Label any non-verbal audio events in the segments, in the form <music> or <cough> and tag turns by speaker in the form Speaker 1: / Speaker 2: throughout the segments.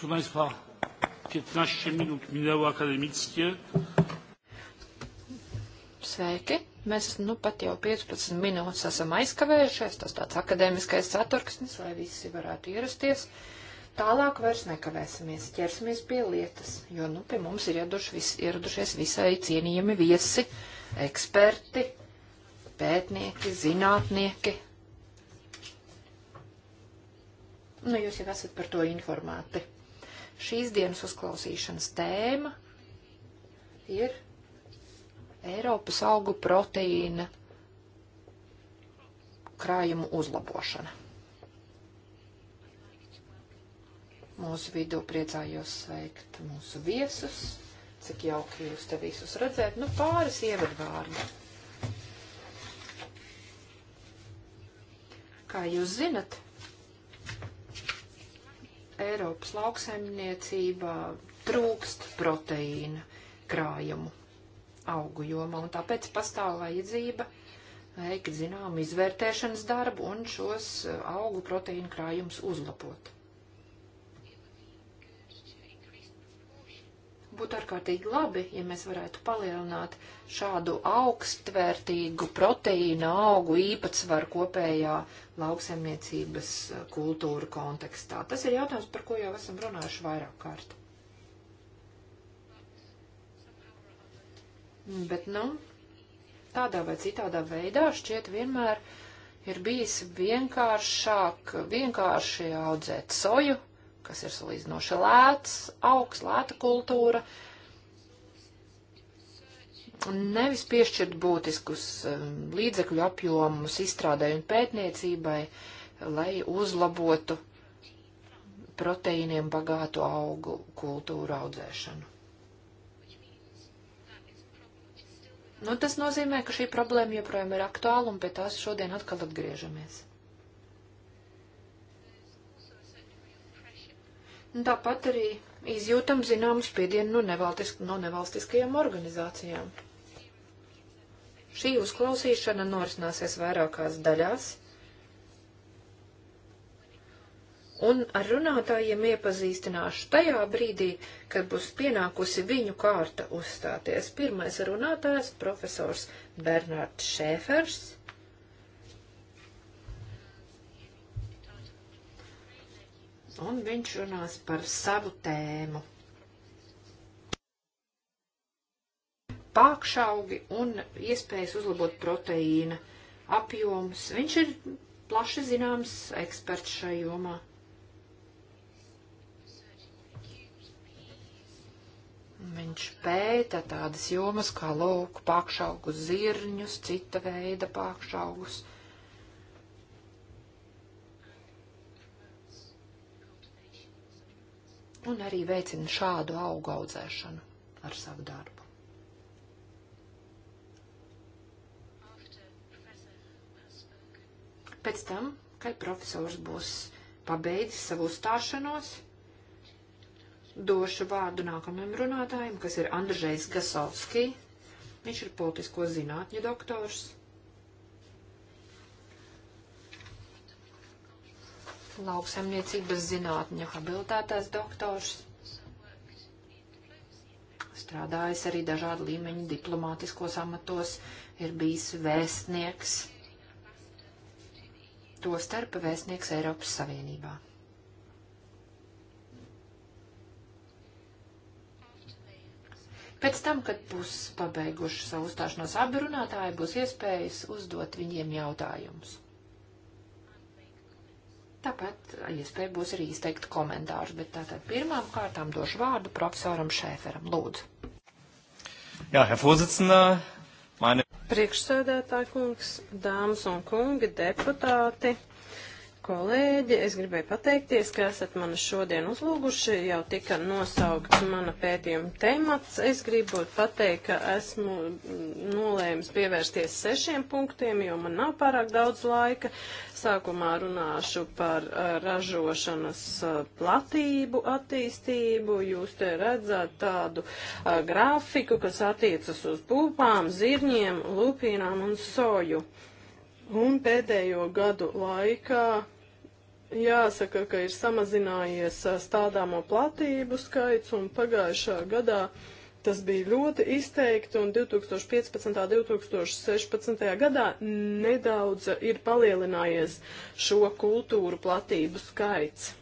Speaker 1: proszę państwa piętnaście minut minęło akademickie.
Speaker 2: Sveiki! Mēs nu pat jau 15 minūtes esam aizkavējušies, tas tāds akadēmiskais ceturksnis, lai visi varētu ierasties. Tālāk vairs nekavēsimies, ķersimies pie lietas, jo nu pie mums ir ieradušies, ieradušies visai cienījami viesi, eksperti, pētnieki, zinātnieki, Nu, jūs jau esat par to informēti. Šīs dienas uzklausīšanas tēma ir Eiropas augu proteīna krājumu uzlabošana. Mūsu vidū priecājos sveikt mūsu viesus. Cik jauki jūs te visus redzēt. Nu, pāris ievadvārdi. Kā jūs zinat, Eiropas lauksaimniecība trūkst proteīna krājumu augu jomā, un tāpēc pastāv vajadzība veikt, zinām, izvērtēšanas darbu un šos eh, augu proteīnu krājumus uzlabot. būtu ārkārtīgi labi, ja mēs varētu palielināt šādu augstvērtīgu proteīna augu īpatsvaru kopējā lauksaimniecības eh, kultūra kontekstā. Tas ir jautājums, par ko jau esam runājuši vairāk kārt. Mm, bet, nu, tādā vai citādā veidā šķiet vienmēr ir bijis vienkāršāk, vienkārši audzēt soju kas ir salīdzinoši lēts, augsts, lēta kultūra. Nevis piešķirt būtiskus um, līdzekļu apjomus izstrādē un pētniecībai, lai uzlabotu proteīniem bagātu augu kultūru audzēšanu. Nu, tas nozīmē, ka šī problēma joprojām ir aktuāla un pie tās šodien atkal atgriežamies. Un tāpat arī izjūtam zināmu spiedienu no, nevaltisk, no nevalstiskajām organizācijām. Šī uzklausīšana norisināsies vairākās daļās, un ar runātājiem iepazīstināšu tajā brīdī, kad būs pienākusi viņu kārta uzstāties. Pirmais runātājs - profesors Bernārds Šēfers un viņš runās par savu tēmu. Pākšaugi un iespējas uzlabot proteīna apjomus. Viņš ir plaši zināms eksperts šai jomā. Viņš pēta tādas jomas kā lauku pākšaugu zirņus, cita veida pākšaugus. Uh, un arī veicina šādu augu audzēšanu ar savu darbu. Pēc tam, kad profesors būs pabeidzis savu uzstāšanos, došu vārdu nākamajam runātājam, kas ir Andrzejs Gasovski. Viņš ir politisko zinātņu doktors lauksaimniecības zinātņu habilitētais doktors. Strādājis arī dažādu līmeņu diplomātiskos amatos, ir bijis vēstnieks, to starp vēstnieks Eiropas Savienībā. Pēc tam, kad būs pabeiguši savu uzstāšanos abi runātāji, būs iespējas uzdot viņiem jautājumus. Tāpat iespēja būs arī izteikt komentārus, bet tātad pirmām kārtām došu vārdu profesoram Šēferam. Lūdzu.
Speaker 3: Jā, Herr Vorsitzender, meine.
Speaker 4: Priekšsēdētāji kungs, dāmas un kungi, deputāti kolēģi, es gribēju pateikties, ka esat mani šodien uzlūguši, jau tika nosaukts mana pētījuma temats. Es gribu pateikt, ka esmu nolēmis pievērsties sešiem punktiem, jo man nav pārāk daudz laika. Sākumā runāšu par uh, ražošanas uh, platību attīstību. Jūs te redzat tādu uh, grafiku, kas attiecas uz pupām, zirņiem, lupīnām un soju. Un pēdējo gadu laikā jāsaka, ka ir samazinājies stādāmo platību skaits un pagājušā gadā tas bija ļoti izteikti un 2015. un 2016. gadā nedaudz ir palielinājies šo kultūru platību skaits.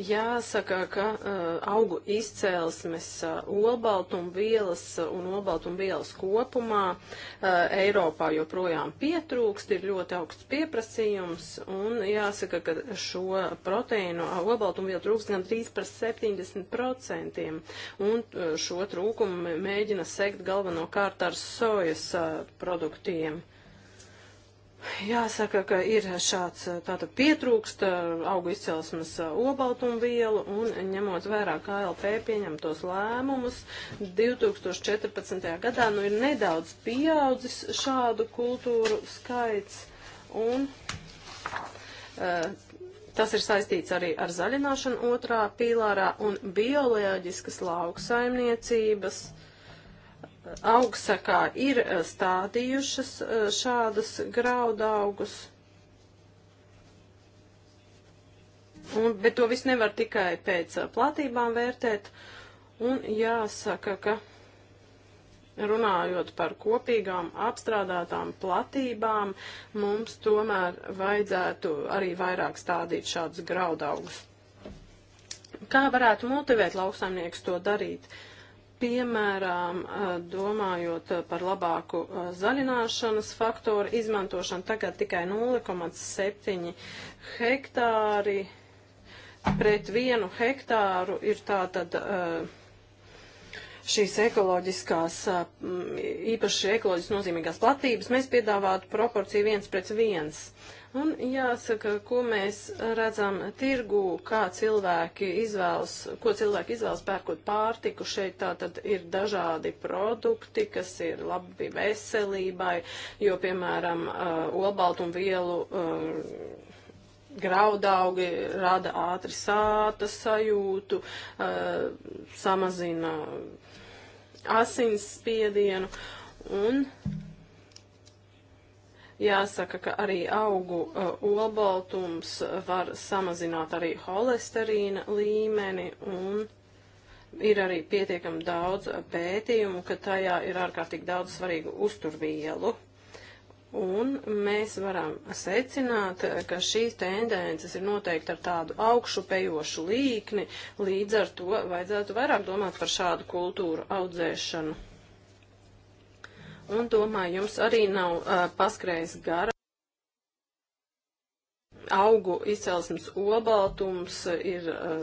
Speaker 4: Jāsaka, ka uh, augu izcēlesmes uh, olbaltumvielas uh, un olbaltumvielas kopumā uh, Eiropā joprojām pietrūkst, ir ļoti augsts pieprasījums, un jāsaka, ka šo proteīnu uh, olbaltumvielu trūkst gan 3 par 70%, un uh, šo trūkumu mēģina sekt galvenokārt ar sojas uh, produktiem. Jāsaka, ka ir šāds tāda pietrūksta augu izcelsmes obaltumvielu un ņemot vērā KLP pieņemtos lēmumus, 2014. gadā nu ir nedaudz pieaudzis šādu kultūru skaits un uh, tas ir saistīts arī ar zaļināšanu otrā pīlārā un bioloģiskas lauksaimniecības. Uh, augsakā ir eh, stādījušas eh, šādas graudaugus. Un, bet to viss nevar tikai pēc eh, platībām vērtēt. Un jāsaka, ka runājot par kopīgām apstrādātām platībām, mums tomēr vajadzētu arī vairāk stādīt šādus graudaugus. Kā varētu motivēt lauksaimnieks to darīt? Uh, Piemēram, eh, domājot eh, par labāku eh, zaļināšanas faktoru izmantošanu, tagad tikai 0,7 hektāri pret vienu hektāru ir tātad. Uh, šīs ekoloģiskās, īpaši ekoloģiski nozīmīgās platības, mēs piedāvātu proporciju viens pret viens. Un jāsaka, ko mēs redzam tirgū, kā cilvēki izvēlas, ko cilvēki izvēlas pērkot pārtiku. Šeit tā tad ir dažādi produkti, kas ir labi veselībai, jo, piemēram, uh, olbaltumvielu uh, graudaugi rada ātri sāta sajūtu, uh, samazina asins spiedienu un Jāsaka, ka arī augu uh, olbaltums var samazināt arī holesterīna līmeni un ir arī pietiekami daudz uh, pētījumu, ka tajā ir ārkārtīgi daudz svarīgu uzturvielu. Un mēs varam secināt, ka šīs tendences ir noteikti ar tādu augšupejošu līkni, līdz ar to vajadzētu vairāk domāt par šādu kultūru audzēšanu. Un domāju, jums arī nav uh, paskrējis gara. Augu izcelsmes obaltums ir uh,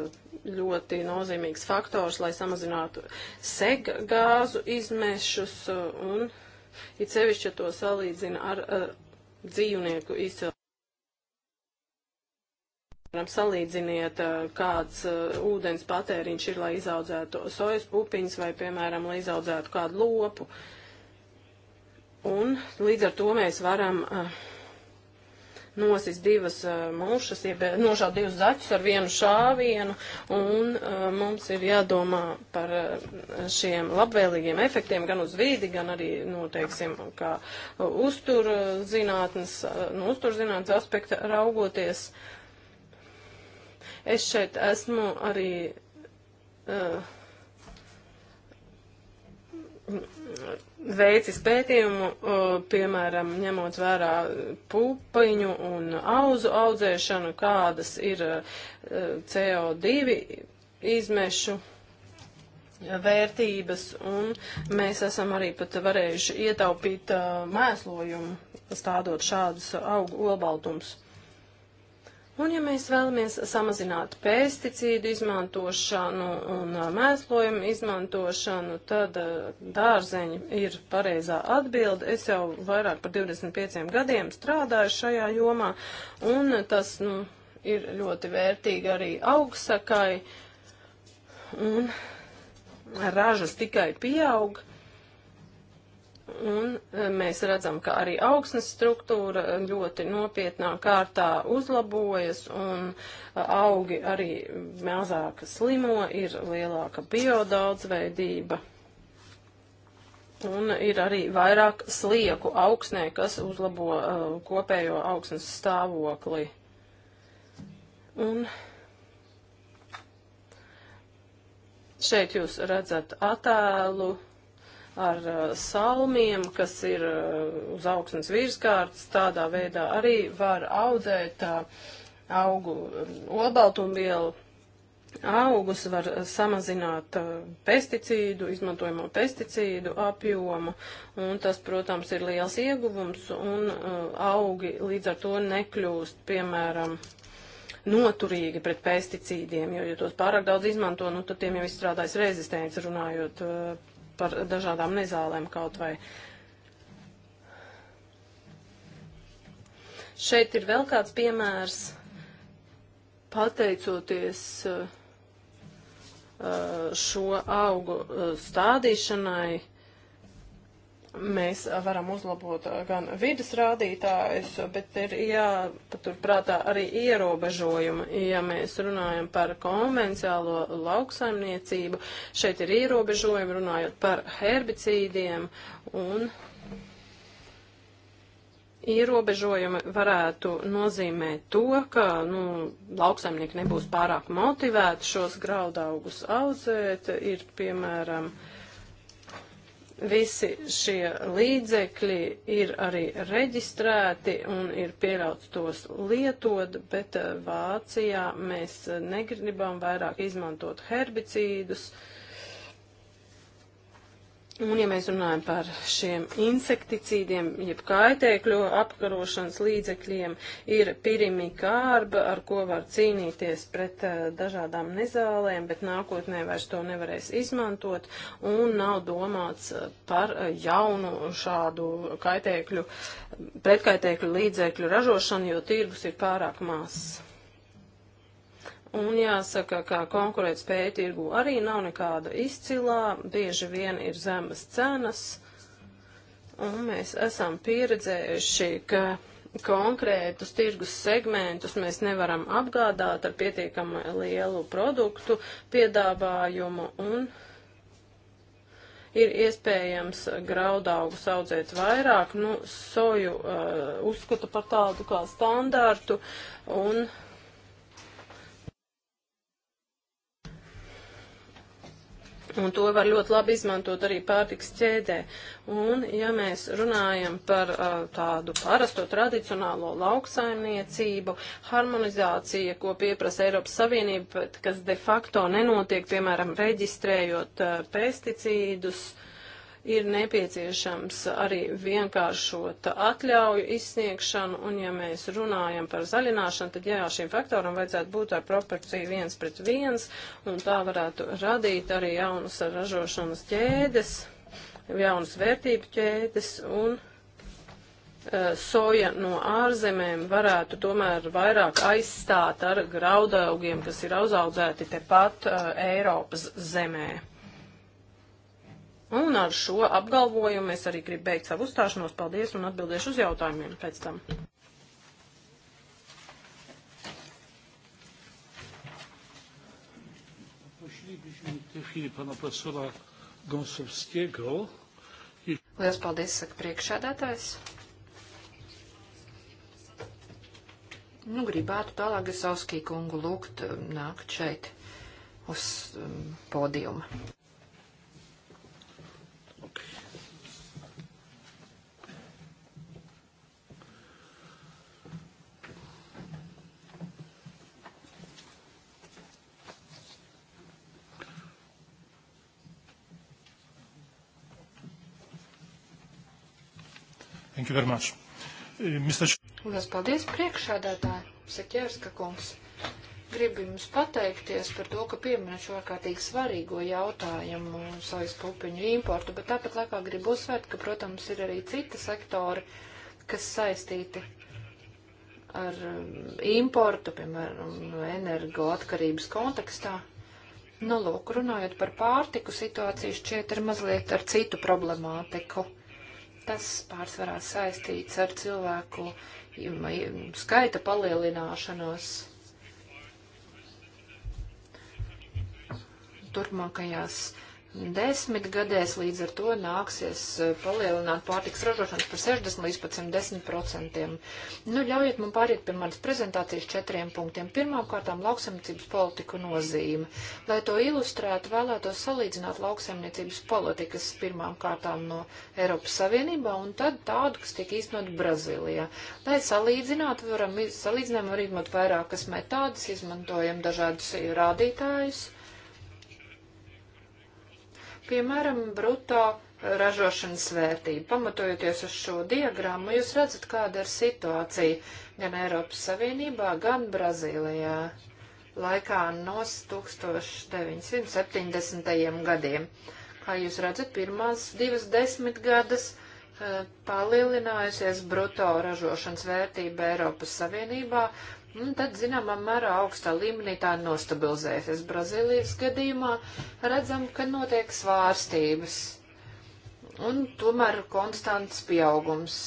Speaker 4: ļoti nozīmīgs faktors, lai samazinātu seggāzu izmešus uh, un it sevišķi, ja to salīdzina ar uh, dzīvnieku izcelsmes. Piemēram, salīdziniet, kāds uh, ūdens patēriņš ir, lai izaudzētu sojas pupiņas vai, piemēram, lai izaudzētu kādu lopu. Uh, Un līdz ar to mēs varam uh, eh, nosis divas uh, mušas, jeb eh, nožāda divus zaķus ar vienu šāvienu, un uh, mums ir jādomā par uh, šiem labvēlīgiem efektiem gan uz vīdi, gan arī, nu, teiksim, kā uzturzinātnes, nu, uzturzinātnes aspekta raugoties. Es šeit esmu arī. Uh, veicis pētījumu, piemēram, ņemot vērā pupiņu un auzu audzēšanu, kādas ir CO2 izmešu vērtības, un mēs esam arī pat varējuši ietaupīt mēslojumu, stādot šādus augu olbaltums. Un ja mēs vēlamies samazināt pesticīdu izmantošanu un uh, mēslojumu izmantošanu, tad uh, dārzeņi ir pareizā atbilde. Es jau vairāk par 25 gadiem strādāju šajā jomā, un tas nu, ir ļoti vērtīgi arī augsakai, un ražas tikai pieaug. Un e, mēs redzam, ka arī augsnes struktūra ļoti nopietnā kārtā uzlabojas un e, augi arī mazāk slimo, ir lielāka biodaudzveidība. Un ir arī vairāk slieku augsnē, kas uzlabo uh, kopējo augsnes stāvokli. Un šeit jūs redzat attēlu ar uh, salmiem, kas ir uh, uz augsnes virskārtas, tādā veidā arī var audzēt uh, augu um, olbaltumvielu augus, var samazināt pesticīdu, izmantojamo pesticīdu apjomu, un tas, protams, ir liels ieguvums, un augi līdz ar to nekļūst, piemēram, noturīgi pret pesticīdiem, jo, ja tos pārāk daudz izmanto, nu, tad tiem jau izstrādājas rezistents, runājot par dažādām nezālēm kaut vai. Šeit ir vēl kāds piemērs, pateicoties uh, uh, šo augu uh, stādīšanai mēs varam uzlabot uh, gan vidas rādītājus, bet ir jāpaturprātā arī ierobežojumi. Ja mēs runājam par konvenciālo lauksaimniecību, šeit ir ierobežojumi runājot par herbicīdiem un ierobežojumi varētu nozīmēt to, ka nu, lauksaimnieki nebūs pārāk motivēti šos graudaugus audzēt, ir piemēram Visi šie līdzekļi ir arī reģistrēti un ir pieļauts tos lietot, bet eh, Vācijā mēs negribam vairāk izmantot herbicīdus. Uh, Un, ja mēs runājam par šiem insekticīdiem, jeb kaitēkļu apkarošanas līdzekļiem, ir pirimikārba, ar ko var cīnīties pret uh, dažādām nezālēm, bet nākotnē vairs to nevarēs izmantot, un nav domāts eh, par jaunu šādu kaitēkļu, pretkaitēkļu līdzekļu ražošanu, jo tirgus ir pārāk mazs. Un jāsaka, ka konkurētspēja tirgu arī nav nekāda izcilā, bieži vien ir zemas cenas, un mēs esam pieredzējuši, ka konkrētus tirgus segmentus mēs nevaram apgādāt ar pietiekami lielu produktu piedāvājumu un ir iespējams graudaugus audzēt vairāk, nu, soju uh, uzskata par tādu kā standārtu un uh, Un to var ļoti labi izmantot arī pārtiks ķēdē. Un, ja mēs runājam par uh, tādu parasto tradicionālo lauksaimniecību, harmonizācija, ko pieprasa Eiropas Savienība, bet kas de facto nenotiek, piemēram, reģistrējot uh, pesticīdus, uh, ir nepieciešams arī vienkāršot atļauju izsniegšanu, un ja mēs runājam par zaļināšanu, tad jā, šim faktoram vajadzētu būt ar proporciju viens pret viens, un tā varētu radīt arī jaunas ražošanas ķēdes, jaunas vērtību ķēdes, un eh, soja no ārzemēm varētu tomēr vairāk aizstāt ar graudaugiem, kas ir uzaudzēti tepat uh, Eiropas zemē. Un ar šo apgalvojumu es arī gribu beigt savu uzstāšanos. Paldies un atbildēšu uz jautājumiem pēc tam.
Speaker 2: Lielas paldies, saka priekšādātājs. Nu, gribētu tālāk Gasauskī kungu lūgt um, nākt šeit uz um, podiuma.
Speaker 1: Thank you very much. Uh, Mr.
Speaker 2: Lielas paldies priekšādātāji, Seķērska kungs. Gribu jums pateikties par to, ka pieminat šo ārkārtīgi svarīgo jautājumu sojas pupiņu importu, bet tāpat laikā gribu uzsvērt, ka, protams, ir arī citi sektori, kas saistīti ar um, importu, piemēram, energoatkarības kontekstā. Nu, lūk, runājot par pārtiku, situācija šķiet ir mazliet ar citu problemātiku. Tas pārsvarā saistīts ar cilvēku skaita palielināšanos. Turpmākajās desmitgadēs, līdz ar to nāksies eh, palielināt pārtiks ražošanas par 60 līdz pat 110 procentiem. Nu, ļaujiet man pāriet pie manas prezentācijas četriem punktiem. Pirmām kārtām lauksemniecības politiku nozīme. Lai to ilustrētu, vēlētos salīdzināt lauksemniecības politikas pirmām kārtām no Eiropas Savienībā un tad tādu, kas tiek īstenot Brazīlijā. Lai salīdzinātu, varam salīdzinām arī izmantot vairākas metādas, izmantojam dažādus rādītājus Piemēram, bruto ražošanas vērtība. Pamatojoties uz šo diagrammu, jūs redzat, kāda ir situācija gan Eiropas Savienībā, gan Brazīlijā laikā no 1970. gadiem. Kā jūs redzat, pirmās divas desmitgades eh, palielinājusies bruto ražošanas vērtība Eiropas Savienībā Un nu, tad, zināmā mērā, augstā līmenī tā nostabilizēsies. Brazīlijas gadījumā redzam, ka notiek svārstības un tomēr konstants pieaugums.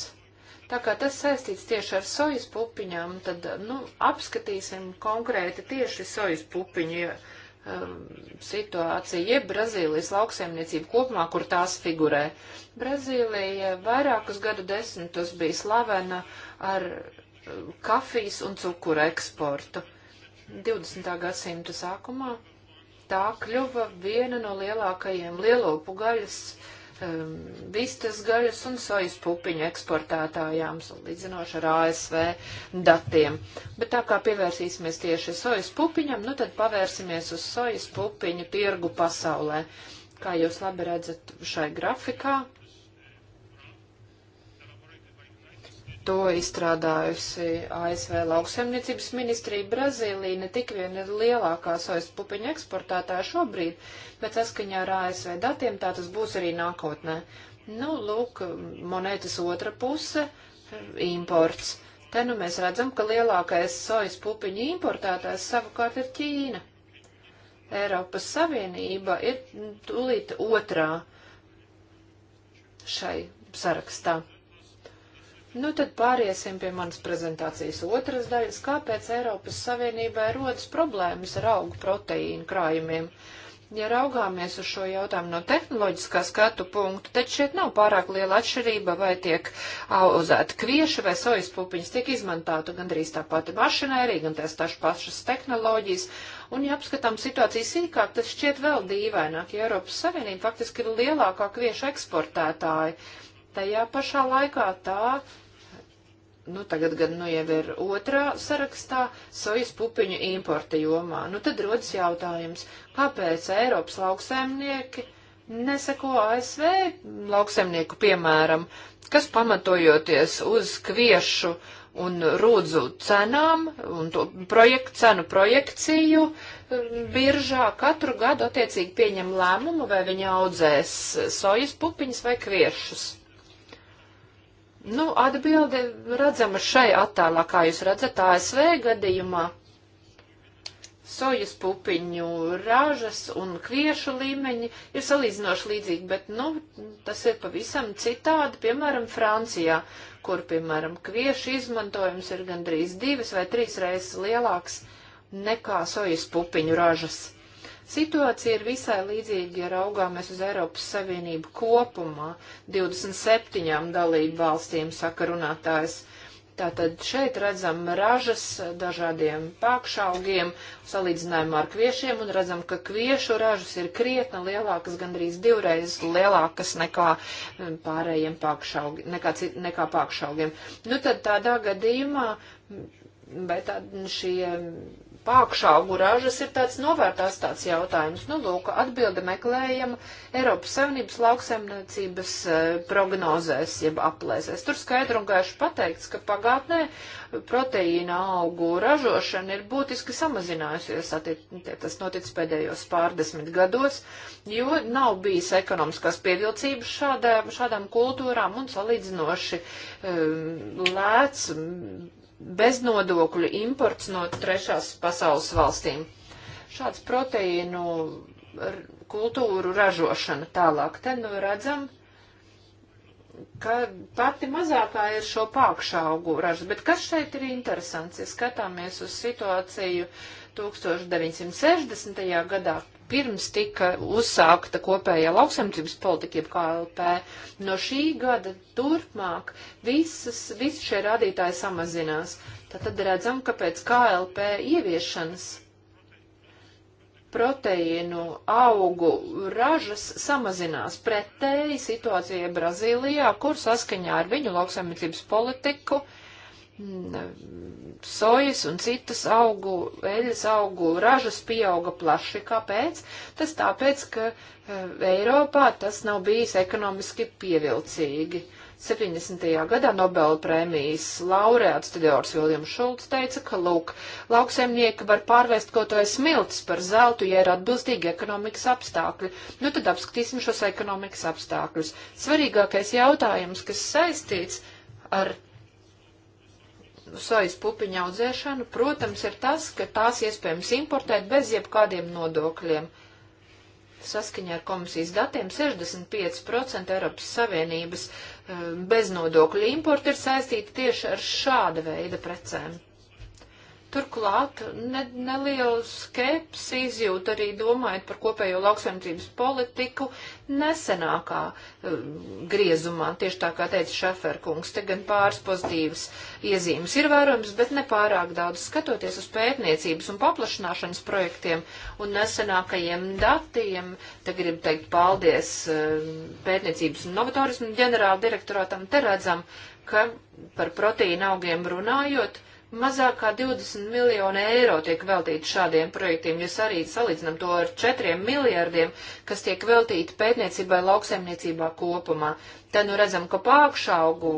Speaker 2: Tā kā tas saistīts tieši ar sojas pupiņām, tad, nu, apskatīsim konkrēti tieši sojas pupiņu um, situāciju, jeb Brazīlijas lauksaimniecību kopumā, kur tās figurē. Brazīlija vairākus gadu desmitus bija slavena ar kafijas un cukura eksportu. 20. gadsimta sākumā tā kļuva viena no lielākajiem lielopu gaļas, um, vistas gaļas un sojas pupiņu eksportētājām, salīdzinoši ar ASV datiem. Bet tā kā pievērsīsimies tieši sojas pupiņam, nu tad pavērsimies uz sojas pupiņu tirgu pasaulē. Kā jūs labi redzat šai grafikā, To izstrādājusi ASV lauksaimniecības ministrija Brazīlija ne tik vien ir lielākā sojas pupiņu eksportētāja šobrīd, bet saskaņā ar ASV datiem tā tas būs arī nākotnē. Nu, lūk, monētas otra puse - imports. Te nu mēs redzam, ka lielākais sojas pupiņu importētājs savukārt ir Ķīna. Eiropas Savienība ir tūlīt otrā šai sarakstā. Nu, tad pāriesim pie manas prezentācijas otras daļas, kāpēc Eiropas Savienībai rodas problēmas ar augu proteīnu krājumiem. Ja raugāmies uz šo jautājumu no tehnoloģiskā skatu punktu, tad šeit nav pārāk liela atšķirība, vai tiek auzēta kvieša vai sojas pupiņas, tiek izmantāta gandrīz tā pati mašinērija, gan tās tās pašas tehnoloģijas. Un, ja apskatām situāciju sīkāk, tas šķiet vēl dīvaināk, ja Eiropas Savienība faktiski ir lielākā kvieša eksportētāja. Tajā pašā laikā tā nu tagad gan nu jau ir otrā sarakstā sojas pupiņu importa jomā. Nu tad rodas jautājums, kāpēc Eiropas lauksaimnieki neseko ASV lauksaimnieku piemēram, kas pamatojoties uz kviešu un rūdzu cenām un to projektu cenu projekciju biržā katru gadu attiecīgi pieņem lēmumu, vai viņi audzēs sojas pupiņas vai kviešus. Nu, atbildi redzama šai attēlā, kā jūs redzat, ASV gadījumā sojas pupiņu ražas un kviešu līmeņi ir salīdzinoši līdzīgi, bet, nu, tas ir pavisam citādi, piemēram, Francijā, kur, piemēram, kviešu izmantojums ir gandrīz divas vai trīs reizes lielāks nekā sojas pupiņu ražas. Situācija ir visai līdzīga, ja raugāmies uz Eiropas Savienību kopumā, 27 dalību valstīm saka runātājs. Tātad šeit redzam ražas dažādiem pākšaugiem salīdzinājumā ar kviešiem un redzam, ka kviešu ražas ir krietni lielākas, gandrīz divreiz lielākas nekā mm, pārējiem pākšaugiem, nekā, nekā pākšaugiem. Nu tad tādā gadījumā, bet mm, tā, šie pākšaugu ražas ir tāds novērtās tāds jautājums. Nu, lūk, atbildi meklējam Eiropas Savienības lauksaimniecības e, prognozēs, jeb aplēsēs. Tur skaidri un gaiši pateikts, ka pagātnē proteīna augu ražošana ir būtiski samazinājusies, attiec, tas noticis pēdējos pārdesmit gados, jo nav bijis ekonomiskās pievilcības šādā, šādām kultūrām un salīdzinoši um, lēts. Um, beznodokļu imports no trešās pasaules valstīm. Šāds proteīnu kultūru ražošana tālāk. Te nu redzam, ka pati mazākā ir šo pākšaugu ražas. Bet kas šeit ir interesants, ja skatāmies uz situāciju 1960. gadā, pirms tika uzsākta kopējā lauksemtības politika, jeb KLP. No šī gada turpmāk visas, visi šie rādītāji samazinās. Tad, tad redzam, ka pēc KLP ieviešanas proteīnu augu ražas samazinās pretēji situācijai Brazīlijā, kur saskaņā ar viņu lauksaimniecības politiku uh, sojas un citas augu, eļas augu ražas pieauga plaši. Kāpēc? Tas tāpēc, ka eh, Eiropā tas nav bijis ekonomiski pievilcīgi. 70. gadā Nobela prēmijas laureāts Teodors Viljams Šulcs teica, ka, lūk, lauksaimnieki var pārvērst kaut vai smilts par zeltu, ja ir atbilstīgi ekonomikas apstākļi. Nu, tad apskatīsim šos ekonomikas apstākļus. Svarīgākais jautājums, kas saistīts ar sojas pupiņa audzēšanu, protams, ir tas, ka tās iespējams importēt bez jebkādiem nodokļiem. Saskaņā ar komisijas datiem 65% Eiropas Savienības eh, beznodokļu importa ir saistīta tieši ar šāda veida precēm. Turklāt ne, nelielu skepsi izjūt arī domājot par kopējo lauksaimniecības politiku nesenākā uh, griezumā, tieši tā kā teica Šaferkungs, te gan pāris pozitīvas iezīmes ir vērojams, bet ne pārāk daudz. Skatoties uz pētniecības un paplašināšanas projektiem un nesenākajiem datiem, te gribu teikt paldies uh, pētniecības un novatorismu ģenerāla direktorātam, te redzam, ka par proteīna augiem runājot, uh, Mazāk kā 20 miljoni eiro tiek veltīti šādiem projektiem, ja arī salīdzinām to ar 4 miljardiem, kas tiek veltīti pētniecībai lauksaimniecībā kopumā. Te nu redzam, ka pākšaugu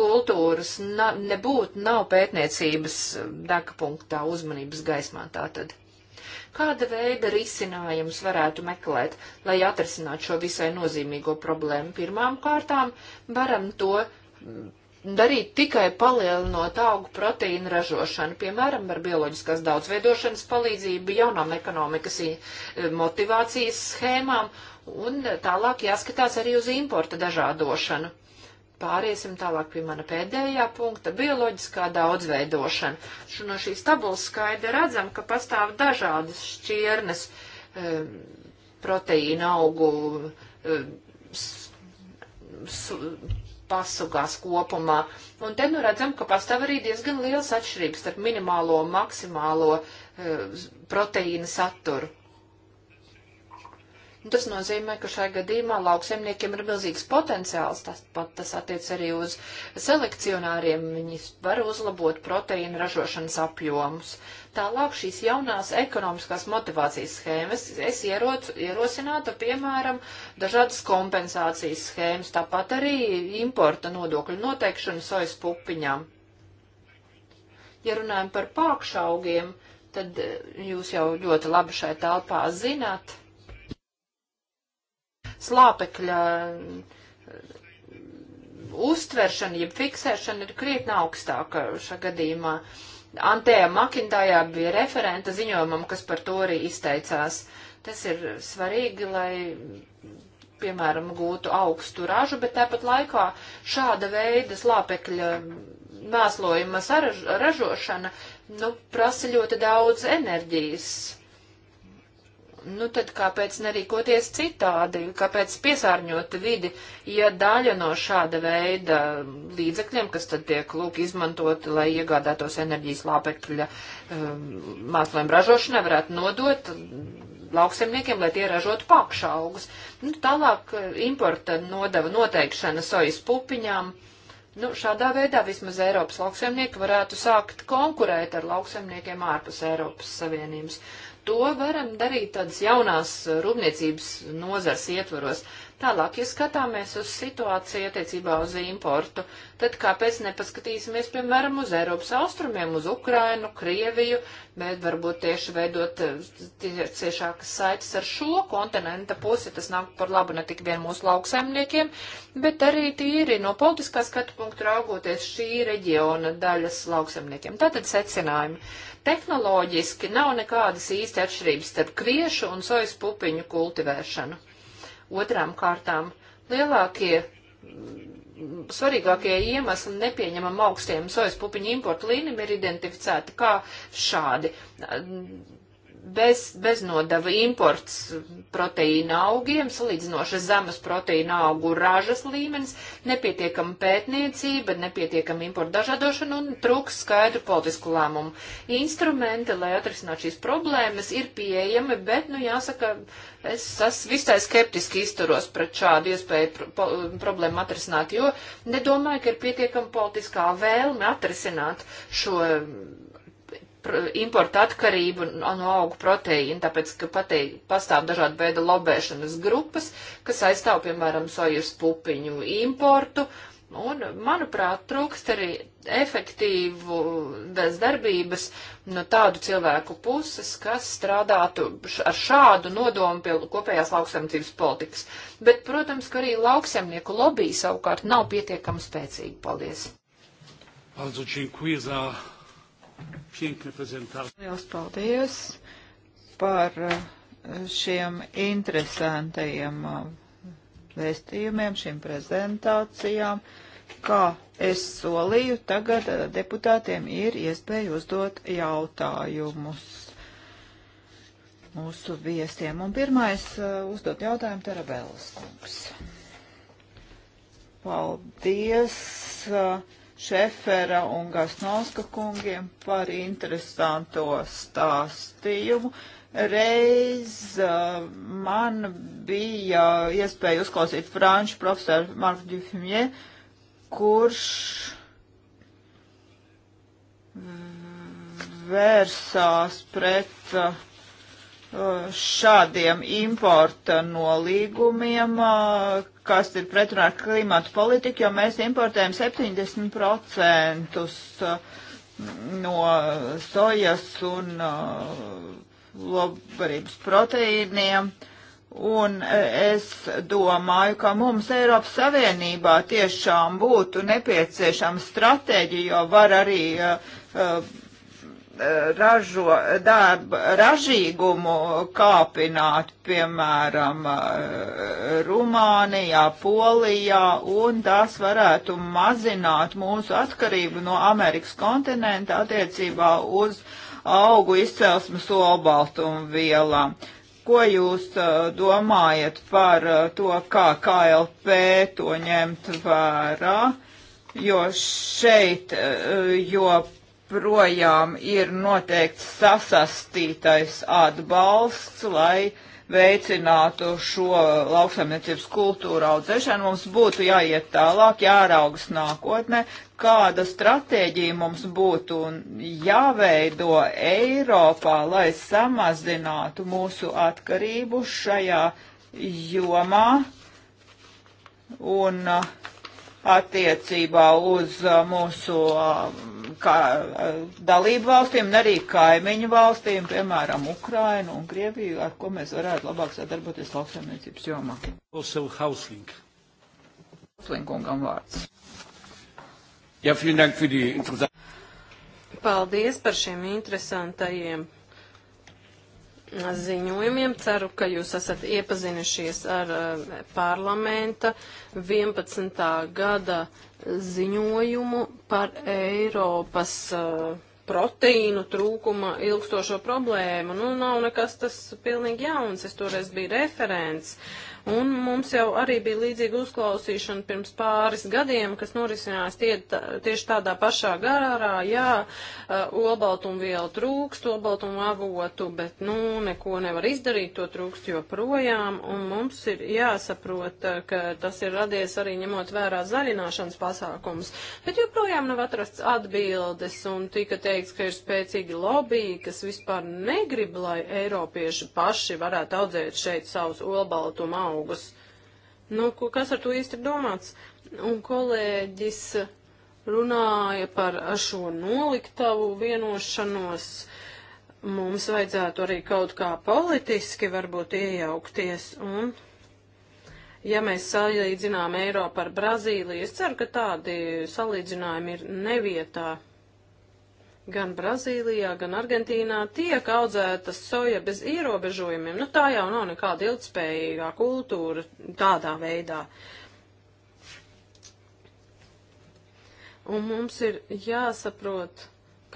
Speaker 2: kultūras na, nebūtu, nav pētniecības dekapunktā uzmanības gaismā tātad. Kāda veida risinājums varētu meklēt, lai atrisinātu šo visai nozīmīgo problēmu? Pirmām kārtām varam to darīt tikai palielinot augu proteīnu ražošanu, piemēram, ar bioloģiskās daudzveidošanas palīdzību, jaunām ekonomikas e, motivācijas schēmām, un tālāk jāskatās arī uz importa dažādošanu. Pāriesim tālāk pie mana pēdējā punkta - bioloģiskā daudzveidošana. Šo no šīs tabulas skaidri redzam, ka pastāv dažādas šķirnes e, proteīna augu e, s, s, pasukās kopumā. Un te nu redzam, ka pastāv arī diezgan liels atšķirības starp minimālo un maksimālo e, proteīna saturu. Nu, tas nozīmē, ka šajā gadījumā lauksemniekiem ir milzīgs potenciāls. Tas pat tas attiec arī uz selekcionāriem. Viņi var uzlabot proteīna ražošanas apjomus. Tālāk šīs jaunās ekonomiskās motivācijas schēmas. Es ieroc, ierosinātu, piemēram, dažādas kompensācijas schēmas, tāpat arī importa nodokļu noteikšanu sojas pupiņām. Ja runājam par pākšaugiem, tad eh, jūs jau ļoti labi šai telpā zināt slāpekļa mm, uztveršana, jeb fiksēšana ir krietni augstāka šā gadījumā. Antējā Makintājā bija referenta ziņojumam, kas par to arī izteicās. Tas ir svarīgi, lai, piemēram, gūtu augstu ražu, bet tāpat laikā šāda veida slāpekļa mēslojuma saraž, ražošana, nu, prasa ļoti daudz enerģijas Nu tad kāpēc nerīkoties citādi, kāpēc piesārņot vidi, ja daļa no šāda veida līdzekļiem, kas tad tiek lūk izmantot, lai iegādātos enerģijas lāpekļa um, māslēm ražošanai, varētu nodot lauksemniekiem, lai tie ražotu pakšaugus. Nu, tālāk eh, importa nodeva noteikšana sojas pupiņām. Nu, šādā veidā vismaz Eiropas lauksaimnieki varētu sākt konkurēt ar lauksaimniekiem ārpus Eiropas Savienības. Uh, to varam darīt tādas jaunās rūpniecības nozars ietvaros. Tālāk, ja skatāmies uz situāciju attiecībā uz importu, tad kāpēc nepaskatīsimies, piemēram, uz Eiropas austrumiem, uz Ukrainu, Krieviju, bet varbūt tieši veidot eh, ciešākas saites ar šo kontinenta pusi, tas nāk par labu ne tik vien mūsu lauksaimniekiem, bet arī tīri no politiskā skatu punktu raugoties šī reģiona daļas lauksaimniekiem. Tātad secinājumi tehnoloģiski nav nekādas īsti atšķirības starp kviešu un sojas pupiņu kultivēšanu. Otrām kārtām lielākie, mm, svarīgākie iemesli nepieņemam augstiem sojas pupiņu importu līnim ir identificēti kā šādi bez, beznodava imports proteīna augiem, salīdzinoši zemes proteīna augu ražas līmenis, nepietiekama pētniecība, nepietiekama importa dažādošana un trūks skaidru politisku lēmumu. Instrumenti, lai atrisināt šīs problēmas, ir pieejami, bet, nu, jāsaka, es esmu visai skeptiski izturos pret šādu iespēju pro, po, problēmu atrisināt, jo nedomāju, ka ir pietiekama politiskā vēlme atrisināt šo importu atkarību no augu proteīna, tāpēc, ka pateik, pastāv dažādi veidi lobēšanas grupas, kas aizstāv, piemēram, sojas pupiņu importu. Un, manuprāt, trūkst arī efektīvu darbības no tādu cilvēku puses, kas strādātu ar šādu nodomu pie kopējās lauksaimniecības politikas. Bet, protams, ka arī lauksaimnieku lobby savukārt nav pietiekami spēcīgi. Paldies!
Speaker 1: Bardzo dziękuję za Piękne prezentācijas.
Speaker 2: Liels paldies
Speaker 3: par eh, šiem interesantajiem eh, vēstījumiem, šīm prezentācijām. Kā es solīju, tagad eh, deputātiem ir iespēja uzdot jautājumus mūsu viesiem. Un pirmais uzdot jautājumu Terabēlas kungs. Paldies! Šefera un Gasnovska kungiem par interesanto stāstījumu. Reiz uh, man bija iespēja uzklausīt franču profesoru Marku Dufimie, kurš vērsās pret uh, šādiem importa nolīgumiem, kas ir pretrunā ar klimatu politiku, jo mēs importējam 70% no sojas un labbarības proteīniem. Un es domāju, ka mums Eiropas Savienībā tiešām būtu nepieciešama stratēģija, jo var arī uh, ražo, darba, ražīgumu kāpināt, piemēram, Rumānijā, Polijā, un tas varētu mazināt mūsu atkarību no Amerikas kontinenta attiecībā uz augu izcelsmes olbaltumu vielām. Ko jūs uh, domājat par uh, to, kā KLP to ņemt vērā? jo šeit, uh, jo joprojām ir noteikts sasastītais atbalsts, lai veicinātu šo lauksaimniecības kultūru audzēšanu. Mums būtu jāiet tālāk, jāraugas nākotnē, kāda stratēģija mums būtu jāveido Eiropā, lai samazinātu mūsu atkarību šajā jomā un uh, attiecībā uz uh, mūsu uh, kā eh, dalību valstīm, un arī kaimiņu valstīm, piemēram, Ukrainu un Krieviju, ar ko mēs varētu labāk sadarboties lauksaimniecības jomā. Hausling.
Speaker 4: Hauslingungam
Speaker 1: vārds. Ja, Dank für die
Speaker 4: Paldies par šiem interesantajiem ziņojumiem. Ceru, ka jūs esat iepazinušies ar eh, parlamenta 11. gada ziņojumu par Eiropas uh, proteīnu trūkuma ilgstošo problēmu. Nu, nav nekas tas pilnīgi jauns, es toreiz biju referents. Un mums jau arī bija līdzīga uzklausīšana pirms pāris gadiem, kas norisinājās tie, tā, tieši tādā pašā garā, jā, uh, olbaltumvielu trūkst, olbaltumu avotu, bet, nu, neko nevar izdarīt, to trūkst joprojām, un mums ir jāsaprot, uh, ka tas ir radies arī ņemot vērā zaļināšanas pasākums, bet joprojām nav atrasts atbildes, un tika teikt, teikts, ka ir spēcīgi lobby, kas vispār negrib, lai eiropieši paši varētu audzēt šeit savus olbaltuma augus. Nu, kas ar to īsti ir domāts? Un kolēģis runāja par šo noliktavu vienošanos. Mums vajadzētu arī kaut kā politiski varbūt iejaukties un ja mēs salīdzinām Eiropu ar Brazīliju, es ceru, ka tādi salīdzinājumi ir nevietā gan Brazīlijā, gan Argentīnā tiek audzēta soja bez ierobežojumiem. Nu, tā jau nav nekāda ilgspējīgā kultūra tādā veidā. Un mums ir jāsaprot,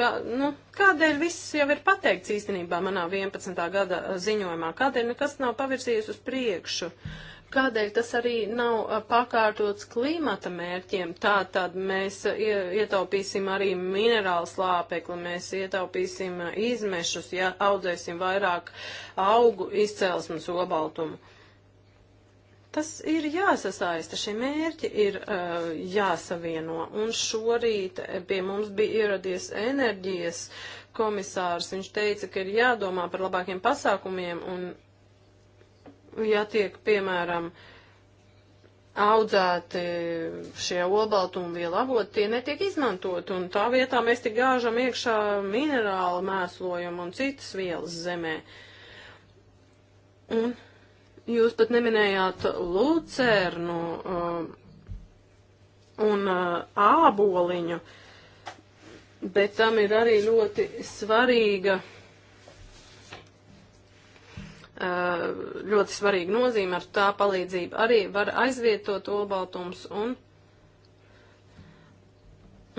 Speaker 4: kā, nu, kādēļ viss jau ir pateikts īstenībā manā 11. gada ziņojumā, kādēļ nekas nav pavirzījies uz priekšu. Uh, kādēļ tas arī nav pakārtots klimata mērķiem. Tā tad mēs ietaupīsim arī minerālu slāpekli, mēs ietaupīsim izmešus, ja audzēsim vairāk augu izcelsmes obaltumu. Tas ir jāsasaista, šie mērķi ir uh, jāsavieno. Un šorīt e, pie mums bija ieradies enerģijas komisārs. Viņš teica, ka ir jādomā par labākiem pasākumiem un ja tiek, piemēram, audzēti šie olbaltumvielu avoti, tie netiek izmantot, un tā vietā mēs tik gāžam iekšā minerāla mēslojumu un citas vielas zemē. Un jūs pat neminējāt lucernu uh, un uh, āboliņu, bet tam ir arī ļoti svarīga Eh, ļoti svarīga nozīme, ar tā palīdzību arī var aizvietot olbaltums un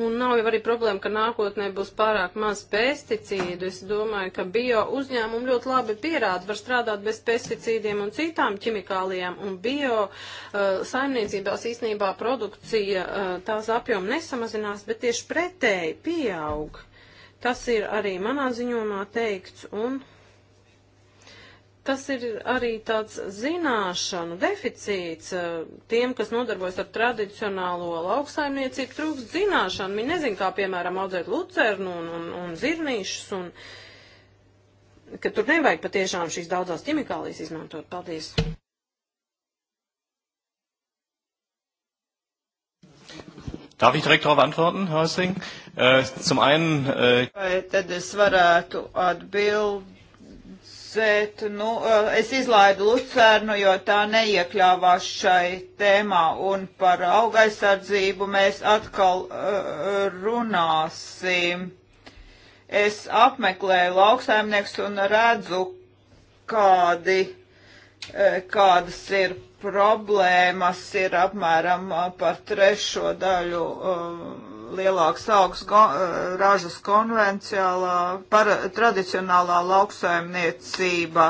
Speaker 4: Un nav jau arī problēma, ka nākotnē būs pārāk maz pesticīdu. Es domāju, ka bio uzņēmumi ļoti labi pierāda, var strādāt bez pesticīdiem un citām ķimikālijām. Un bio uh, saimniecībās īstenībā produkcija uh, tās apjoma nesamazinās, bet tieši pretēji pieaug. Tas ir arī manā ziņomā teikts. Un tas ir arī tāds zināšanu deficīts. Eh, tiem, kas nodarbojas ar tradicionālo lauksaimniecību, trūkst zināšanu. Viņi nezin, kā, piemēram, audzēt lucernu un, un, un zirnīšus, un ka tur nevajag patiešām šīs daudzās ķimikālijas izmantot. Paldies!
Speaker 1: Darf ich direkt darauf antworten, Herr Hösing? Äh, zum einen... Äh
Speaker 3: Vai tad es varētu atbildēt kritizēt. Nu, eh, es izlaidu Lucernu, jo tā neiekļāvās šai tēmā, un par augaisardzību mēs atkal uh, runāsim. Es apmeklēju lauksaimnieks un redzu, kādi, eh, kādas ir problēmas, ir apmēram par trešo daļu. Uh, lielāks augs eh, ražas konvencionālā, para, tradicionālā lauksaimniecība.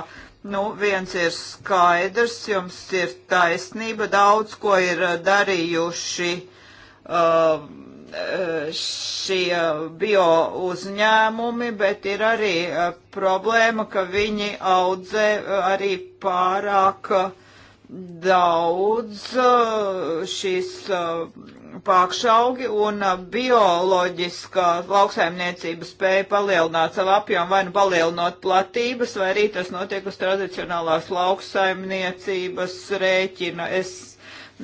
Speaker 3: Nu, viens ir skaidrs, jums ir taisnība, daudz ko ir eh, darījuši uh, šie bio uzņēmumi, bet ir arī uh, problēma, ka viņi audzē uh, arī pārāk daudz šīs pākšaugi un uh, bioloģiskā lauksaimniecība spēja palielināt savu apjomu, vai nu palielinot platības, vai arī tas notiek uz tradicionālās lauksaimniecības rēķina. Es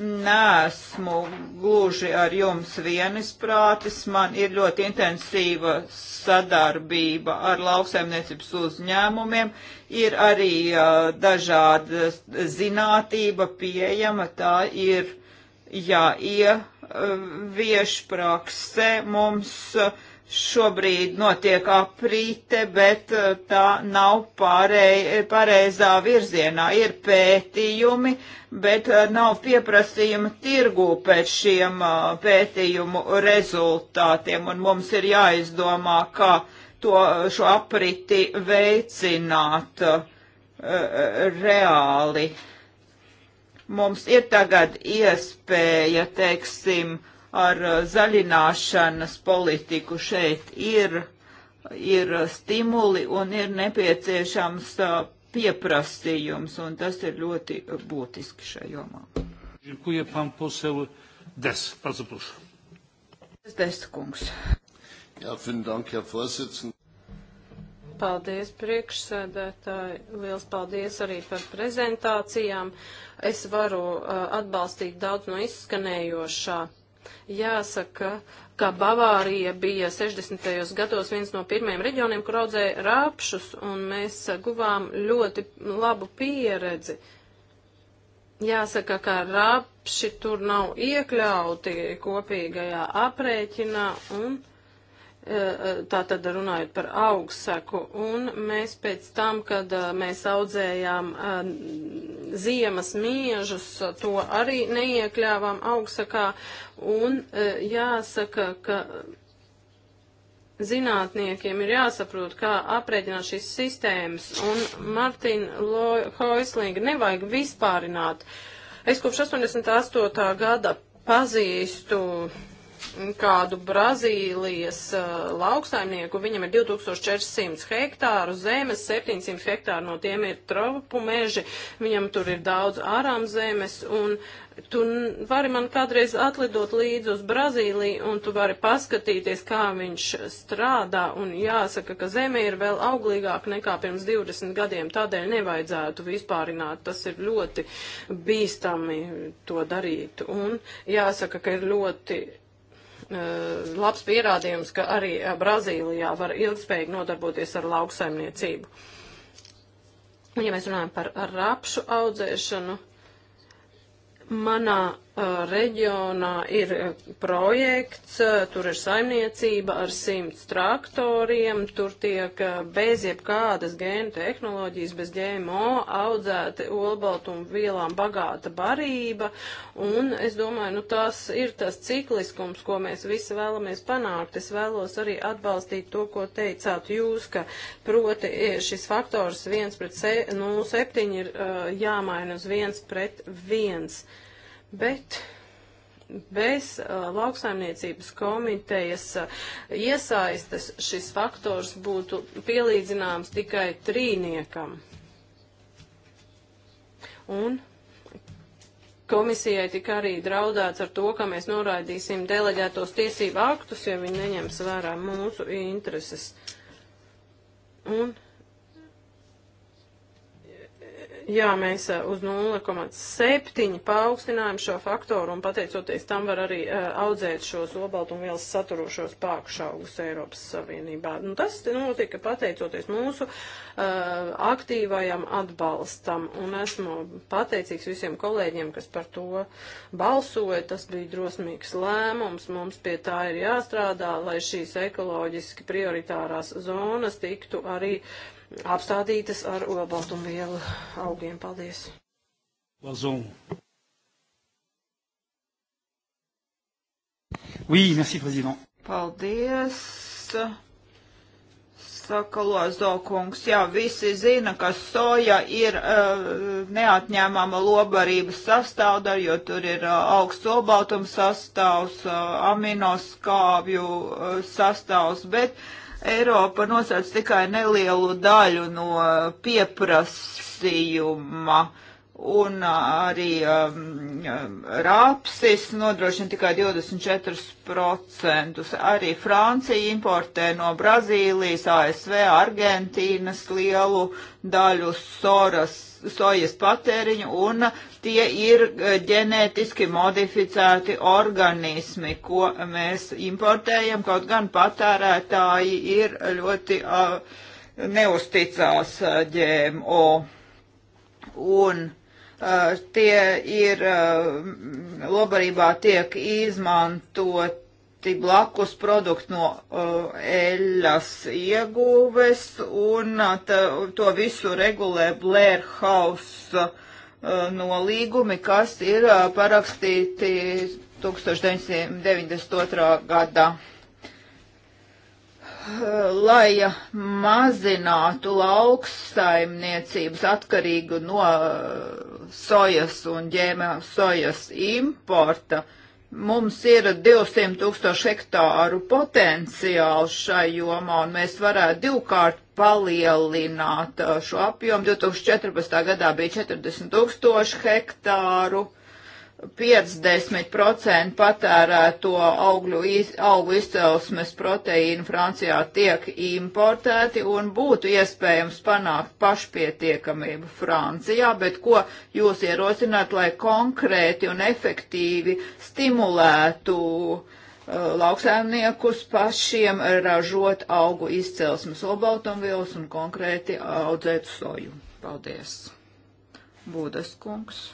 Speaker 3: neesmu gluži ar jums vienisprātis, man ir ļoti intensīva sadarbība ar lauksaimniecības uzņēmumiem, ir arī uh, dažāda zinātība pieejama, tā ir jāie. Ja, Um, viešprakse mums uh, šobrīd notiek aprīte, bet uh, tā nav pārēj, pareizā virzienā. Ir pētījumi, bet uh, nav pieprasījuma tirgū pēc šiem pētījumu rezultātiem, un mums ir jāizdomā, kā to, šo apriti veicināt reāli. Uh, Mums ir tagad iespēja, teiksim, ar uh, zaļināšanas politiku šeit ir, ir stimuli un ir nepieciešams uh, pieprasījums, un tas ir ļoti uh, būtiski šajā jomā.
Speaker 1: Dziękuję pan poseł Des. Bardzo proszę.
Speaker 4: Des kungs.
Speaker 1: Jā, vielen Dank, Herr Vorsitzender.
Speaker 4: Paldies, priekšsēdētāji. Liels paldies arī par prezentācijām. Es varu uh, atbalstīt daudz no izskanējošā. Jāsaka, ka Bavārija bija 60. gados viens no pirmajiem reģioniem, kur audzēja rāpšus, un mēs uh, guvām ļoti labu pieredzi. Jāsaka, ka rāpši tur nav iekļauti kopīgajā aprēķinā, un Eh, eh, tātad runājot par augstsaku, un mēs pēc tam, kad eh, mēs audzējām ziemas miežus, to arī neiekļāvām augstsakā, un jāsaka, ka zinātniekiem ir jāsaprot, kā aprēķināt šīs sistēmas, un Martina Hoislinga nevajag vispārināt. Es kopš 88. gada pazīstu kādu Brazīlijas uh, lauksaimnieku, viņam ir 2400 hektāru zemes, 700 hektāru no tiem ir tropu meži, viņam tur ir daudz ārām zemes, un tu vari man kādreiz atlidot līdzi uz Brazīliju, un tu vari paskatīties, kā viņš strādā, un jāsaka, ka zeme ir vēl auglīgāka nekā pirms 20 gadiem, tādēļ nevajadzētu vispārināt, tas ir ļoti bīstami to darīt, un jāsaka, ka ir ļoti Eh, labs pierādījums, ka arī eh, Brazīlijā var ilgspējīgi nodarboties ar lauksaimniecību. Un ja mēs runājam par rapšu audzēšanu, manā reģionā ir projekts, tur ir saimniecība ar simts traktoriem, tur tiek bez jebkādas gēnu tehnoloģijas, bez GMO audzēta olbaltumu vielām bagāta barība, un es domāju, nu tas ir tas cikliskums, ko mēs visi vēlamies panākt. Es vēlos arī atbalstīt to, ko teicāt jūs, ka proti šis faktors 1 pret 0,7 nu, ir jāmaina uz 1 pret 1 bet bez uh, lauksaimniecības komitejas uh, iesaistes šis faktors būtu pielīdzināms tikai trīniekam. Un komisijai tika arī draudēts ar to, ka mēs noraidīsim deleģētos tiesību aktus, ja viņi neņems vērā mūsu intereses. Un Jā, mēs uz 0,7 paaugstinājām šo faktoru un pateicoties tam var arī audzēt šos obaltumvielas saturošos pākšaugus Eiropas Savienībā. Nu, tas notika pateicoties mūsu uh, aktīvajam atbalstam un esmu pateicīgs visiem kolēģiem, kas par to balsoja. Tas bija drosmīgs lēmums. Mums pie tā ir jāstrādā, lai šīs ekoloģiski prioritārās zonas tiktu arī uh, apstādītas ar olbaltumvielu augiem. Paldies!
Speaker 1: Lazon. Oui, merci, président.
Speaker 4: Paldies!
Speaker 3: saka Lozokungs, jā, visi zina, ka soja ir uh, neatņēmama lobarības sastāvdaļa, jo tur ir uh, augsts obaltums sastāvs, uh, eh, aminoskābju uh, sastāvs, bet uh, Eiropa nosauc tikai nelielu daļu no pieprasījuma. Uh, un uh, arī um, um, rapsis nodrošina tikai 24%. Arī Francija importē no Brazīlijas, ASV, Argentīnas lielu daļu soras, sojas patēriņu, un tie ir uh, ģenētiski modificēti organismi, ko mēs importējam, kaut gan patērētāji ir ļoti uh, neusticās uh, ģēmo. Un, uh, Eh, tie ir eh, lobarībā tiek izmantoti blakus produkti no eh, eļas ieguves, un tā, to visu regulē Blair House nolīgumi, kas ir parakstīti 1992. gadā lai mazinātu lauksaimniecības atkarīgu no uh, sojas un ģēmē sojas importa. Mums ir 200 tūkstoši hektāru potenciāls šai jomā, un mēs varētu divkārt palielināt uh, šo apjomu. 2014. gadā bija 40 tūkstoši hektāru 50% patērēto augļu, iz, augu izcelsmes proteīnu Francijā tiek importēti un būtu iespējams panākt pašpietiekamību Francijā, bet ko jūs ierosināt, lai konkrēti un efektīvi stimulētu uh, lauksaimniekus pašiem ražot augu izcelsmes olbaltumvielas un konkrēti audzēt soju? Paldies! Būdas kungs.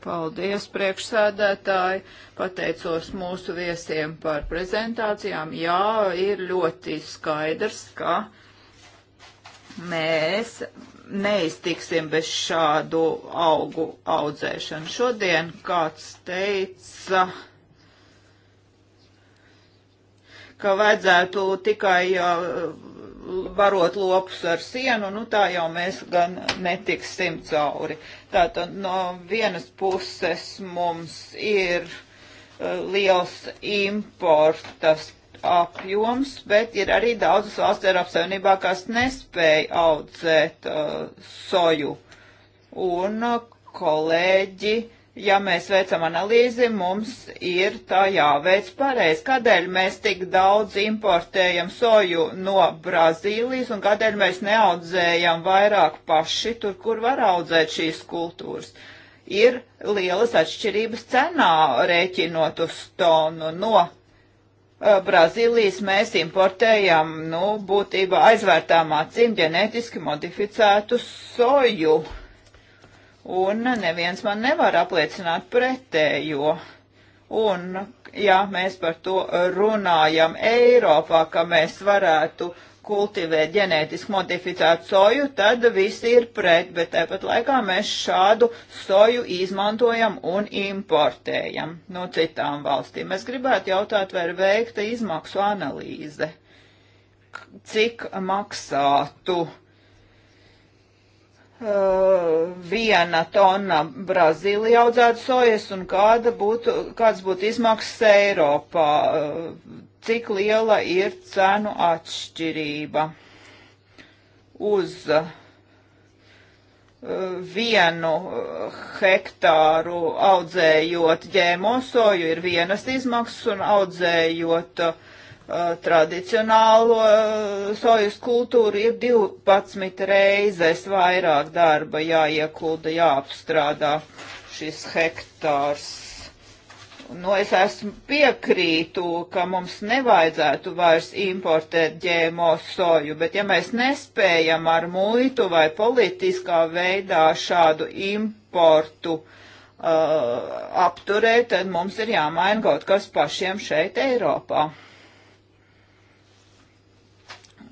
Speaker 3: Paldies, priekšsēdētāji. Pateicos mūsu viesiem par prezentācijām. Jā, ir ļoti skaidrs, ka mēs neiztiksim bez šādu augu audzēšanu. Šodien kāds teica, ka vajadzētu tikai uh, varot lopus ar sienu, nu tā jau mēs gan netiksim cauri. Tātad no vienas puses mums ir uh, liels importas apjoms, bet ir arī daudzas valsts Eiropas Savienībā, kas nespēja audzēt uh, soju. Un uh, kolēģi uh, ja mēs veicam analīzi, mums ir tā jāveic pareizi. Kādēļ mēs tik daudz importējam soju no Brazīlijas un kādēļ mēs neaudzējam vairāk paši tur, kur var audzēt šīs kultūras? Ir lielas atšķirības cenā rēķinot uz tonu no eh, Brazīlijas mēs importējam, nu, būtībā aizvērtām acīm ģenētiski modificētu soju un neviens man nevar apliecināt pretējo. Un, ja mēs par to runājam Eiropā, ka mēs varētu kultivēt ģenētiski modificētu soju, tad visi ir pret, bet tāpat laikā mēs šādu soju izmantojam un importējam no citām valstīm. Es gribētu jautāt, vai ir veikta izmaksu analīze, cik maksātu uh, Uh, viena tona Brazīlija audzētu sojas un kāda būtu, kāds būtu izmaksas Eiropā, uh, cik liela ir cenu atšķirība uz uh, vienu uh, hektāru audzējot ģēmo soju ir vienas izmaksas un audzējot uh, Eh, tradicionālo eh, sojas kultūru ir 12 reizes vairāk darba jāiekulda, jāapstrādā šis hektārs. Nu, es esmu piekrītu, ka mums nevajadzētu vairs importēt ģēmo soju, bet ja mēs nespējam ar muitu vai politiskā veidā šādu importu uh, apturēt, tad mums ir jāmaina kaut kas pašiem šeit Eiropā.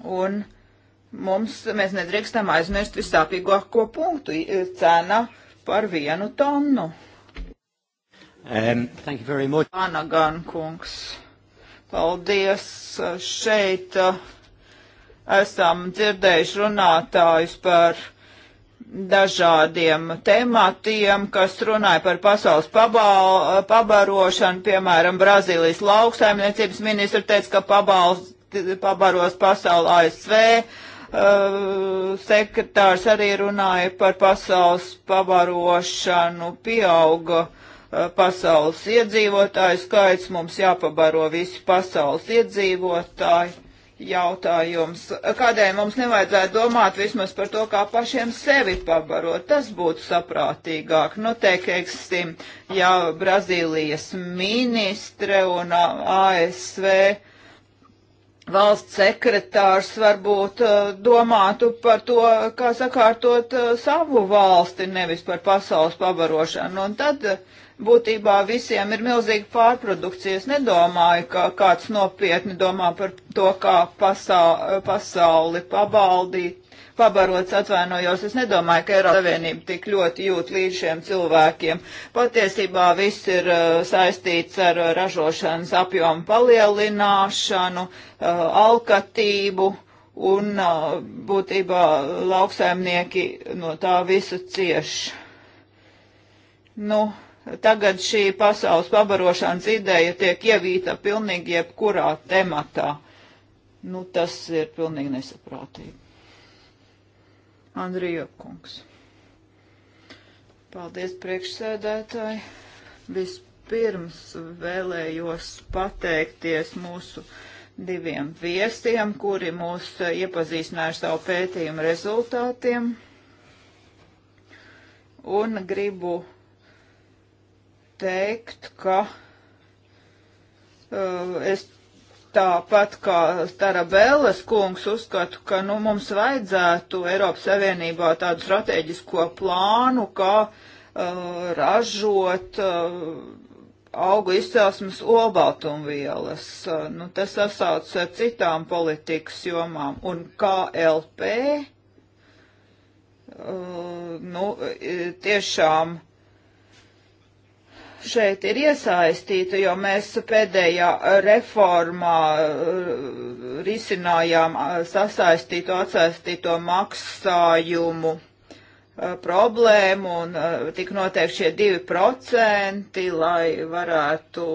Speaker 3: Un mums, mēs nedrīkstam aizmirst visāpīgāko punktu - e, cena par vienu tonu. Um, thank you very much. Anagan kungs. Paldies. Šeit e, esam dzirdējuši runātājus par dažādiem tematiem, kas runāja par pasaules pabal, pabarošanu, piemēram, Brazīlijas lauksaimniecības ministra teica, ka pabals, pabaros pasauli ASV. Uh, sekretārs arī runāja par pasaules pabarošanu, pieauga uh, pasaules iedzīvotāju skaits, mums jāpabaro visi pasaules iedzīvotāji. Jautājums, kādēļ mums nevajadzētu domāt vismaz par to, kā pašiem sevi pabarot, tas būtu saprātīgāk. Nu, teiksim, ja Brazīlijas ministre un ASV uh, valsts sekretārs varbūt uh, domātu par to, kā sakārtot uh, savu valsti, nevis par pasaules pabarošanu. Un tad uh, būtībā visiem ir milzīga pārprodukcija. Es nedomāju, ka kāds nopietni domā par to, kā pasauli pabaldīt pabarots, atvainojos. Es nedomāju, ka Eiropas Savienība tik ļoti jūt līdz šiem cilvēkiem. Patiesībā viss ir uh, saistīts ar uh, ražošanas apjomu palielināšanu, uh, alkatību un būtībā lauksaimnieki no tā visa cieš. Nu, tagad šī pasaules pabarošanas ideja tiek ievīta pilnīgi jebkurā tematā. Nu, tas ir pilnīgi nesaprātīgi. Andrija kungs. Paldies priekšsēdētāji. Vispirms vēlējos pateikties mūsu diviem viestiem, kuri mūs iepazīstināja ar savu pētījumu rezultātiem. Un gribu teikt, ka uh, es tāpat kā Tarabēlas kungs uzskatu, ka nu, mums vajadzētu Eiropas Savienībā tādu strateģisko plānu, kā uh, ražot uh, augu izcelsmes olbaltumvielas. Uh, nu, tas sasauc ar citām politikas jomām un KLP. Uh, nu, tiešām šeit ir iesaistīta, jo mēs pēdējā reformā uh, risinājām uh, sasaistīto atsaistīto maksājumu uh, problēmu un tik noteikti šie divi procenti, lai varētu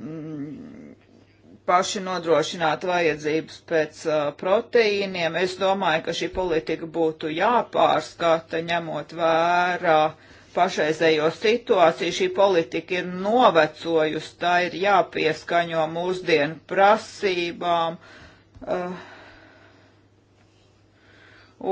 Speaker 3: mm, paši nodrošināt vajadzības pēc uh, proteīniem. Es domāju, ka šī politika būtu jāpārskata, ņemot vērā uh, pašreizējo situāciju. Šī politika ir novecojusi, tā ir jāpieskaņo mūsdienu prasībām. Uh,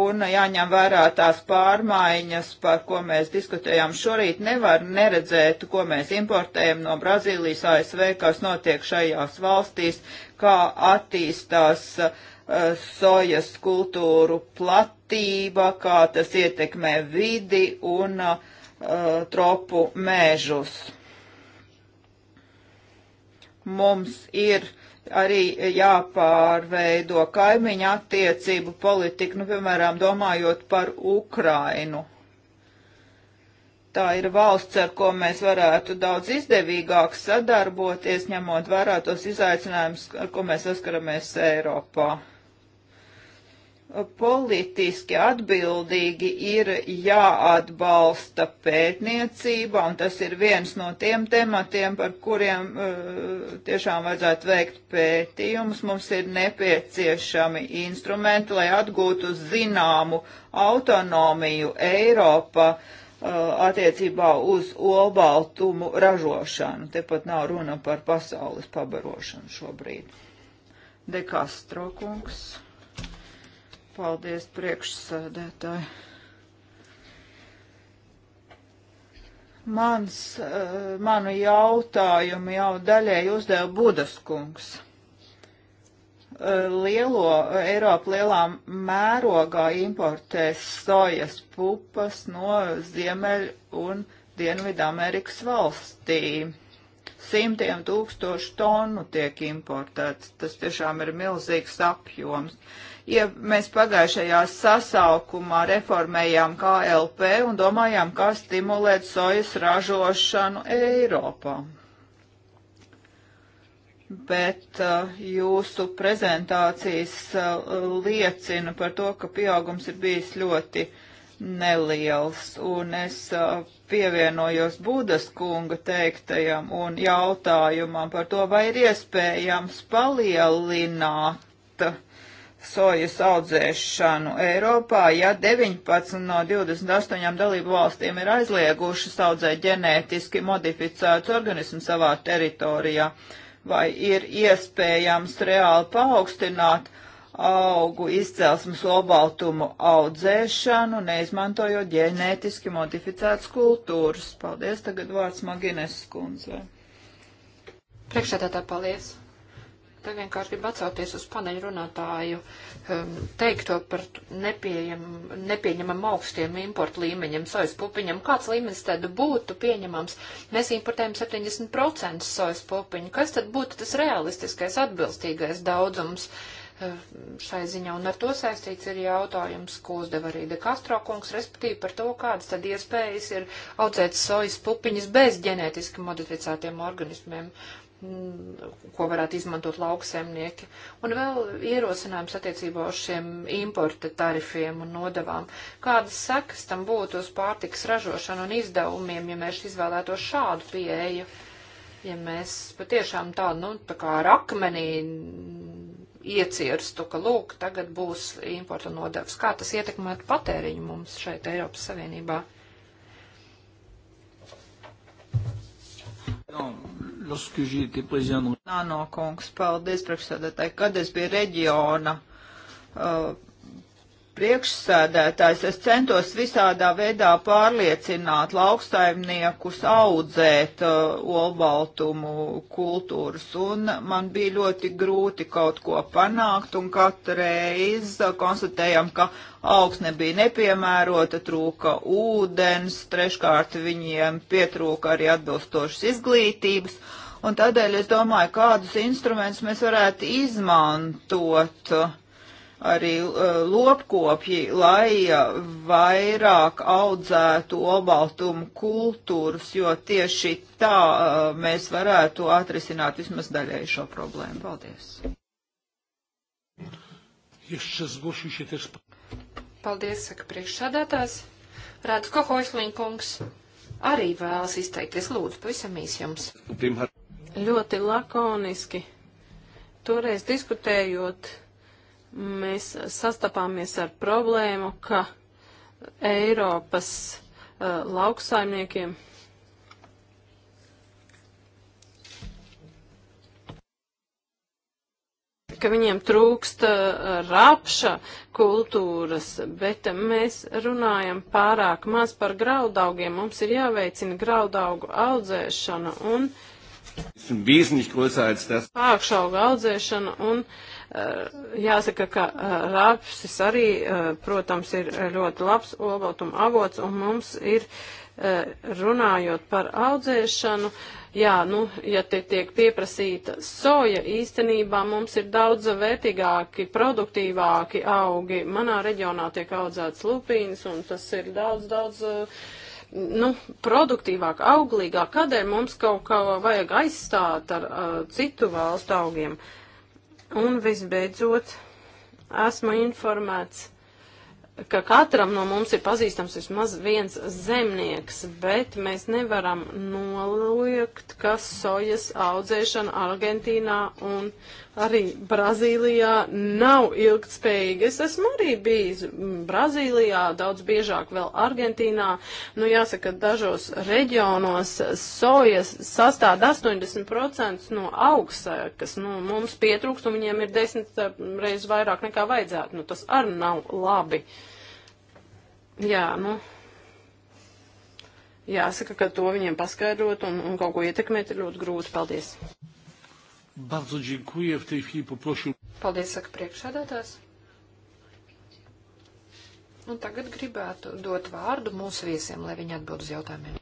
Speaker 3: un jāņem vērā tās pārmaiņas, par ko mēs diskutējām šorīt, nevar neredzēt, ko mēs importējam no Brazīlijas, ASV, kas notiek šajās valstīs, kā attīstās uh, sojas kultūru platība, kā tas ietekmē vidi un uh, uh, tropu mēžus. Mums ir arī jāpārveido kaimiņa attiecību politika, nu, piemēram, domājot par Ukrainu. Tā ir valsts, ar ko mēs varētu daudz izdevīgāk sadarboties, ņemot vērā tos izaicinājumus, ar ko mēs saskaramies Eiropā politiski atbildīgi ir jāatbalsta pētniecība, un tas ir viens no tiem tematiem, par kuriem uh, tiešām vajadzētu veikt pētījumus. Mums ir nepieciešami instrumenti, lai atgūtu zināmu autonomiju Eiropa uh, attiecībā uz olbaltumu ražošanu. Tepat nav runa par pasaules pabarošanu šobrīd. Dekastro kungs. Paldies priekšsēdētāji. Mans, eh, manu jautājumu jau daļai uzdeva Budas kungs. Eh, lielo Eiropu lielā mērogā importē sojas pupas no Ziemeļ un Dienvidu Amerikas valstīm simtiem tūkstošu tonu tiek importēts. Tas tiešām ir milzīgs apjoms ja mēs pagājušajā sasaukumā reformējām KLP un domājām, kā stimulēt sojas ražošanu Eiropā. Bet uh, jūsu prezentācijas uh, liecina par to, ka pieaugums ir bijis ļoti neliels, un es uh, pievienojos Budas kunga teiktajam un jautājumam par to, vai ir iespējams palielināt uh, sojas audzēšanu Eiropā, ja 19 no 28 dalību valstīm ir aizliegušas audzēt ģenētiski modificētus organismus savā teritorijā, vai ir iespējams reāli paaugstināt augu izcelsmes olbaltumu audzēšanu, neizmantojot ģenētiski modificētas kultūras. Paldies, tagad vārds Magines
Speaker 2: skundzē. Priekšsēdētā, paldies. Te vienkārši gribu atsauties uz paneļu runātāju um, teikto par nepieņem, nepieņemam augstiem importu līmeņiem sojas pupiņam. Kāds līmenis tad būtu pieņemams? Mēs importējam 70% sojas pupiņu. Kas tad būtu tas realistiskais, atbilstīgais daudzums? Um, šai ziņā, un ar to saistīts ir jautājums, ko uzdeva arī De Castro kungs, respektīvi par to, kādas tad iespējas ir audzēt sojas pupiņas bez ģenētiski modificētiem organismiem. Mm, ko varētu izmantot lauksemnieki. Un vēl ierosinājums attiecībā uz šiem importa tarifiem un nodavām. Kādas sekas tam būtu uz pārtiks ražošanu un izdevumiem, ja mēs izvēlētos šādu pieeju? Ja mēs patiešām tā, nu, tā kā ar akmenī iecirstu, ka lūk, tagad būs importa nodevs. Kā tas ietekmētu patēriņu mums šeit Eiropas Savienībā?
Speaker 1: Non, lorsque j'ai été président.
Speaker 3: Nano kungs, paldies priekšsēdētāji, kad es biju reģiona uh, priekšsēdētājs, es centos visādā veidā pārliecināt lauksaimniekus audzēt uh, olbaltumu kultūras, un man bija ļoti grūti kaut ko panākt, un katreiz konstatējam, ka augsne bija nepiemērota, trūka ūdens, treškārt viņiem pietrūka arī atbilstošas izglītības, un tādēļ es domāju, kādus instrumentus mēs varētu izmantot. Uh, arī uh, lopkopji, lai uh, vairāk audzētu olbaltumu kultūras, jo tieši tā uh, mēs varētu atrisināt vismaz daļēju šo problēmu. Paldies!
Speaker 2: Paldies, saka priekšsādātājs. Rādz Kohoisliņkungs arī vēlas izteikties. Lūdzu, pavisam īsi jums.
Speaker 4: Ļoti lakoniski. Toreiz diskutējot mēs sastapāmies ar problēmu, ka Eiropas uh, lauksaimniekiem ka viņiem trūkst uh, rapša kultūras, bet mēs runājam pārāk maz par graudaugiem. Mums ir jāveicina graudaugu audzēšana un
Speaker 1: pārākšauga
Speaker 4: audzēšana un uh, Eh, jāsaka, ka eh, rapsis arī, eh, protams, ir ļoti labs olbaltuma avots, un mums ir, runājot par audzēšanu, jā, nu, ja te tiek pieprasīta soja, īstenībā mums ir daudz vērtīgāki, produktīvāki augi. Manā reģionā tiek audzēts lupīns, un tas ir daudz, daudz. Nu, produktīvāk, auglīgāk, kādēļ mums kaut ko vajag aizstāt ar uh, citu valstu augiem. Uh, Un visbeidzot, esmu informēts, ka katram no mums ir pazīstams vismaz viens zemnieks, bet mēs nevaram noliegt, ka sojas audzēšana Argentīnā un arī Brazīlijā nav ilgtspējīga. Es esmu arī bijis Brazīlijā, daudz biežāk vēl Argentīnā. Nu, jāsaka, dažos reģionos sojas sastāv 80% no augstsakas. Nu, mums pietrūkst, un viņiem ir desmit eh, reizes vairāk nekā vajadzētu. Nu, tas arī nav labi. Jā, nu. Jāsaka, ka to viņiem paskaidrot un, un kaut ko ietekmēt ir ļoti grūti. Paldies!
Speaker 1: Bardzo dziękuję. W tej chwili poprosił.
Speaker 4: Paldies,
Speaker 2: saka priekšsēdētājs. Un tagad gribētu dot vārdu mūsu viesiem, lai viņi atbild uz jautājumiem.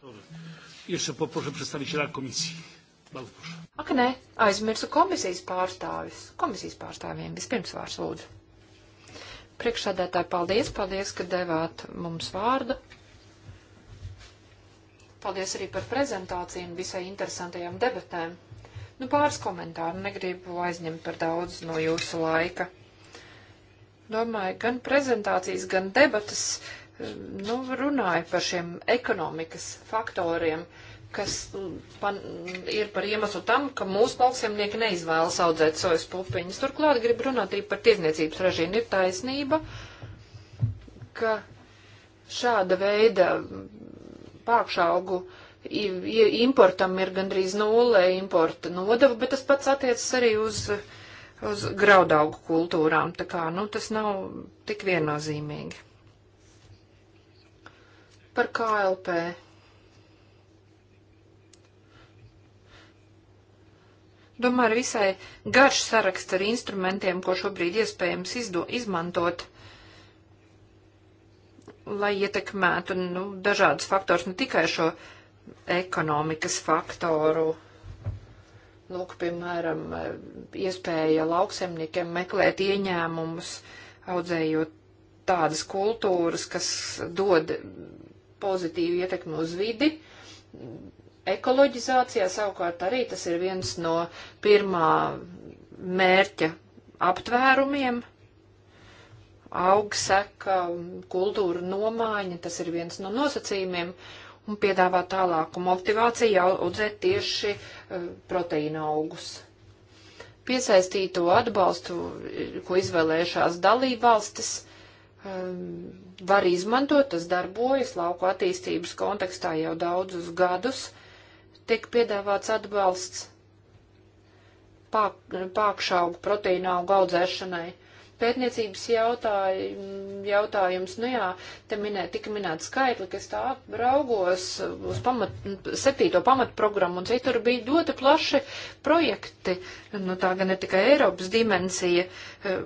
Speaker 1: Iešu poprošu predstavīšanā komisiju. Ak,
Speaker 2: nē, aizmirsu komisijas pārstāvis. Komisijas pārstāvjiem vispirms vārds lūdzu. Priekšsādātāji, paldies, paldies, ka devāt mums vārdu. Paldies arī par prezentāciju un visai interesantajām debatēm. Nu, pāris komentāru, negribu aizņemt par daudz no jūsu laika. Domāju, gan prezentācijas, gan debatas, um, nu, runāja par šiem ekonomikas faktoriem, kas mm, pan, ir par iemeslu tam, ka mūsu lauksiemnieki neizvēlas audzēt sojas pupiņas. Turklāt grib runāt arī par tirdzniecības režīmu. Ir taisnība, ka šāda veida mm, pārkšaugu uh, importam ir gandrīz nulle importa nodeva, bet tas pats attiecas arī uz, uz graudaugu kultūrām. Tā kā, nu, tas nav tik viennozīmīgi. Par KLP. Domāju, ir visai garš saraksts ar instrumentiem, ko šobrīd iespējams izdo, izmantot lai ietekmētu nu, dažādus faktors, ne tikai šo ekonomikas faktoru. Lūk, piemēram, iespēja lauksemniekiem meklēt ieņēmumus, audzējot tādas kultūras, kas dod pozitīvu ietekmi uz vidi. Ekoloģizācijā savukārt arī tas ir viens no pirmā mērķa aptvērumiem. Augseka, kultūra nomaiņa, tas ir viens no nosacījumiem, uh, un piedāvā tālāku motivāciju audzēt tieši eh, proteīna augus. Piesaistīto atbalstu, eh, ko izvēlējušās dalībvalstis, eh, var izmantot, tas darbojas lauku attīstības kontekstā jau daudzus gadus, tiek piedāvāts atbalsts pāk, pākšaugu proteīna augu audzēšanai pētniecības jautājums, jautājums, nu jā, te minē, tika minēta skaitli, kas tā raugos uz pamat, septīto pamatprogrammu, un citur bija ļoti plaši projekti, nu tā gan ir tikai Eiropas dimensija eh,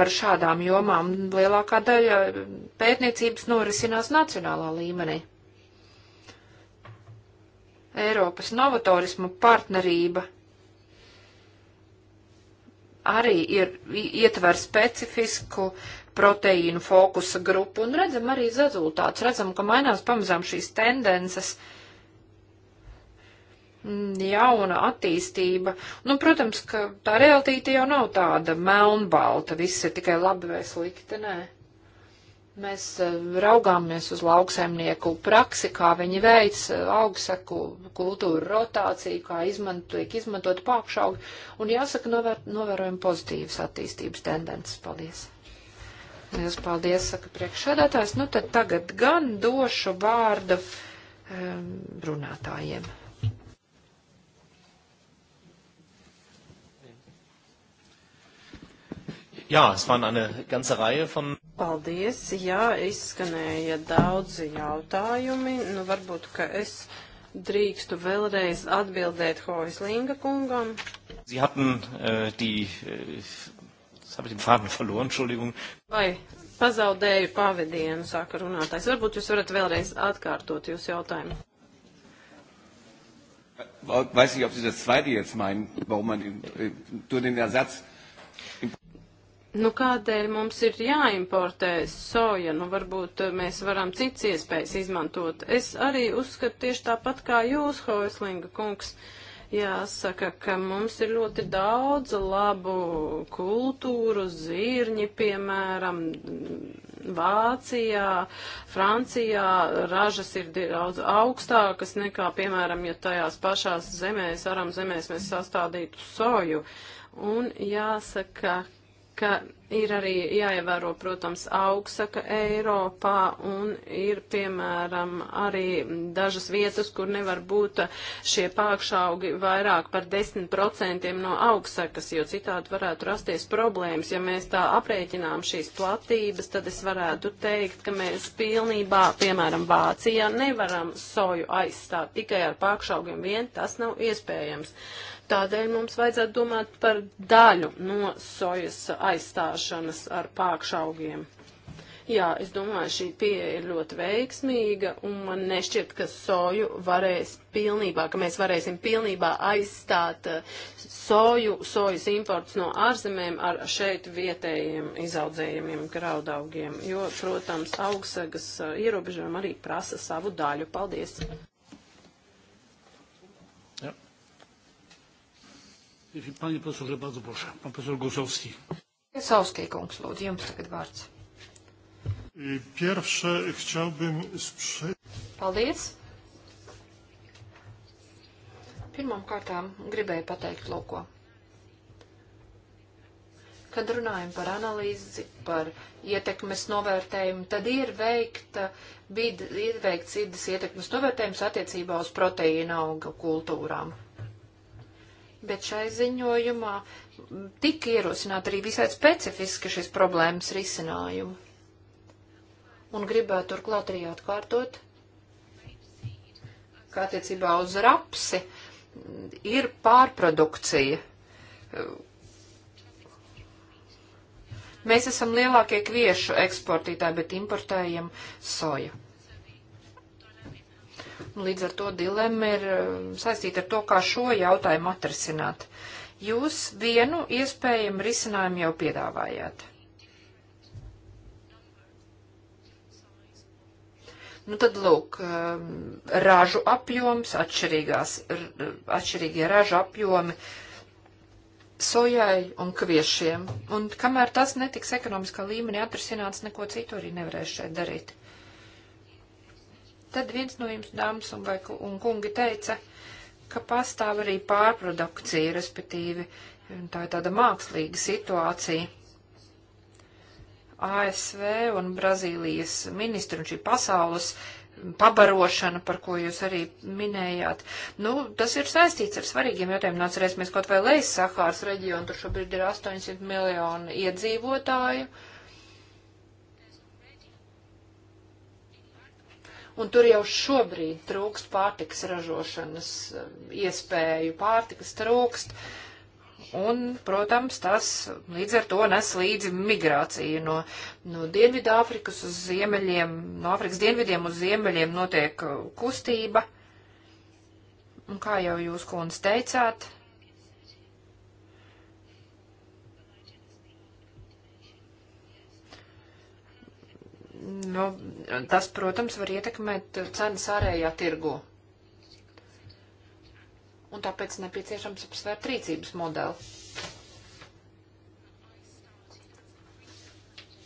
Speaker 2: par šādām jomām, lielākā daļa pētniecības norisinās nacionālā līmenī. Eiropas novatorisma partnerība arī ir, ietver specifisku proteīnu fokusa grupu un redzam arī rezultātus. Redzam, ka mainās pamazām šīs tendences mm, jauna attīstība. Nu, protams, ka tā realitīte jau nav tāda melnbalta, viss ir tikai labi vai slikti, nē. Ne? Mēs e, raugāmies uz lauksaimnieku praksi, kā viņi veic e, augseku kultūru rotāciju, kā izmanto, tiek izmantot pākšaugi, un jāsaka, novēr, novērojam pozitīvas attīstības tendences. Paldies! Lielas paldies, saka priekšsēdētājs. Nu tad tagad gan došu vārdu um, runātājiem.
Speaker 1: Jā, es man eine ganze Reihe von.
Speaker 4: Paldies, jā, izskanēja daudzi jautājumi. Nu, varbūt, ka es drīkstu vēlreiz atbildēt Hoislinga kungam.
Speaker 1: Sie hatten äh, die, äh, es habe ich den Faden verloren, Entschuldigung.
Speaker 4: Vai pazaudēju pavadienu, saka runātājs. Varbūt jūs varat vēlreiz atkārtot jūsu jautājumu.
Speaker 1: Weiß nicht, ob Sie das zweite jetzt meinen, warum man äh, nur den Ersatz.
Speaker 4: Nu, kādēļ mums ir jāimportē soja? Nu, varbūt eh, mēs varam cits iespējas izmantot. Es arī uzskatu tieši tāpat kā jūs, Hoislinga kungs. Jāsaka, ka mums ir ļoti daudz labu kultūru, zirņi, piemēram, Vācijā, Francijā ražas ir daudz augstākas nekā, piemēram, ja tajās pašās zemēs, aram zemēs mēs sastādītu soju. Un jāsaka, ka ir arī jāievēro, protams, augsaka Eiropā un ir, piemēram, arī dažas vietas, kur nevar būt šie pākšaugi vairāk par 10% no augsakas, jo citādi varētu rasties problēmas. Ja mēs tā aprēķinām šīs platības, tad es varētu teikt, ka mēs pilnībā, piemēram, Vācijā nevaram soju aizstāt tikai ar pākšaugiem vien, tas nav iespējams. Tādēļ mums vajadzētu domāt par daļu no sojas aizstāšanas ar pākšaugiem. Jā, es domāju, šī pieeja ir ļoti veiksmīga, un man nešķiet, ka soju varēs pilnībā, ka mēs varēsim pilnībā aizstāt eh, soju, sojas imports no ārzemēm ar šeit vietējiem izaudzējumiem graudaugiem, jo, protams, augsagas eh, ierobežojumi arī prasa savu daļu. Paldies!
Speaker 1: Panie profesorze, bardzo proszę. Pan profesor Gusowski.
Speaker 2: Gusowski, kungs, lūdzu, jums tagad vārds.
Speaker 1: Pierwsze chciałbym...
Speaker 2: Paldies. Pirmām kārtām gribēju pateikt lūko. Kad runājam par analīzi, par ietekmes novērtējumu, tad ir veikta, bid, ir veikts idas ietekmes novērtējums attiecībā uz proteīna auga kultūrām bet šai ziņojumā tika ierosināt arī visai specifiski šis problēmas risinājumu. Un gribētu turklāt arī atkārtot, kā attiecībā uz rapsi ir pārprodukcija. Mēs esam lielākie kviešu eksportītāji, bet importējam soju. Līdz ar to dilemma ir um, saistīta ar to, kā šo jautājumu atrisināt. Jūs vienu iespējamu risinājumu jau piedāvājāt. Nu tad lūk, um, ražu apjoms, atšķirīgās, atšķirīgie ražu apjomi sojai un kviešiem. Un kamēr tas netiks ekonomiskā līmenī atrisināts, neko citu arī nevarēs šeit darīt. Tad viens no jums, dāmas un, vai, un kungi, teica, ka pastāv arī pārprodukcija, respektīvi tā ir tāda mākslīga situācija. ASV un Brazīlijas ministri un šī pasaules pabarošana, par ko jūs arī minējāt. Nu, tas ir saistīts ar svarīgiem jautājumiem. Nācerēsimies kaut vai Lejas Sahāras reģionu, tur šobrīd ir 800 miljoni iedzīvotāju. Uh, un tur jau šobrīd trūkst pārtikas ražošanas eh, iespēju, pārtikas trūkst. Un, protams, tas līdz ar to nes līdzi migrāciju no, no Dienvidāfrikas uz ziemeļiem, no Āfrikas dienvidiem uz ziemeļiem notiek eh, kustība. Un kā jau jūs, kundze, teicāt, nu, tas, protams, var ietekmēt cenas ārējā tirgu. Un tāpēc nepieciešams apsvērt rīcības modeli.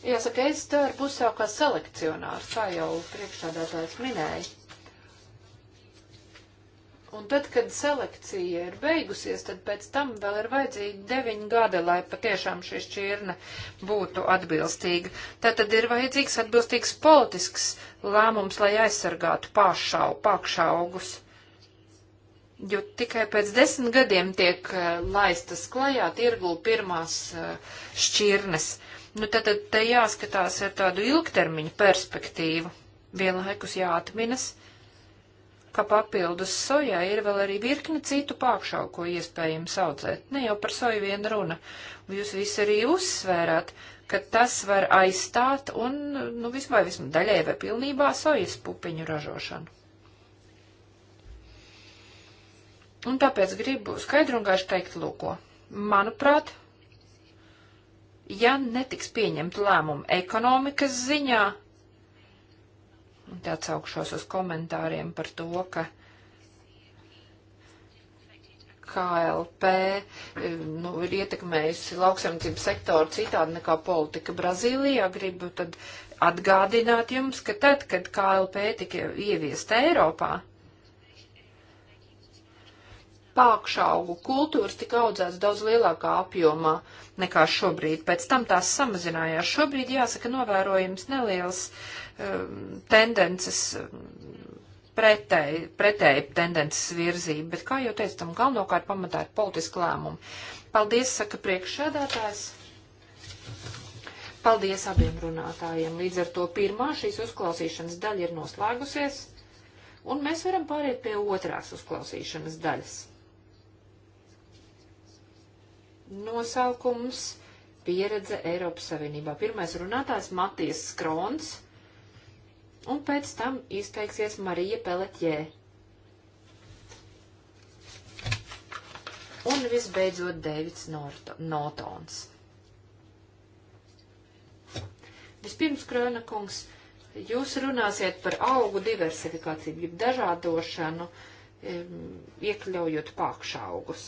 Speaker 2: Jāsaka, es darbu uzsāku kā selekcionārs, kā jau priekšsādātājs minēja. Un tad, kad selekcija ir beigusies, tad pēc tam vēl ir vajadzīgi deviņi gadi, lai patiešām šī šķirne būtu atbilstīga. Tātad ir vajadzīgs atbilstīgs politisks lēmums, lai aizsargātu pāršau, pāršaugus. Jo tikai pēc desmit gadiem tiek eh, laistas klajā tirgū pirmās eh, šķirnes. Nu, tātad te jāskatās ar tādu ilgtermiņu perspektīvu. Vienlaikus jāatminas ka papildus sojā ir vēl arī virkni citu pākšau, ko iespējams audzēt. Ne jau par soju vien runa. Jūs visi arī uzsvērāt, ka tas var aizstāt un, nu, vismaz, vismaz daļai vai pilnībā sojas pupiņu ražošanu. Un tāpēc gribu skaidru un gaišu teikt, lūko, manuprāt, ja netiks pieņemt lēmumu ekonomikas ziņā, Te atsaukšos uz komentāriem par to, ka KLP eh, nu, ir ietekmējusi lauksaimniecību sektoru citādi nekā politika Brazīlijā. Gribu tad atgādināt jums, ka tad, kad KLP tika ieviesta Eiropā, pākšaugu kultūras tika audzēts daudz lielākā apjomā nekā šobrīd. Pēc tam tās samazinājās. Šobrīd, jāsaka, novērojams neliels Um, tendences um, pretēji, pretēji tendences virzība, bet, kā jau teicu, tam galvenokārt pamatā ir politiski lēmumi. Paldies, saka priekšsēdētājs. Paldies abiem runātājiem. Līdz ar to pirmā šīs uzklausīšanas daļa ir noslēgusies, un mēs varam pāriet pie otrās uzklausīšanas daļas. Nosaukums pieredze Eiropas Savienībā. Pirmais runātājs Matijas Skrons un pēc tam izteiksies Marija Peletjē. Un visbeidzot Dēvids Notons. Vispirms, Krona kungs, jūs runāsiet par augu diversifikāciju, jeb dažādošanu, iekļaujot pākšaugus,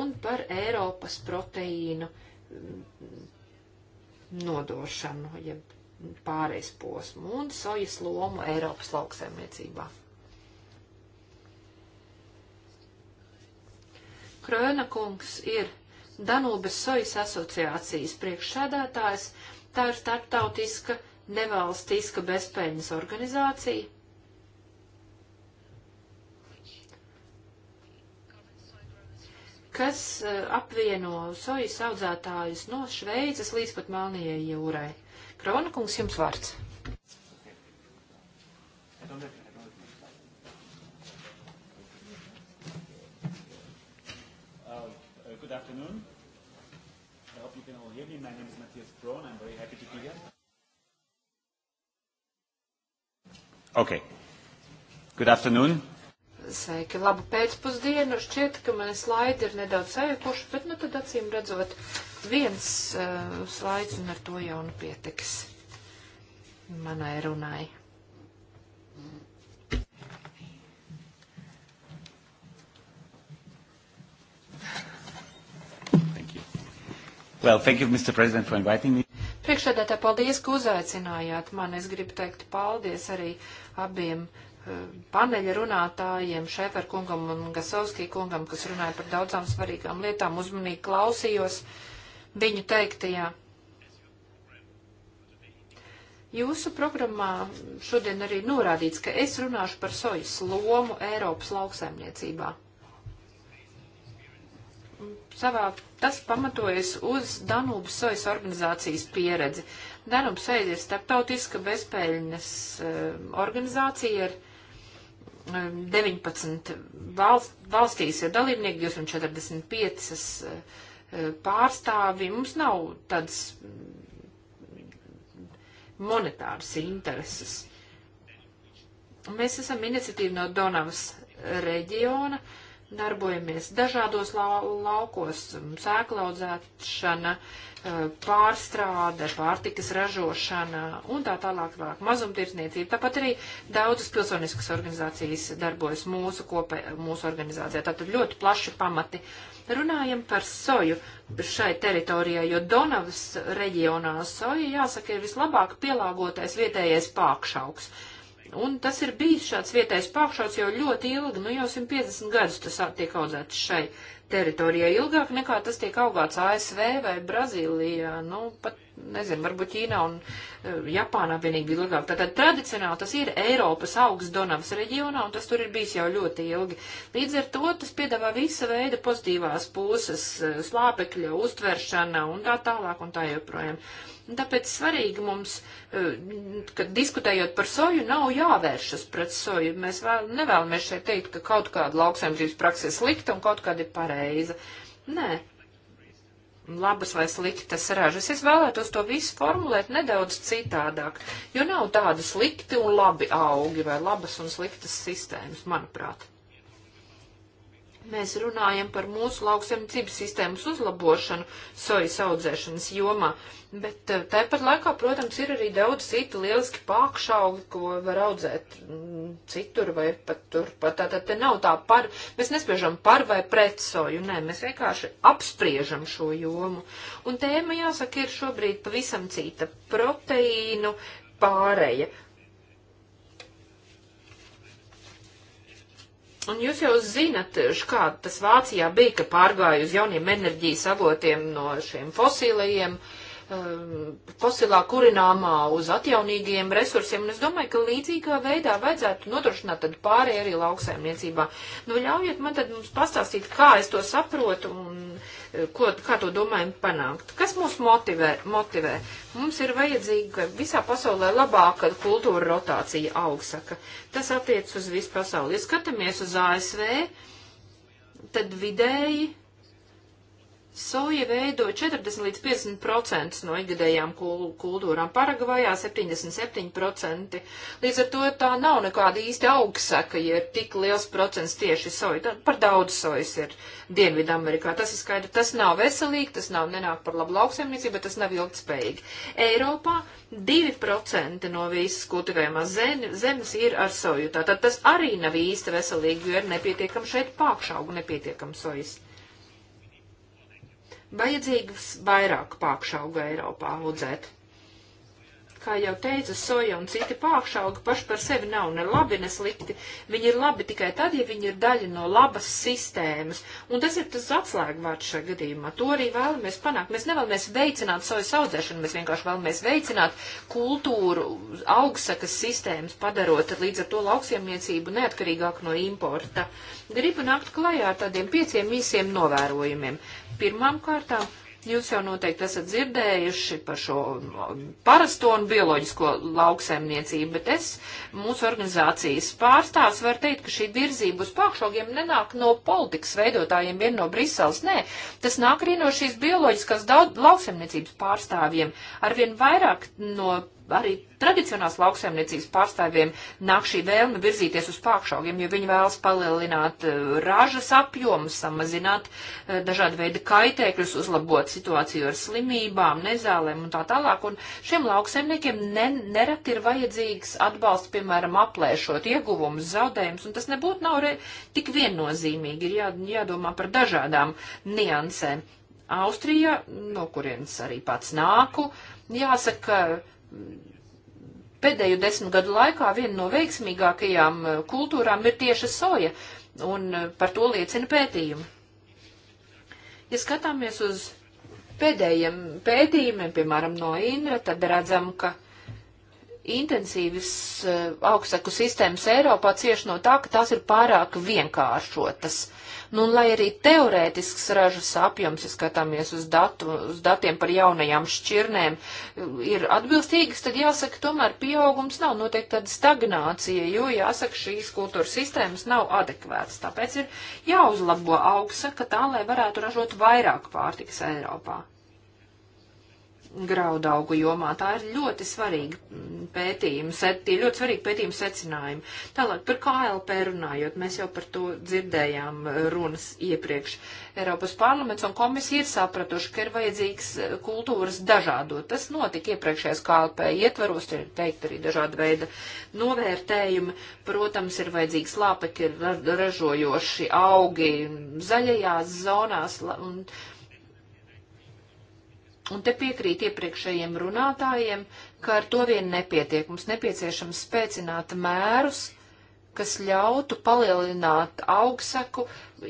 Speaker 2: un par Eiropas proteīnu nodošanu, jeb pārejas posmu un sojas lomu Eiropas lauksaimniecībā. Kröna kungs ir Danubes sojas asociācijas priekšsēdētājs, tā ir starptautiska nevalstiska bezpēļņas organizācija. kas eh, apvieno sojas audzētājus no Šveices līdz pat Melnijai jūrai. Pravana kungs, jums vārds.
Speaker 1: Uh, good afternoon. I hope you can all hear me. My name
Speaker 2: is Matthias Braun. I'm very happy to be here.
Speaker 1: Okay. Good afternoon.
Speaker 2: Sveiki, labu pēcpusdienu. Šķiet, ka mani slaidi ir nedaudz sajukuši, bet nu tad acīm redzot, viens uh, slaids, un ar to jau nu pietiks manai runai.
Speaker 1: Well, thank you, Mr. President, for inviting me.
Speaker 2: Priekšsēdētā paldies, ka uzaicinājāt mani. Es gribu teikt paldies arī abiem uh, paneļa runātājiem, Šefer kungam un Gasovskī kungam, kas runāja par daudzām svarīgām lietām. Uzmanīgi klausījos. Uh, viņu teiktajā. Jūsu programmā šodien arī norādīts, ka es runāšu par sojas lomu Eiropas lauksaimniecībā. Savā tas pamatojas uz Danūbas sojas organizācijas pieredzi. Danūbas soja ir starptautiska bezpēļņas uh, organizācija ar 19 eh, valst, valstīs ir dalībnieki, 245 uh, pārstāvi, mums nav tādas monetāras intereses. Mēs esam iniciatīva no Donavas reģiona, uh, darbojamies dažādos lau laukos - sēklaudzēšana, eh, pārstrāde, pārtikas ražošana un tā tālāk, tālāk mazumtirdzniecība. Tāpat arī daudzas pilsoniskas organizācijas darbojas mūsu kopē, mūsu organizācijā. Tātad ļoti plaši pamati. Runājam par soju šai teritorijai, jo Donavas reģionā soja, jāsaka, ir vislabāk pielāgotais vietējais pākšauks. Uh, Un tas ir bijis šāds vietējais pakšauts jau ļoti ilgi, nu jau 150 gadus tas tiek audzēts šai teritorijai. Ilgāk nekā tas tiek augāts ASV vai Brazīlijā, nu pat, nezinu, varbūt Ķīnā un e, Japānā vienīgi ilgāk. Tātad tradicionāli tas ir Eiropas augsts Donavas reģionā, un tas tur ir bijis jau ļoti ilgi. Līdz ar to tas piedāvā visa veida pozitīvās puses, e, slāpekļa uztveršana un tā tālāk un tā joprojām. Un tāpēc svarīgi mums, eh, kad diskutējot par soju, nav jāvēršas pret soju. Mēs vēl, nevēlamies šeit teikt, ka kaut kāda lauksaimniecības praksa ir slikta un kaut kāda ir pareiza. Nē. Labas vai sliktas ražas. Es vēlētos to visu formulēt nedaudz citādāk, jo nav tāda slikti un labi augi vai labas un sliktas sistēmas, manuprāt. Mēs runājam par mūsu lauksemniecības sistēmas uzlabošanu sojas audzēšanas jomā, bet eh, tāpat laikā, protams, ir arī daudz citu lieliski pākšaugi, ko var audzēt mm, citur vai pat turpat. Tātad te nav tā par, mēs nespiežam par vai pret soju, nē, mēs vienkārši apspriežam šo jomu. Un tēma, jāsaka, ir šobrīd pavisam cita - proteīnu pārēja Un jūs jau zinat, kā tas Vācijā bija, ka pārgāja uz jauniem enerģijas avotiem no šiem fosīlajiem, um, fosilā kurināmā uz atjaunīgiem resursiem. Un es domāju, ka līdzīgā veidā vajadzētu nodrošināt tad pārēj arī lauksaimniecībā. Nu, ļaujiet man tad mums pastāstīt, kā es to saprotu un eh, ko, kā to domājam panākt. Kas mūs motivē? motivē? Mums ir vajadzīga visā pasaulē labāka kultūra rotācija augsaka. Tas attiec uz visu pasauli. Ja skatāmies uz ASV, tad vidēji Soja veido 40 līdz 50% no ikgadējām kultūrām, Paragvajā 77%. Līdz ar to tā nav nekāda īsti augsaka, ja ir tik liels procents tieši soja. Par daudz sojas ir Dienvidamerikā. Tas ir skaidrs, tas nav veselīgi, tas nav nenāk par labu lauksaimniecību, bet tas nav ilgtspējīgi. Eiropā 2% no visas kultivējumās zemes ir ar soju. Tātad tas arī nav īsti veselīgi, jo ir nepietiekam šeit pākšaugu, nepietiekam sojas. Vajadzīgs vairāk pākšauga Eiropā audzēt. Kā jau teicu, soja un citi pākšaugi paši par sevi nav ne labi, ne slikti. Viņi ir labi tikai tad, ja viņi ir daļa no labas sistēmas. Un tas ir tas atslēgvārds šajā gadījumā. To arī vēlamies panākt. Mēs nevēlamies veicināt sojas audzēšanu, mēs vienkārši vēlamies veicināt kultūru, augstsakas sistēmas, padarot līdz ar to lauksiemniecību neatkarīgāku no importa. Gribu nākt klajā ar tādiem pieciem īsiem novērojumiem. Pirmām kārtām Jūs jau noteikti esat dzirdējuši par šo parasto un bioloģisko lauksaimniecību, bet es mūsu organizācijas pārstāvs var teikt, ka šī virzība uz pakšaugiem nenāk no politikas veidotājiem vien no Briseles. Nē, tas nāk arī no šīs bioloģiskās lauksaimniecības pārstāvjiem. Arvien vairāk no arī tradicionāls lauksaimniecības pārstāvjiem nāk šī vēlme virzīties uz pākšaugiem, jo viņi vēlas palielināt eh, ražas apjomu, samazināt eh, dažādu veidu kaitēkļus, uzlabot situāciju ar slimībām, nezālēm un tā tālāk. Un šiem lauksaimniekiem ne, nerad ir vajadzīgs atbalsts, piemēram, aplēšot ieguvumus, zaudējumus, un tas nebūtu nav re, tik viennozīmīgi. Ir jā, jādomā par dažādām niansēm. Austrija, no kurienes arī pats nāku, jāsaka, ka pēdējo desmit gadu laikā viena no veiksmīgākajām eh, kultūrām ir tieši soja, un eh, par to liecina pētījumi. Ja skatāmies uz pēdējiem pētījumiem, piemēram, no Inra, tad redzam, ka intensīvas eh, augstsaku sistēmas Eiropā cieši no tā, ka tās ir pārāk vienkāršotas. Nu, un, lai arī teorētisks ražas apjoms, ja skatāmies uz, datu, uz datiem par jaunajām šķirnēm, eh, ir atbilstīgs, tad jāsaka, tomēr pieaugums nav noteikti tāda stagnācija, jo, jāsaka, šīs kultūras sistēmas nav adekvētas. Tāpēc ir jāuzlabo augstsaka tā, lai varētu ražot vairāk pārtikas Eiropā graudaugu jomā. Tā ir ļoti svarīga pētījuma, set, tie ļoti svarīgi pētījuma secinājumi. Tālāk par KLP runājot, mēs jau par to dzirdējām uh, runas iepriekš. Eiropas parlaments un komisija ir sapratuši, ka ir vajadzīgs uh, kultūras dažādot. Tas notika iepriekšējās KLP ietvaros, ir teikt arī dažāda veida novērtējumi. Protams, ir vajadzīgs lāpekļi, ražojoši augi zaļajās zonās. Un, Un te piekrīt iepriekšējiem runātājiem, ka ar to vien nepietiek. Mums nepieciešams spēcināt mērus, kas ļautu palielināt augseku,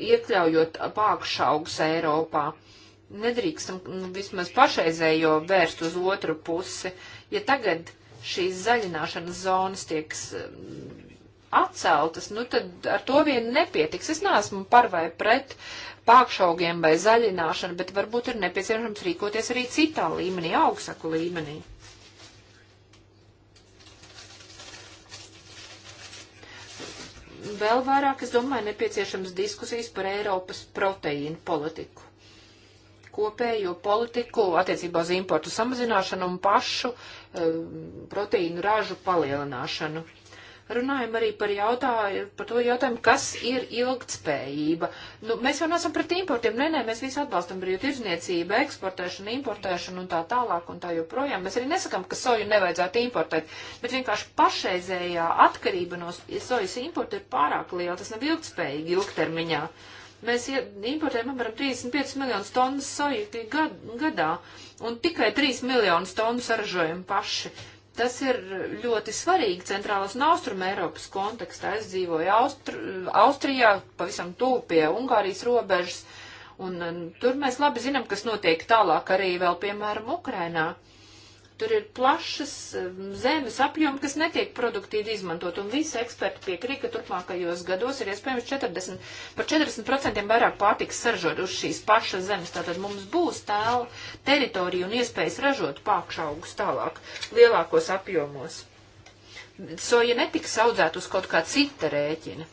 Speaker 2: iekļaujot pākšu augs Eiropā. Nedrīkstam nu, vismaz pašreizējo vērst uz otru pusi. Ja tagad šīs zaļināšanas zonas tiek mm, atceltas, nu tad ar to vien nepietiks. Es neesmu par vai pret uh, pākšaugiem vai zaļināšanu, bet varbūt ir nepieciešams rīkoties arī citā līmenī, augstsaku līmenī. Vēl vairāk, es domāju, nepieciešams diskusijas par Eiropas proteīnu politiku kopējo politiku attiecībā uz importu samazināšanu un pašu e, proteīnu ražu palielināšanu runājam arī par, jautāju, par to jautājumu, kas ir ilgtspējība. Nu, mēs jau nesam pret importiem, nē, nē, mēs visi atbalstam brīvu tirzniecību, eksportēšanu, importēšanu un tā tālāk un tā joprojām. Mēs arī nesakam, ka soju nevajadzētu importēt, bet vienkārši pašreizējā atkarība no sojas importa ir pārāk liela, tas nav ilgtspējīgi ilgtermiņā. Mēs importējam apmēram 35 miljonus tonnas soju gadā, un tikai 3 miljonus tonnu saražojam paši. Uh, Tas ir ļoti svarīgi centrālas un austruma Eiropas kontekstā. Es dzīvoju Austri Austrijā, pavisam tūp pie Ungārijas robežas, un tur mēs labi zinām, kas notiek tālāk arī vēl, piemēram, Ukrainā. Uh, Tur ir plašas um, zemes apjoma, kas netiek produktīvi izmantot, un visi eksperti piekrīt, ka turpmākajos gados ir iespējams 40, par 40% vairāk pārtiks saržot uz šīs pašas zemes. Tātad mums būs tēla teritorija un iespējas ražot pākšaugus tālāk lielākos apjomos. Soja netiks audzēt uz kaut kā cita rēķina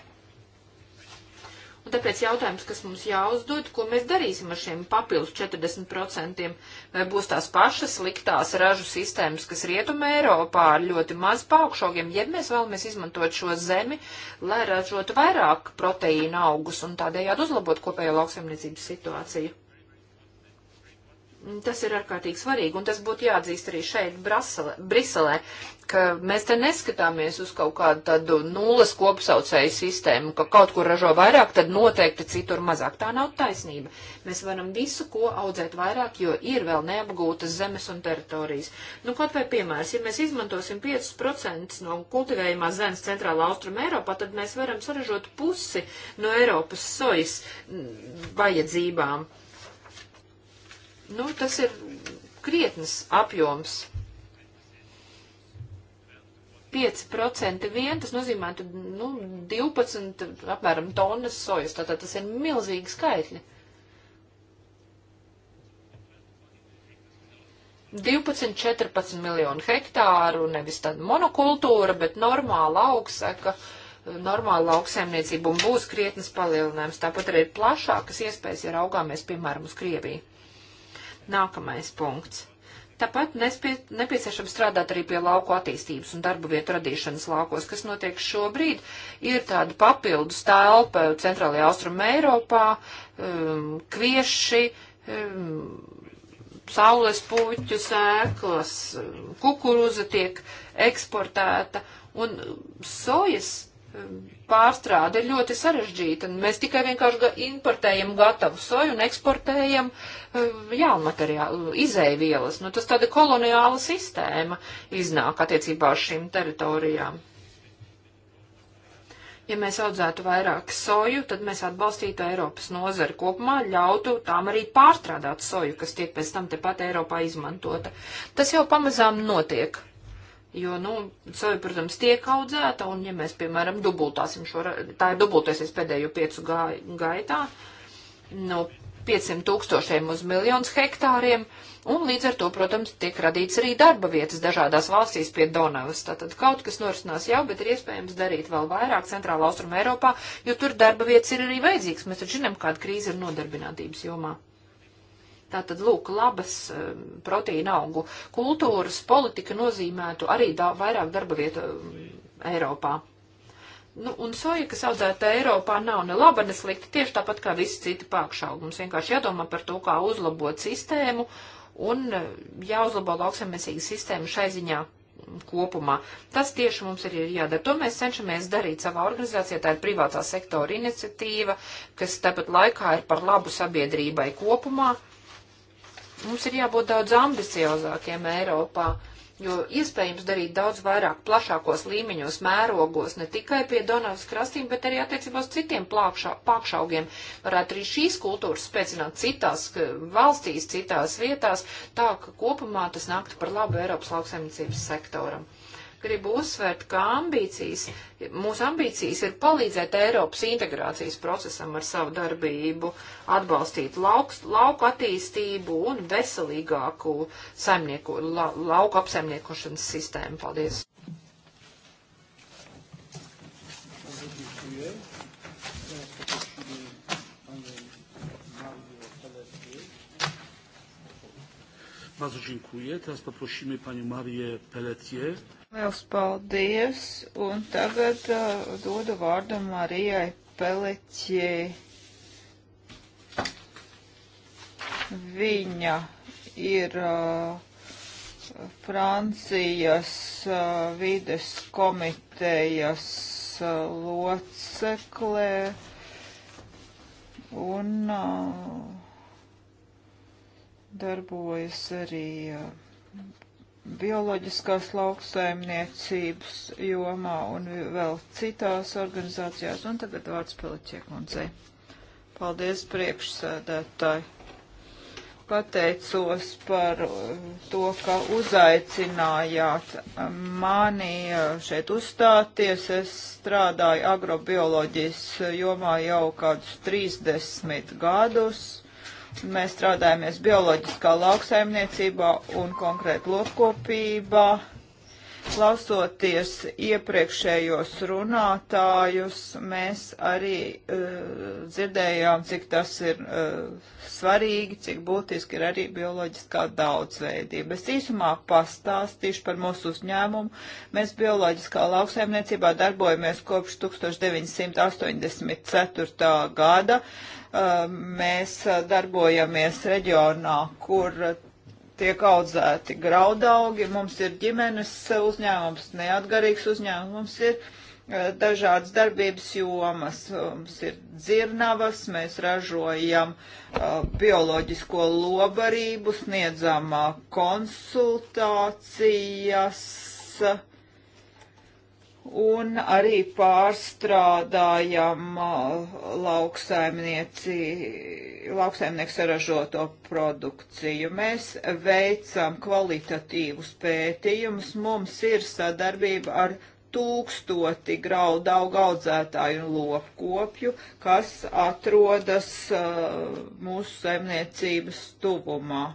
Speaker 2: Un tāpēc jautājums, kas mums jāuzdod, ko mēs darīsim ar šiem papildus 40%, vai būs tās pašas sliktās ražu sistēmas, kas rietumē Eiropā ar ļoti maz paaugšaugiem, ja mēs vēlamies izmantot šo zemi, lai ražotu vairāk proteīna augus un tādējādi uzlabot kopējo lauksaimniecības situāciju. Tas ir ārkārtīgi svarīgi, un tas būtu jāatzīst arī šeit, Brasele, Briselē, ka mēs te neskatāmies uz kaut kādu tādu nulles kopsaucēju sistēmu, ka kaut kur ražo vairāk, tad noteikti citur mazāk. Tā nav taisnība. Mēs varam visu, ko audzēt vairāk, jo ir vēl neapgūtas zemes un teritorijas. Nu, kaut vai piemērs, ja mēs izmantosim 5% no kultivējumās zemes centrāla austruma Eiropā, tad mēs varam saražot pusi no Eiropas sojas mm, vajadzībām Nu, tas ir krietnas apjoms. 5% vien, tas nozīmē, nu, 12 apmēram tonnas sojas, tātad tas ir milzīgi skaitļi. 12, 14 miljonu hektāru, nevis tāda monokultūra, bet normāla augsaka, normāla augsēmniecība un būs krietnes palielinājums. Tāpat arī ir plašākas iespējas, ja raugāmies, piemēram, uz Krieviju. Nākamais punkts. Tāpat nespie, nepieciešams strādāt arī pie lauku attīstības un darba vietu radīšanas laukos, kas notiek šobrīd. Ir tāda papildus telpa centrālajā austruma Eiropā, um, kvieši, um, saules puķu sēklas, um, kukuruza tiek eksportēta un sojas pārstrāde ir ļoti sarežģīta. Mēs tikai vienkārši importējam gatavu soju un eksportējam eh, jaunu materiālu, izēvielas. Nu, tas tāda koloniāla sistēma iznāk attiecībā uz šīm teritorijām. Ja mēs audzētu vairāk soju, tad mēs atbalstītu Eiropas nozari kopumā, ļautu tām arī pārstrādāt soju, kas tiek pēc tam tepat Eiropā izmantota. Tas jau pamazām notiek. Jo, nu, soja, protams, tiek audzēta, un ja mēs, piemēram, dubultāsim šo, tā ir dubultēsies pēdējo piecu gai, gaitā, no nu, 500 tūkstošiem uz miljonus hektāriem, un līdz ar to, protams, tiek radīts arī darba vietas dažādās valstīs pie Donavas. Tātad kaut kas norisinās jau, bet ir iespējams darīt vēl vairāk centrāla austruma Eiropā, jo tur darba vietas ir arī vajadzīgas. Mēs taču zinām, kāda krīze ir nodarbinātības jomā. Tātad, lūk, labas um, proteīna augu kultūras politika nozīmētu arī da vairāk darba vietu um, Eiropā. Nu, un soja, kas audzēta Eiropā, nav ne laba, ne slikta, tieši tāpat kā visi citi pākšaugi. Mums vienkārši jādomā par to, kā uzlabot sistēmu un uh, jāuzlabo lauksaimniecīga sistēma šai ziņā um, kopumā. Tas tieši mums ir jādara. To mēs cenšamies darīt savā organizācijā. Tā ir privātā sektora iniciatīva, kas tāpat laikā ir par labu sabiedrībai kopumā. Mums ir jābūt daudz ambiciozākiem Eiropā, jo iespējams darīt daudz vairāk plašākos līmeņos, mērogos, ne tikai pie Donavas krastīm, bet arī attiecībā uz citiem plākšā, pākšaugiem. Varētu arī šīs kultūras spēcināt citās valstīs, citās vietās, tā ka kopumā tas nāktu par labu Eiropas lauksaimniecības sektoram gribu uzsvērt, ka ambīcijas, mūsu ambīcijas ir palīdzēt Eiropas integrācijas procesam ar savu darbību, atbalstīt lauks, lauku attīstību un veselīgāku saimnieku, la, lauku apsaimniekošanas sistēmu. Paldies!
Speaker 1: Bardzo dziękuję. Teraz poprosimy panią Marię Pelletier.
Speaker 3: Liels paldies! Un tagad uh, dodu vārdu Marijai Peleķē. Viņa ir uh, Francijas uh, vides komitejas uh, loceklē un uh, darbojas arī. Uh, bioloģiskās lauksaimniecības jomā un vēl citās organizācijās. Un tagad vārds Peliķiekundzei. Paldies priekšsēdētāji. Pateicos par to, ka uzaicinājāt mani šeit uzstāties. Es strādāju agrobioloģijas jomā jau kādus 30 gadus Mēs strādājamies bioloģiskā lauksaimniecībā un konkrēti lopkopībā. Klausoties iepriekšējos runātājus, mēs arī uh, dzirdējām, cik tas ir uh, svarīgi, cik būtiski ir arī bioloģiskā daudzveidība. Es īsumā pastāstīšu par mūsu uzņēmumu. Mēs bioloģiskā lauksaimniecībā darbojamies kopš 1984. gada. Uh, Uh, mēs uh, darbojamies reģionā, kur uh, tiek audzēti graudaugi, mums ir ģimenes uzņēmums, neatkarīgs uzņēmums, mums ir dažādas darbības jomas, mums ir dzirnavas, mēs ražojam bioloģisko lobarību, sniedzam konsultācijas, un arī pārstrādājam uh, lauksaimnieku saražoto produkciju. Mēs veicam kvalitatīvus pētījumus, mums ir sadarbība ar tūkstoti graudaugu audzētāju un lopkopju, kas atrodas uh, mūsu saimniecības tuvumā.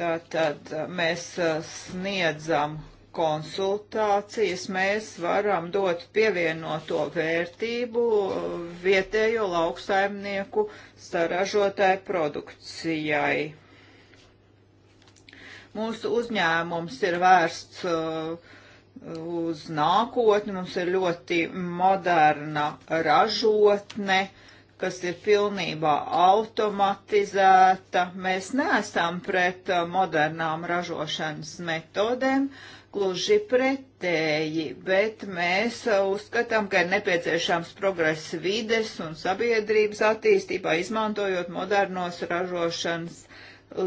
Speaker 3: Tātad uh, mēs uh, sniedzam konsultācijas mēs varam dot pievienoto vērtību vietējo lauksaimnieku saražotāju produkcijai. Mūsu uzņēmums ir vērsts uh, uz nākotni, mums ir ļoti moderna ražotne, kas ir pilnībā automatizēta. Mēs neesam pret uh, modernām ražošanas metodēm, uh, gluži pretēji, bet mēs uzskatām, ka ir nepieciešams progress vides un sabiedrības attīstībā, izmantojot modernos ražošanas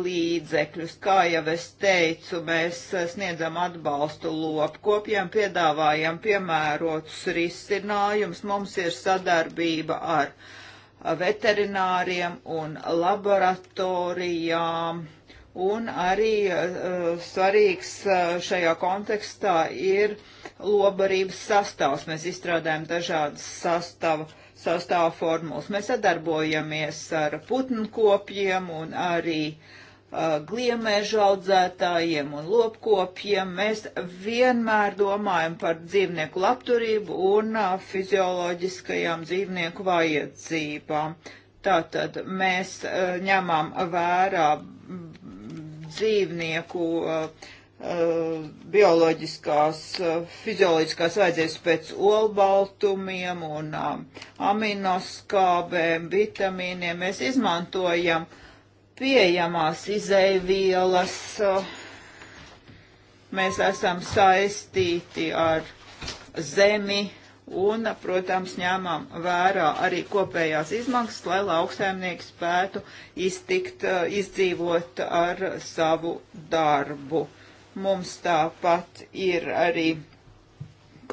Speaker 3: līdzekļus. Kā jau es teicu, mēs sniedzam atbalstu lopkopiem, piedāvājam piemērotus risinājumus, mums ir sadarbība ar veterināriem un laboratorijām Un arī uh, svarīgs uh, šajā kontekstā ir lobarības sastāvs. Mēs izstrādājam dažādas sastāvu, sastāvu formulas. Mēs sadarbojamies ar putnkopjiem un arī uh, eh, gliemežu audzētājiem un lopkopjiem. Mēs vienmēr domājam par dzīvnieku labturību un uh, fizioloģiskajām dzīvnieku vajadzībām. Tātad mēs uh, ņemam vērā dzīvnieku eh, eh, bioloģiskās, eh, fizioloģiskās vajadzības pēc olbaltumiem un aminoskābēm, vitamīniem. Mēs izmantojam pieejamās izēvielas. Mēs esam saistīti ar zemi, un, protams, ņēmām vērā arī kopējās izmaksas, lai lauksaimnieki spētu iztikt, eh, izdzīvot ar savu darbu. Mums tāpat ir arī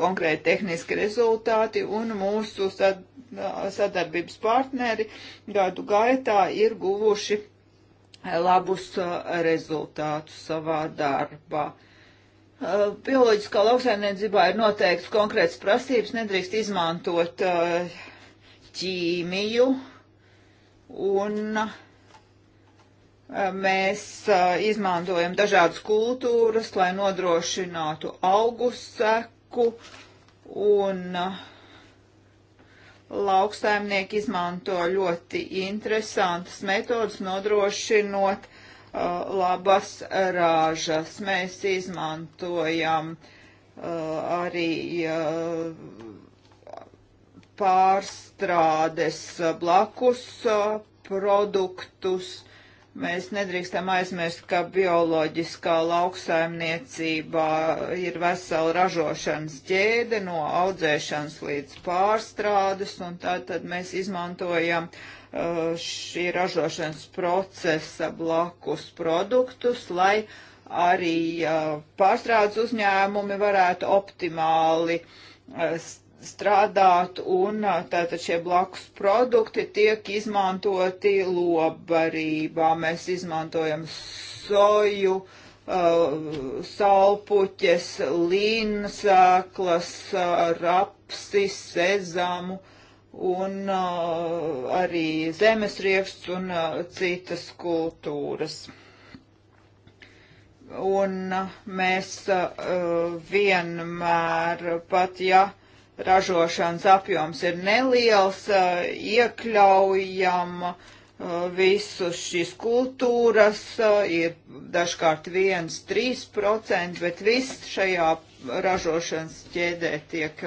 Speaker 3: konkrēti tehniski rezultāti un mūsu sad, eh, sadarbības partneri gadu gaitā ir guvuši labus eh, rezultātus savā darbā. Uh, bioloģiskā lauksaimniecībā ir noteikts konkrēts prasības, nedrīkst izmantot uh, ķīmiju un uh, mēs izmantojam dažādas kultūras, lai nodrošinātu augu seku un lauksaimnieki izmanto ļoti interesantas metodas nodrošinot Uh, labas rāžas. Mēs izmantojam uh, arī uh, pārstrādes blakus produktus Mēs nedrīkstam aizmirst, ka bioloģiskā lauksaimniecībā ir vesela ražošanas ķēde no audzēšanas līdz pārstrādes, un tātad mēs izmantojam uh, šī ražošanas procesa blakus produktus, lai arī uh, pārstrādes uzņēmumi varētu optimāli uh, strādāt, un tātad šie blakus produkti tiek izmantoti lobarībā. Mēs izmantojam soju, uh, salpuķes, līnsēklas, uh, rapsi, sezamu un uh, arī zemesrieksts un citas kultūras un mēs uh, vienmēr, pat ja ražošanas apjoms ir neliels, eh, iekļaujam eh, visus šīs kultūras, eh, ir dažkārt 1-3%, bet viss šajā ražošanas ķēdē tiek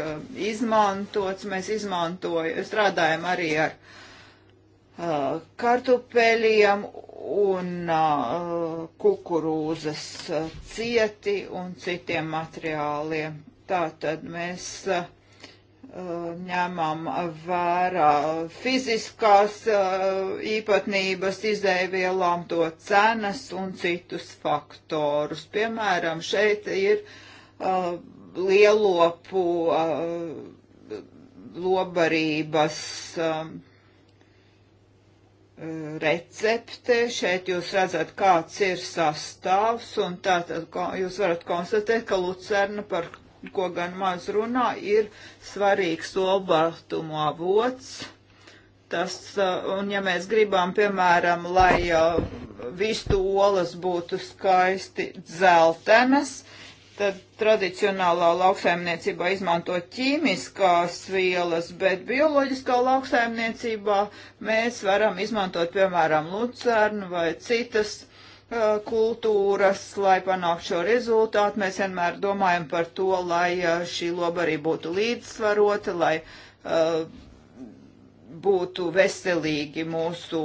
Speaker 3: izmantots. Mēs izmantojam, strādājam arī ar kartupeļiem un uh, kukurūzas cieti un citiem materiāliem. Tātad mēs uh, ņemam vērā fiziskās eh, īpatnības izēvielām, to cenas un citus faktorus. Piemēram, šeit ir uh, lielopu uh, lobarības uh, recepte. Šeit jūs redzat, kāds ir sastāvs, un tātad jūs varat konstatēt, ka lucerna par ko gan maz runā, ir svarīgs olbaltumu avots. Tas, uh, un ja mēs gribam, piemēram, lai uh, vistu olas būtu skaisti dzeltenas, tad tradicionālā lauksaimniecībā izmanto ķīmiskās vielas, bet bioloģiskā lauksaimniecībā mēs varam izmantot, piemēram, lucernu vai citas kultūras, lai panāktu šo rezultātu. Mēs vienmēr domājam par to, lai šī loba arī būtu līdzsvarota, lai uh, būtu veselīgi mūsu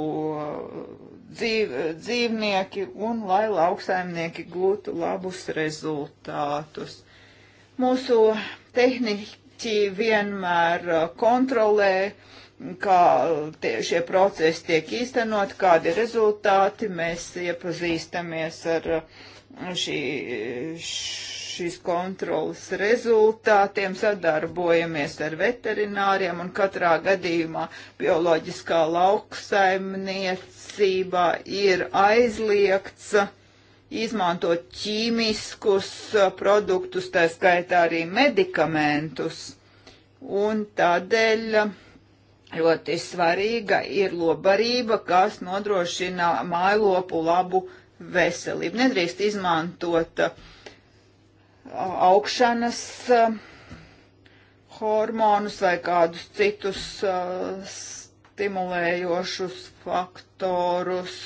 Speaker 3: dzīv, dzīvnieki un lai lauksaimnieki gūtu labus rezultātus. Mūsu tehniķi vienmēr kontrolē kā uh, tie, šie procesi tiek īstenot, kādi ir rezultāti, mēs iepazīstamies ar uh, šī, šīs kontrolas rezultātiem, sadarbojamies ar veterināriem un katrā gadījumā bioloģiskā lauksaimniecībā ir aizliegts izmantot ķīmiskus uh, produktus, tā skaitā arī medikamentus. Un tādēļ ļoti svarīga ir lobarība, kas nodrošina mājlopu labu veselību. Nedrīkst izmantot uh, augšanas uh, hormonus vai kādus citus uh, stimulējošus faktorus.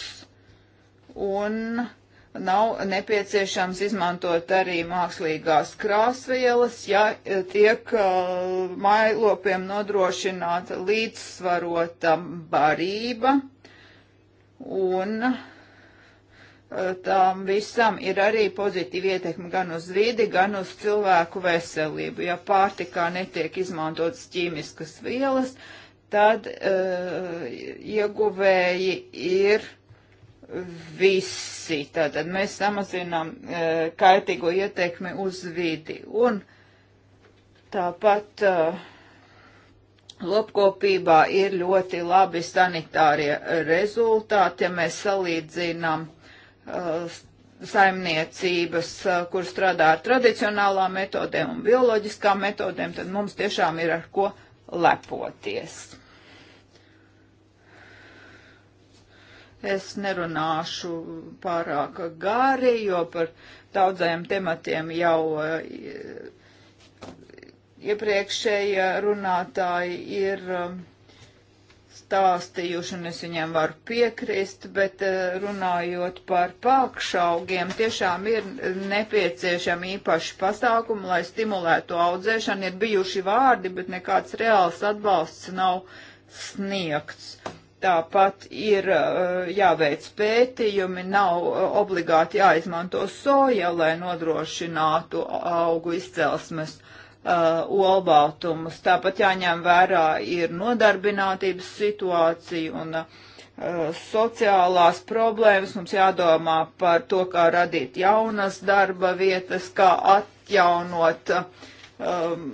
Speaker 3: Un uh, nav nepieciešams izmantot arī mākslīgās krāsvielas, ja eh, tiek uh, eh, mailopiem nodrošināta līdzsvarota barība, un uh, eh, tām visam ir arī pozitīva ietekme gan uz vidi, gan uz cilvēku veselību. Ja pārtikā netiek izmantotas ķīmiskas vielas, tad uh, ieguvēji ir visi. Tātad mēs samazinām e, kaitīgo ietekmi uz vidi. Un tāpat e, lopkopībā ir ļoti labi sanitārie rezultāti, ja mēs salīdzinām e, saimniecības, e, kur strādā ar tradicionālām metodēm un bioloģiskām metodēm, tad mums tiešām ir ar ko lepoties. Es nerunāšu pārāk gari, jo par daudzajiem tematiem jau eh, iepriekšējie runātāji ir eh, stāstījuši, un es viņiem varu piekrist, bet eh, runājot par pakšaugiem, tiešām ir nepieciešami īpaši pasākumi, lai stimulētu audzēšanu. Ir bijuši vārdi, bet nekāds reāls atbalsts nav sniegts Tāpat ir eh, jāveic pētījumi, nav eh, obligāti jāizmanto soja, lai nodrošinātu augu izcelsmes uh, olbaltumus. Tāpat jāņem vērā ir nodarbinātības situācija un uh, sociālās problēmas. Mums jādomā par to, kā radīt jaunas darba vietas, kā atjaunot um,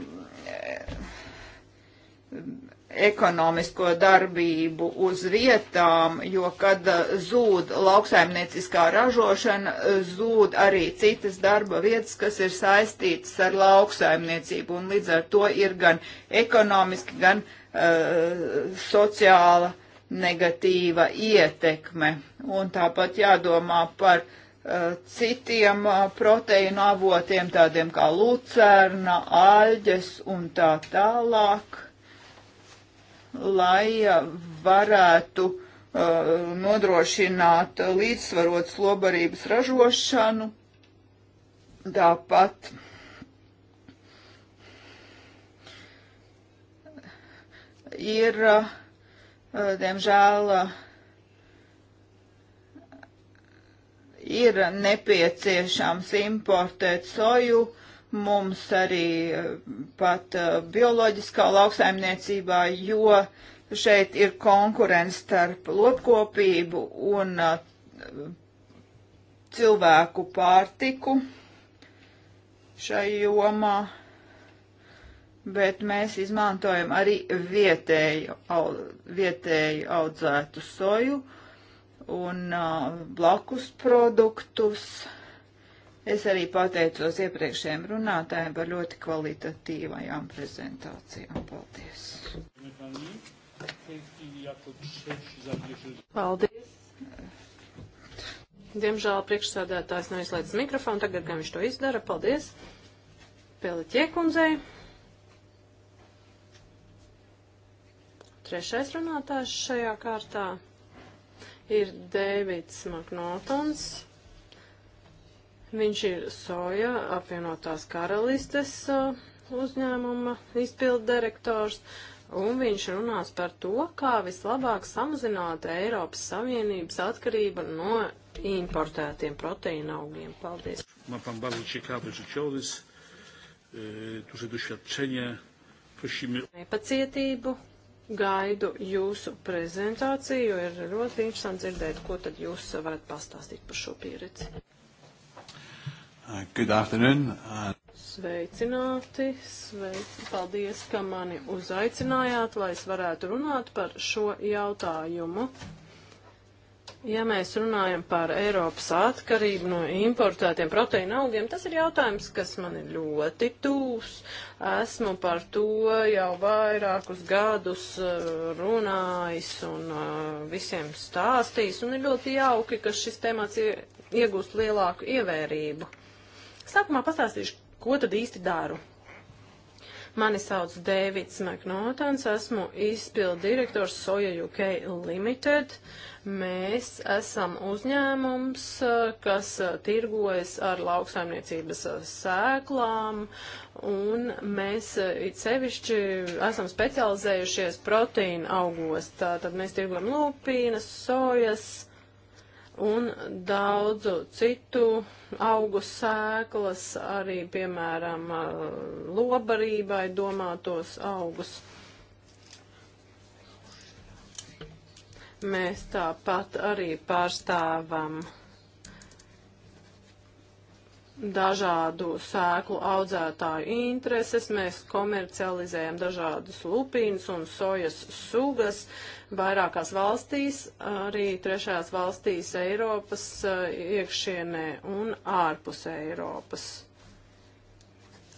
Speaker 3: ekonomisko darbību uz vietām, jo kad uh, zūd lauksaimnieciskā ražošana, uh, zūd arī citas darba vietas, kas ir saistītas ar lauksaimniecību, un līdz ar to ir gan ekonomiski, gan uh, sociāla negatīva ietekme. Un tāpat jādomā par uh, citiem uh, proteīna avotiem, tādiem kā lucerna, aļģes un tā tālāk lai uh, varētu uh, nodrošināt līdzsvarot slobarības ražošanu. Tāpat ir, uh, diemžēl, ir nepieciešams importēt soju mums arī eh, pat eh, bioloģiskā lauksaimniecībā, jo šeit ir konkurence starp lopkopību un eh, cilvēku pārtiku šai jomā, bet mēs izmantojam arī vietēju, vietēju audzētu soju un blakus produktus. Uh, Es arī pateicos iepriekšējiem runātājiem par ļoti kvalitatīvajām prezentācijām.
Speaker 4: Paldies! Paldies! Diemžēl priekšsādātājs nav izslēdzis mikrofonu, tagad gan viņš to izdara. Paldies! Peliķie kundzei! Trešais runātājs šajā kārtā ir Dēvids Maknotons Viņš ir Soja apvienotās karalistes uzņēmuma izpildirektors, un viņš runās par to, kā vislabāk samazināt Eiropas Savienības atkarību no importētiem proteīna augļiem. Paldies!
Speaker 1: Man pan bardzo ciekawy życiorys, duże doświadczenie. Prosimy.
Speaker 4: Pacietību gaidu jūsu prezentāciju, jo ir ļoti interesanti dzirdēt, ko tad jūs varat pastāstīt par šo pieredzi.
Speaker 1: Uh, good afternoon. Uh,
Speaker 4: Sveicināti, sveici, paldies, ka mani uzaicinājāt, lai es varētu runāt par šo jautājumu. Ja mēs runājam par Eiropas atkarību no importētiem proteīna augiem, tas ir jautājums, kas man ir ļoti tūs. Esmu par to jau vairākus gadus uh, runājis un visiem stāstījis, un ir ļoti jauki, ka šis temats iegūst lielāku ievērību. Sākumā pastāstīšu, ko tad īsti daru. Mani sauc Dēvids Maknotans, esmu izpildu direktors Soja UK Limited. Mēs esam uzņēmums, eh, kas eh, tirgojas ar lauksaimniecības eh, sēklām, un mēs it sevišķi esam specializējušies proteīna augos. Tātad mēs tirgojam lupīnas, sojas, un daudzu citu augu sēklas, arī, piemēram, lobarībai domātos augus. Mēs tāpat arī pārstāvam dažādu sēklu audzētāju intereses, mēs komercializējam dažādus lupīnus un sojas sugas vairākās valstīs, arī trešās valstīs Eiropas eh, iekšienē un ārpus Eiropas.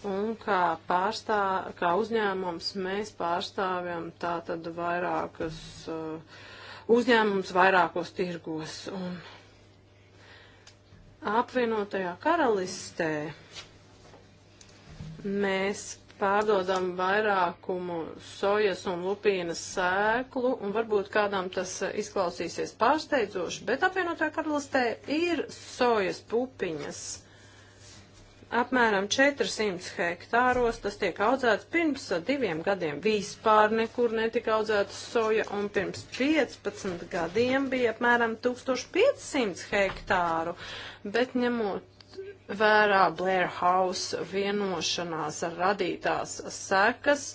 Speaker 4: Un kā, pārstā, kā uzņēmums mēs pārstāvjam tātad vairākas eh, uzņēmums vairākos tirgos. Un Apvienotajā karalistē mēs pārdodam vairākumu sojas un lupīnas sēklu, un varbūt kādam tas izklausīsies pārsteidzoši, bet apvienotā karalistē ir sojas pupiņas. Uh, apmēram 400 hektāros tas tiek audzēts pirms diviem gadiem. Vispār nekur netika audzēta soja un pirms 15 gadiem bija apmēram 1500 hektāru. Bet ņemot vērā Blair House vienošanās radītās sekas.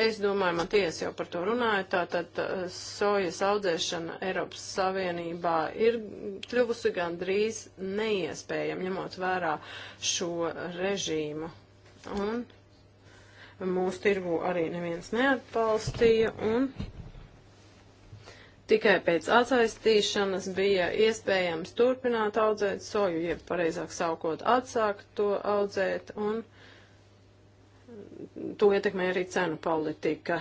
Speaker 4: Es domāju, Matijas jau par to runāja, tātad uh, sojas audzēšana Eiropas Savienībā ir kļuvusi gandrīz neiespējama, ņemot vērā šo režīmu. Un mūsu tirgu arī neviens neatbalstīja. Un Tikai pēc atsaistīšanas bija iespējams turpināt audzēt soju, jeb pareizāk saukot atsākt to audzēt, un to ietekmē arī cenu politika.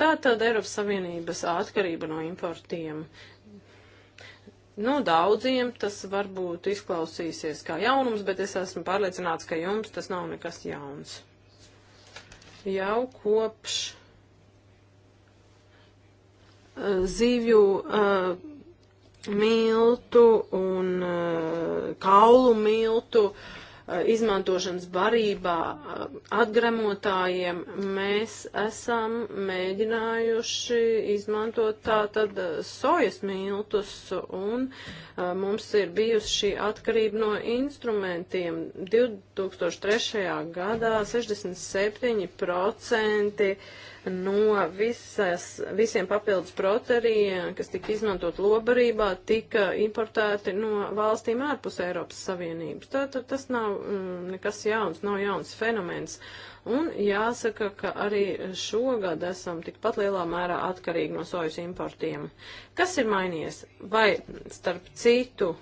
Speaker 4: Tā tad Eiropas Savienības atkarība no importiem. Nu, daudziem tas varbūt izklausīsies kā jaunums, bet es esmu pārliecināts, ka jums tas nav nekas jauns. Jau kopš zivju eh, miltu un eh, kaulu miltu eh, izmantošanas barībā atgremotājiem mēs esam mēģinājuši izmantot tātad sojas miltus un mums ir bijusi šī atkarība no instrumentiem. 2003. gadā 67% no visas, visiem papildus proteriem, kas tika izmantot lobarībā, tika importēti no valstīm ārpus Eiropas Savienības. Tātad tas nav mm, nekas jauns, nav jauns fenomens. Un jāsaka, ka arī šogad esam tikpat lielā mērā atkarīgi no sojas importiem. Kas ir mainījies? Vai starp citu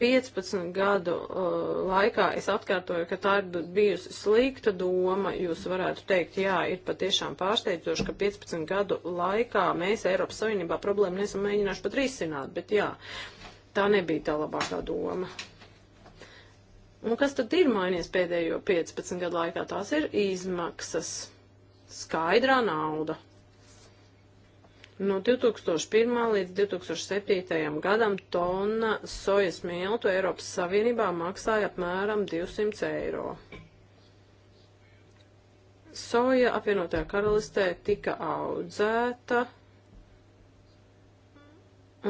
Speaker 4: 15 gadu uh, laikā es atkārtoju, ka tā ir bijusi slikta doma. Jūs varētu teikt, jā, ir patiešām pārsteidzoši, ka 15 gadu laikā mēs Eiropas Savienībā problēmu nesam mēģinājuši pat risināt, bet jā, tā nebija tā labākā doma. Un kas tad ir mainījies pēdējo 15 gadu laikā? Tās ir izmaksas, skaidrā nauda, No 2001. līdz 2007. gadam tonna sojas miltu Eiropas Savienībā maksāja apmēram 200 eiro. Soja apvienotajā karalistē tika audzēta.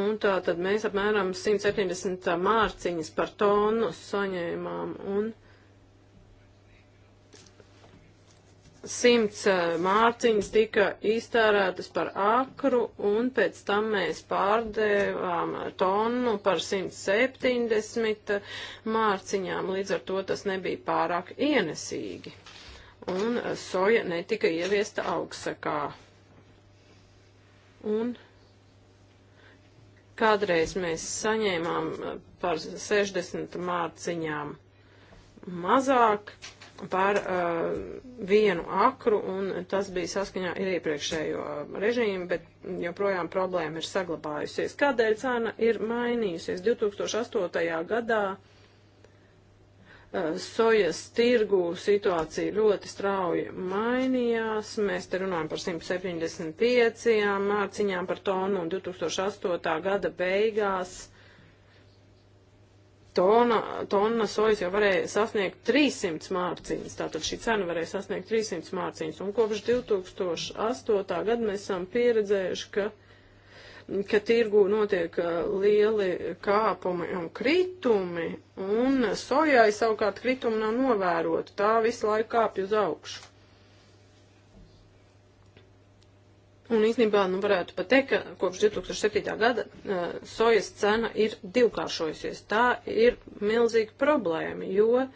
Speaker 4: Un tā tad mēs apmēram 170 mārciņas par tonu saņēmām. Un simts eh, mārciņas tika iztērētas par akru, un pēc tam mēs pārdevām tonu par 170 mārciņām, līdz ar to tas nebija pārāk ienesīgi. Un eh, soja netika ieviesta augstsakā. Un kādreiz mēs saņēmām eh, par 60 mārciņām mazāk, par uh, vienu akru, un tas bija saskaņā ar iepriekšējo režīmu, bet joprojām problēma ir saglabājusies. Kādēļ cena ir mainījusies? 2008. gadā uh, sojas tirgu situācija ļoti strauji mainījās. Mēs te runājam par 175 mārciņām par tonu, un 2008. gada beigās tona, tonna sojas jau varēja sasniegt 300 mārciņas, tātad šī cena varēja sasniegt 300 mārciņas, un kopš 2008. gada mēs esam pieredzējuši, ka, ka tirgū notiek uh, lieli kāpumi un kritumi, un sojai savukārt kritumi nav novēroti, tā visu laiku kāpj uz augšu. Un īstenībā, nu, varētu pat teikt, ka kopš 2007. gada uh, sojas cena ir divkāršojusies. Tā ir milzīga problēma, jo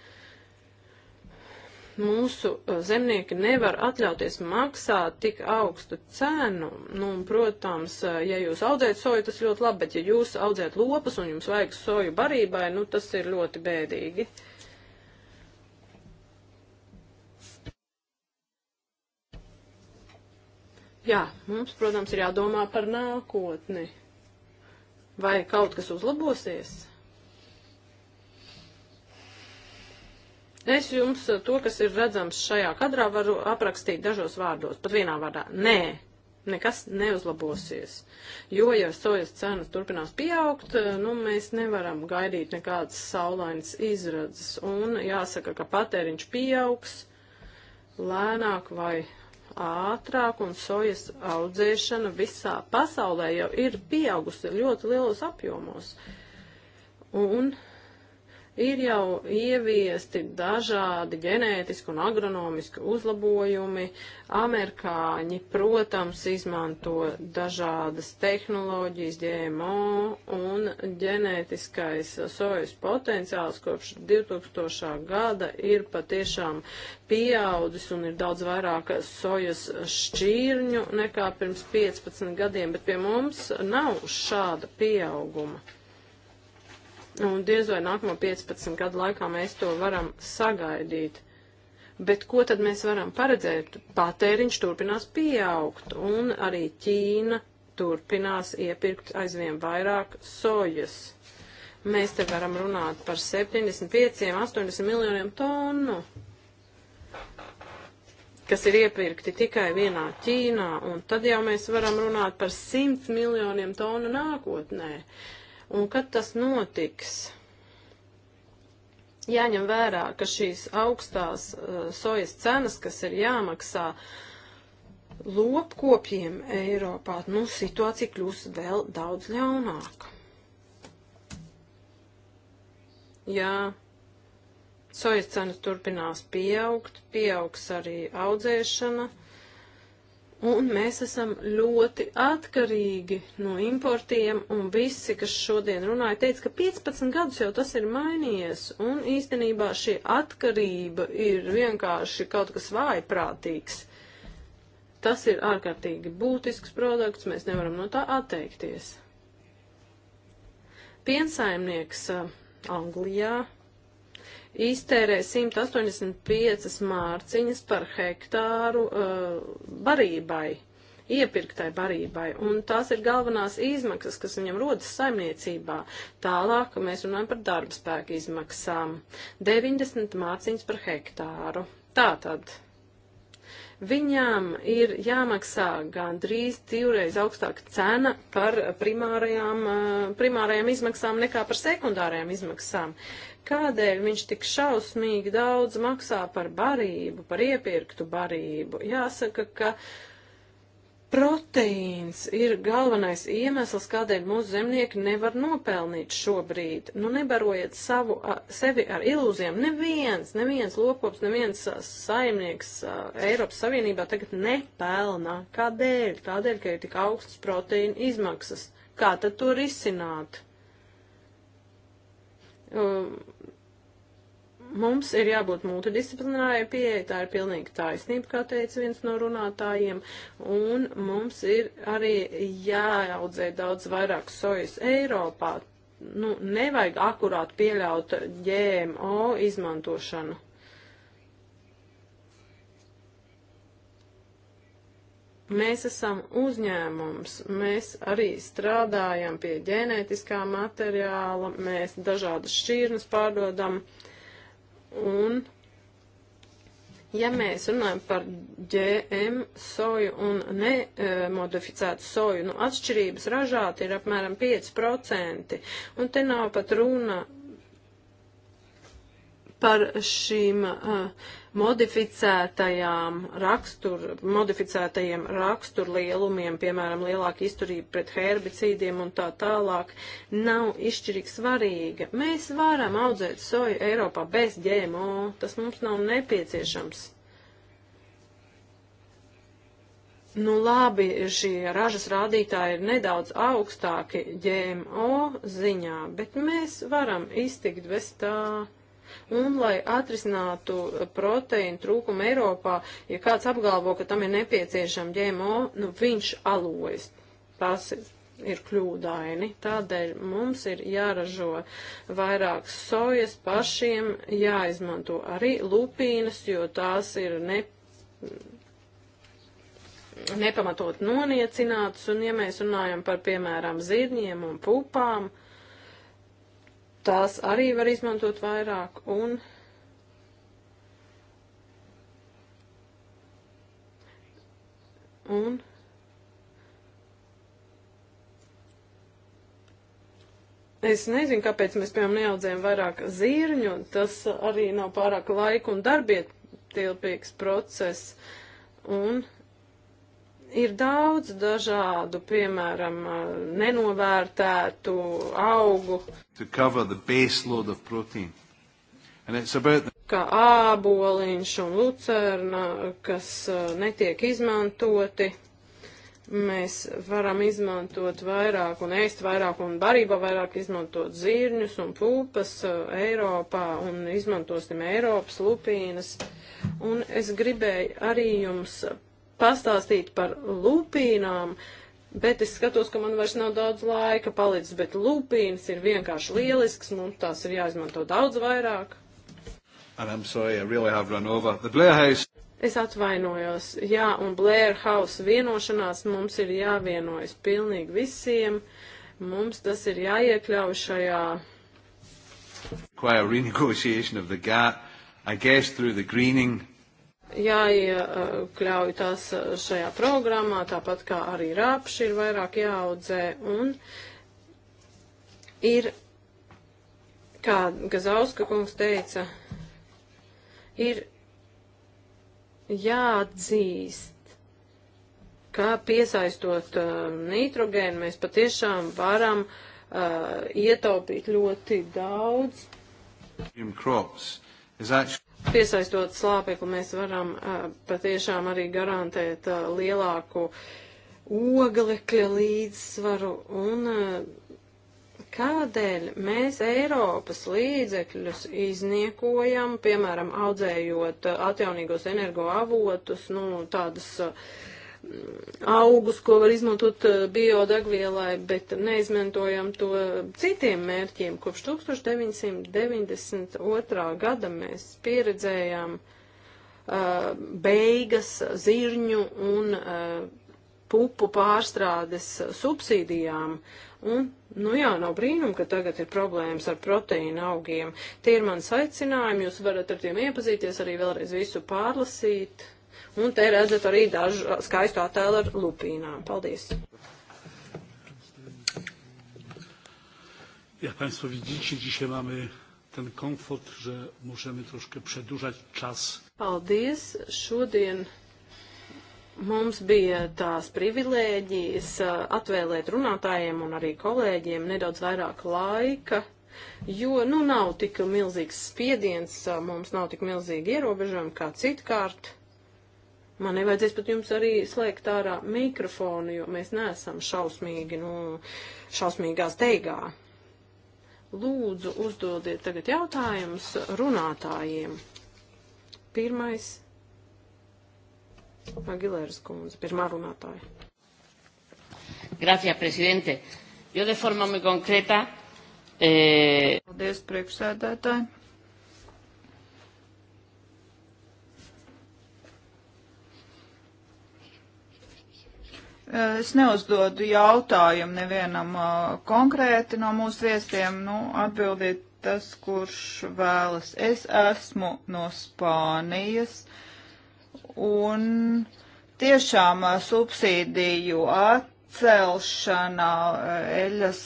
Speaker 4: mūsu uh, zemnieki nevar atļauties maksāt tik augstu cenu. Nu, un, protams, uh, ja jūs audzējat soju, tas ļoti labi, bet ja jūs audzējat lopas un jums vajag soju barībai, nu, tas ir ļoti bēdīgi. Uh, Jā, mums, protams, ir jādomā par nākotni. Vai kaut kas uzlabosies? Es jums to, kas ir redzams šajā kadrā, varu aprakstīt dažos vārdos, pat vienā vārdā. Nē, nekas neuzlabosies. Jo, ja sojas cenas turpinās pieaugt, nu, mēs nevaram gaidīt nekādas saulainas izredzes. Un jāsaka, ka patēriņš pieaugs lēnāk vai ātrāk, un sojas audzēšana visā pasaulē jau ir pieaugusi ļoti lielos apjomos. Un Ir jau ieviesti dažādi ģenētiski un agronomiski uzlabojumi. Amerikāņi, protams, izmanto dažādas tehnoloģijas, GMO un ģenētiskais sojas potenciāls kopš 2000. gada ir patiešām pieaudzis un ir daudz vairāk sojas šķīrņu nekā pirms 15 gadiem, bet pie mums nav šāda pieauguma. Un diez vai nākamo 15 gadu laikā mēs to varam sagaidīt. Bet ko tad mēs varam paredzēt? Patēriņš turpinās pieaugt, un arī Ķīna turpinās iepirkt aizvien vairāk sojas. Mēs te varam runāt par 75, 80 miljoniem tonu, kas ir iepirkti tikai vienā Ķīnā, un tad jau mēs varam runāt par 100 miljoniem tonu nākotnē. Uh, un kad tas notiks? Jāņem vērā, ka šīs augstās uh, sojas cenas, kas ir jāmaksā lopkopjiem Eiropā, nu situācija kļūs vēl daudz ļaunāka. Jā. Sojas cenas turpinās pieaugt, pieaugs arī audzēšana. Uh, Un mēs esam ļoti atkarīgi no importiem, un visi, kas šodien runāja, teica, ka 15 gadus jau tas ir mainījies, un īstenībā šī atkarība ir vienkārši kaut kas vājprātīgs. Tas ir ārkārtīgi būtisks produkts, mēs nevaram no tā atteikties. Piensaimnieks uh, Anglijā iztērē 185 mārciņas par hektāru uh, barībai, iepirktai barībai, un tās ir galvenās izmaksas, kas viņam rodas saimniecībā. Tālāk mēs runājam par darba spēku izmaksām - 90 mārciņas par hektāru. Tātad Viņām ir jāmaksā gandrīz divreiz augstāka cena par primārajām, eh, primārajām izmaksām nekā par sekundārajām izmaksām. Kādēļ viņš tik šausmīgi daudz maksā par barību, par iepirktu barību? Jāsaka, ka Proteīns ir galvenais iemesls, kādēļ mūsu zemnieki nevar nopelnīt šobrīd. Nu, nebarojiet savu, a, sevi ar ilūzijām. Neviens, neviens lopops, neviens a, saimnieks a, Eiropas Savienībā tagad nepelnā. Kādēļ? Tādēļ, ka ir tik augstas proteīna izmaksas. Kā tad to risināt? Um, Mums ir jābūt multidisciplinārai pieeja, tā ir pilnīgi taisnība, kā teica viens no runātājiem, un mums ir arī jāaudzē daudz vairāk sojas Eiropā. Nu, nevajag akurāt pieļaut GMO izmantošanu. Mēs esam uzņēmums, mēs arī strādājam pie ģenētiskā materiāla, mēs dažādas šķirnes pārdodam. Uh, Un, ja mēs runājam par GM soju un nemodificētu soju, nu atšķirības ražāt ir apmēram 5%, un te nav pat runa par šīm uh, modificētajām rakstur, modificētajiem raksturlielumiem, piemēram, lielāka izturība pret herbicīdiem un tā tālāk, nav izšķirīgi svarīga. Mēs varam audzēt soju Eiropā bez ģēmo, tas mums nav nepieciešams. Nu labi, šie ražas rādītāji ir nedaudz augstāki ģēmo ziņā, bet mēs varam iztikt bez tā. Un, lai atrisinātu proteīnu trūkumu Eiropā, ja kāds apgalvo, ka tam ir nepieciešama GMO, nu viņš alojas. Tas ir ir kļūdaini. Tādēļ mums ir jāražo vairāk sojas pašiem, jāizmanto arī lupīnas, jo tās ir ne, nepamatot noniecinātas. Un ja mēs runājam par, piemēram, zirņiem un pupām, uh, tās arī var izmantot vairāk un un Es nezinu, kāpēc mēs, piemēram, neaudzējam vairāk zirņu, tas arī nav pārāk laika un darbiet tilpīgs process. Un ir daudz dažādu, piemēram, nenovērtētu augu. About... Kā āboliņš un lucerna, kas uh, netiek izmantoti. Mēs varam izmantot vairāk un ēst vairāk un barībā vairāk izmantot zirņus un pūpas uh, Eiropā un izmantosim Eiropas lupīnas. Un es gribēju arī jums pastāstīt par lupīnām, bet es skatos, ka man vairs nav daudz laika palicis, bet lupīnas ir vienkārši lielisks, mums tās ir jāizmanto daudz vairāk.
Speaker 1: And I'm sorry, I really have run over. The Blair House.
Speaker 4: Es atvainojos. Jā, un Blair House vienošanās mums ir jāvienojas pilnīgi visiem. Mums tas ir jāiekļauj šajā.
Speaker 1: Require renegotiation of the gap, I guess through the greening
Speaker 4: jāiekļauj tās eh, šajā programmā, tāpat kā arī rapši ir vairāk jāaudzē un ir, kā Gazauska kungs teica, ir jāatzīst kā piesaistot uh, nitrogēnu, mēs patiešām varam uh, ietaupīt ļoti daudz.
Speaker 1: Crops is actually
Speaker 4: Piesaistot slāpekli, mēs varam patiešām arī garantēt lielāku oglekļa līdzsvaru un kādēļ mēs Eiropas līdzekļus izniekojam, piemēram, audzējot atjaunīgos energoavotus, nu, tādas uh, augus, ko var izmantot eh, biodegvielai, bet neizmantojam to eh, citiem mērķiem. Kopš 1992. gada mēs pieredzējām uh, beigas zirņu un uh, pupu pārstrādes subsīdijām. Un, nu jā, nav brīnum, ka tagad ir problēmas ar proteīna augiem. Tie ir mans aicinājumi, jūs varat ar tiem iepazīties, arī vēlreiz visu pārlasīt Un te redzat arī dažu skaistu attēlu ar lupīnām. Paldies!
Speaker 1: Jak Państwo widzicie, dzisiaj mamy ten komfort, że możemy troszkę przedłużać czas.
Speaker 4: Paldies! Šodien mums bija tās privilēģijas atvēlēt runātājiem un arī kolēģiem nedaudz vairāk laika, jo, nu, nav tik milzīgs spiediens, mums nav tik milzīgi ierobežojumi kā citkārt. Man nevajadzēs pat jums arī slēgt ārā mikrofonu, jo mēs neesam šausmīgi, nu, šausmīgā steigā. Lūdzu, uzdodiet tagad jautājumus runātājiem. Pirmais. Agilēras kundze, pirmā runātāja. Gracias, presidente. Jo de forma muy concreta.
Speaker 2: Eh... Paldies, priekšsēdētāji.
Speaker 3: Eh, es neuzdodu jautājumu nevienam eh, konkrēti no mūsu viestiem, nu, atbildiet tas, kurš vēlas. Es esmu no Spānijas un tiešām eh, subsīdiju atcelšana eļas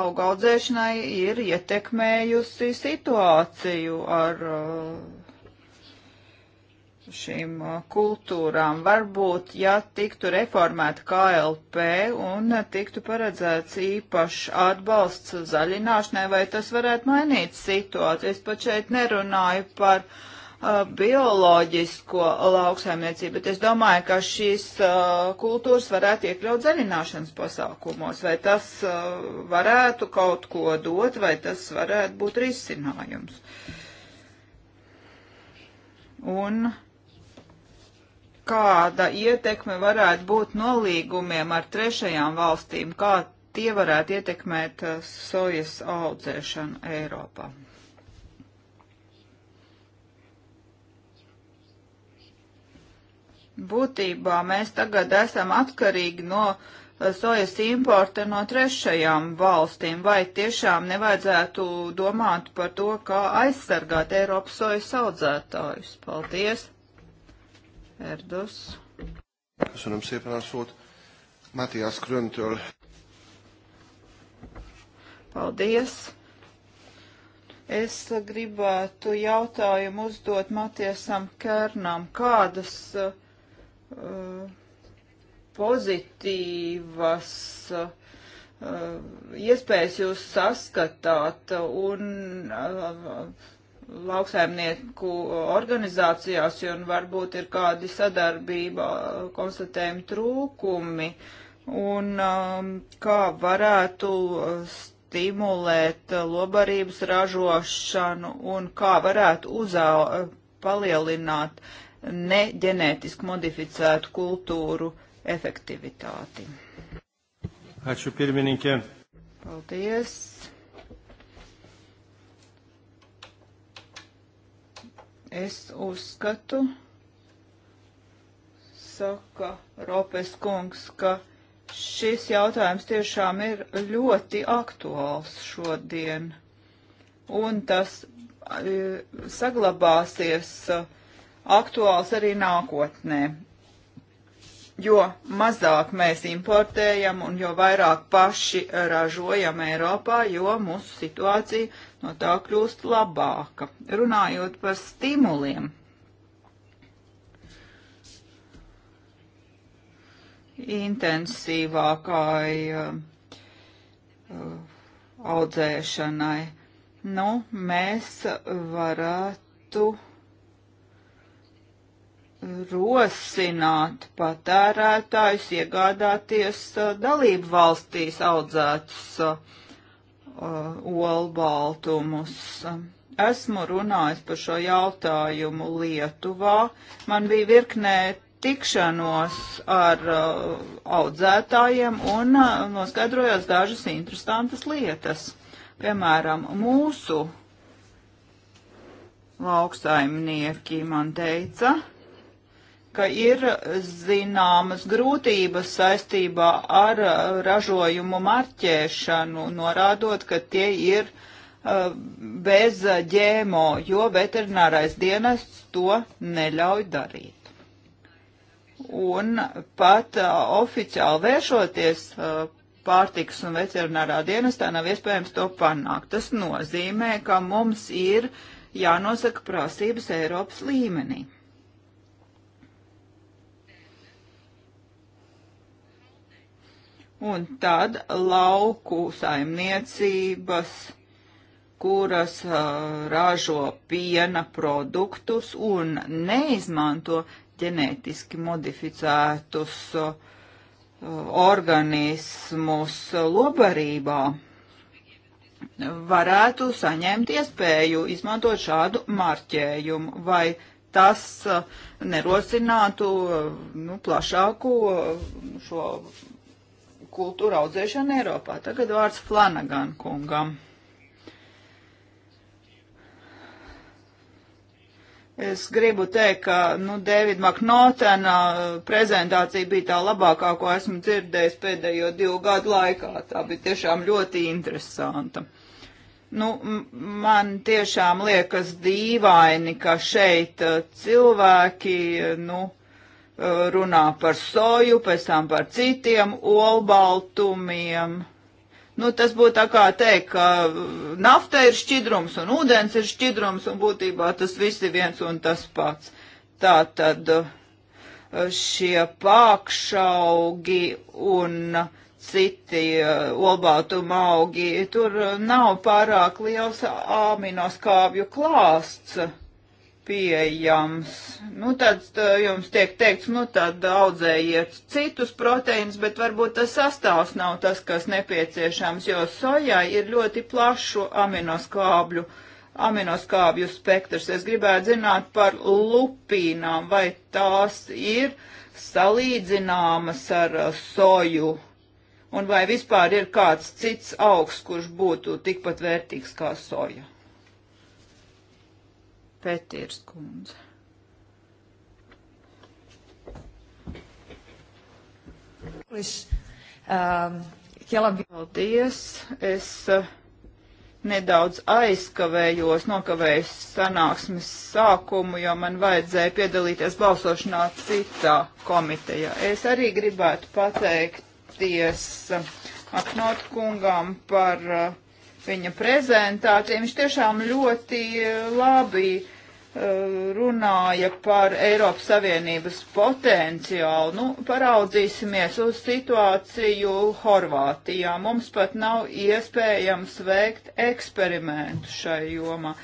Speaker 3: augaudzēšanai ir ietekmējusi situāciju ar uh, šīm uh, kultūrām. Varbūt, ja tiktu reformēta KLP un tiktu paredzēts īpašs atbalsts zaļināšanai, vai tas varētu mainīt situāciju. Es pat šeit nerunāju par uh, bioloģisko lauksaimniecību, bet es domāju, ka šīs uh, kultūras varētu iekļaut zaļināšanas pasākumos, vai tas uh, varētu kaut ko dot, vai tas varētu būt risinājums. Un kāda ietekme varētu būt nolīgumiem ar trešajām valstīm, kā tie varētu ietekmēt eh, sojas audzēšanu Eiropā. Būtībā mēs tagad esam atkarīgi no eh, sojas importa no trešajām valstīm, vai tiešām nevajadzētu domāt par to, kā aizsargāt Eiropas sojas audzētājus. Paldies! Erdos.
Speaker 4: Köszönöm szépen a szót. Matthias Kröntől.
Speaker 3: Paldies. Es gribētu jautājumu uzdot Matiesam Kernam, kādas uh, pozitīvas uh, iespējas jūs saskatāt un uh, lauksaimnieku organizācijās, un nu varbūt ir kādi sadarbība konstatējumi trūkumi, un um, kā varētu uh, stimulēt lobarības ražošanu, un kā varētu uzā, uh, palielināt neģenētiski modificētu kultūru efektivitāti.
Speaker 4: Ačiū pirmininkė.
Speaker 3: Paldies. Es uzskatu, saka Ropes kungs, ka šis jautājums tiešām ir ļoti aktuāls šodien. Un tas e, saglabāsies e, aktuāls arī nākotnē. Jo mazāk mēs importējam un jo vairāk paši ražojam Eiropā, jo mūsu situācija no tā kļūst labāka. Runājot par stimuliem, intensīvākai uh, uh audzēšanai, nu, mēs varētu rosināt patērētājus iegādāties uh, dalību valstīs audzētus uh, uh, olbaltumus. Esmu runājis par šo jautājumu Lietuvā. Man bija virknē tikšanos ar uh, audzētājiem un uh, noskaidrojās dažas interesantas lietas. Piemēram, mūsu lauksaimnieki man teica, uh, ka ir zināmas grūtības saistībā ar uh, ražojumu marķēšanu, norādot, ka tie ir uh, bez ģēmo, jo veterinārais dienests to neļauj darīt. Un pat uh, oficiāli vēršoties uh, pārtikas un veterinārā dienestā nav iespējams to panākt. Tas nozīmē, ka mums ir jānosaka prasības Eiropas līmenī. Un tad lauku saimniecības, kuras uh, ražo piena produktus un neizmanto ģenētiski modificētus uh, organismus lobarībā, varētu saņemt iespēju izmantot šādu marķējumu vai tas nerosinātu nu, plašāku šo kultūra audzēšana Eiropā. Tagad vārds Flanagan kungam. Es gribu teikt, ka, nu, Dēvida Maknotena uh, prezentācija bija tā labākā, ko esmu dzirdējis pēdējo divu gadu laikā. Tā bija tiešām ļoti interesanta. Nu, man tiešām liekas dīvaini, ka šeit uh, cilvēki, uh, nu, runā par soju, pēc tam par citiem olbaltumiem. Nu, tas būtu tā kā teikt, ka nafta ir šķidrums un ūdens ir šķidrums un būtībā tas viss ir viens un tas pats. Tā tad uh, šie pākšaugi un citi uh, olbātuma augi, tur uh, nav pārāk liels āminoskābju klāsts pieejams. Nu, tad eh, jums tiek teikts, nu, tad audzējiet citus proteīnus, bet varbūt tas sastāvs nav tas, kas nepieciešams, jo sojā ir ļoti plašu aminoskābļu, aminoskābļu spektrs. Es gribētu zināt par lupīnām, vai tās ir salīdzināmas ar eh, soju, un vai vispār ir kāds cits augs, kurš būtu tikpat vērtīgs kā soja. Pētīrs kundze. Es, um, Hela, paldies. Es uh, nedaudz aizkavējos, nokavējos sanāksmes sākumu, jo man vajadzēja piedalīties balsošanā citā komitejā. Es arī gribētu pateikties uh, Aknot kungam par uh, viņa prezentācija. Viņš tiešām ļoti eh, labi eh, runāja par Eiropas Savienības potenciālu. Nu, paraudzīsimies uz situāciju Horvātijā. Mums pat nav iespējams veikt eksperimentu šai jomā.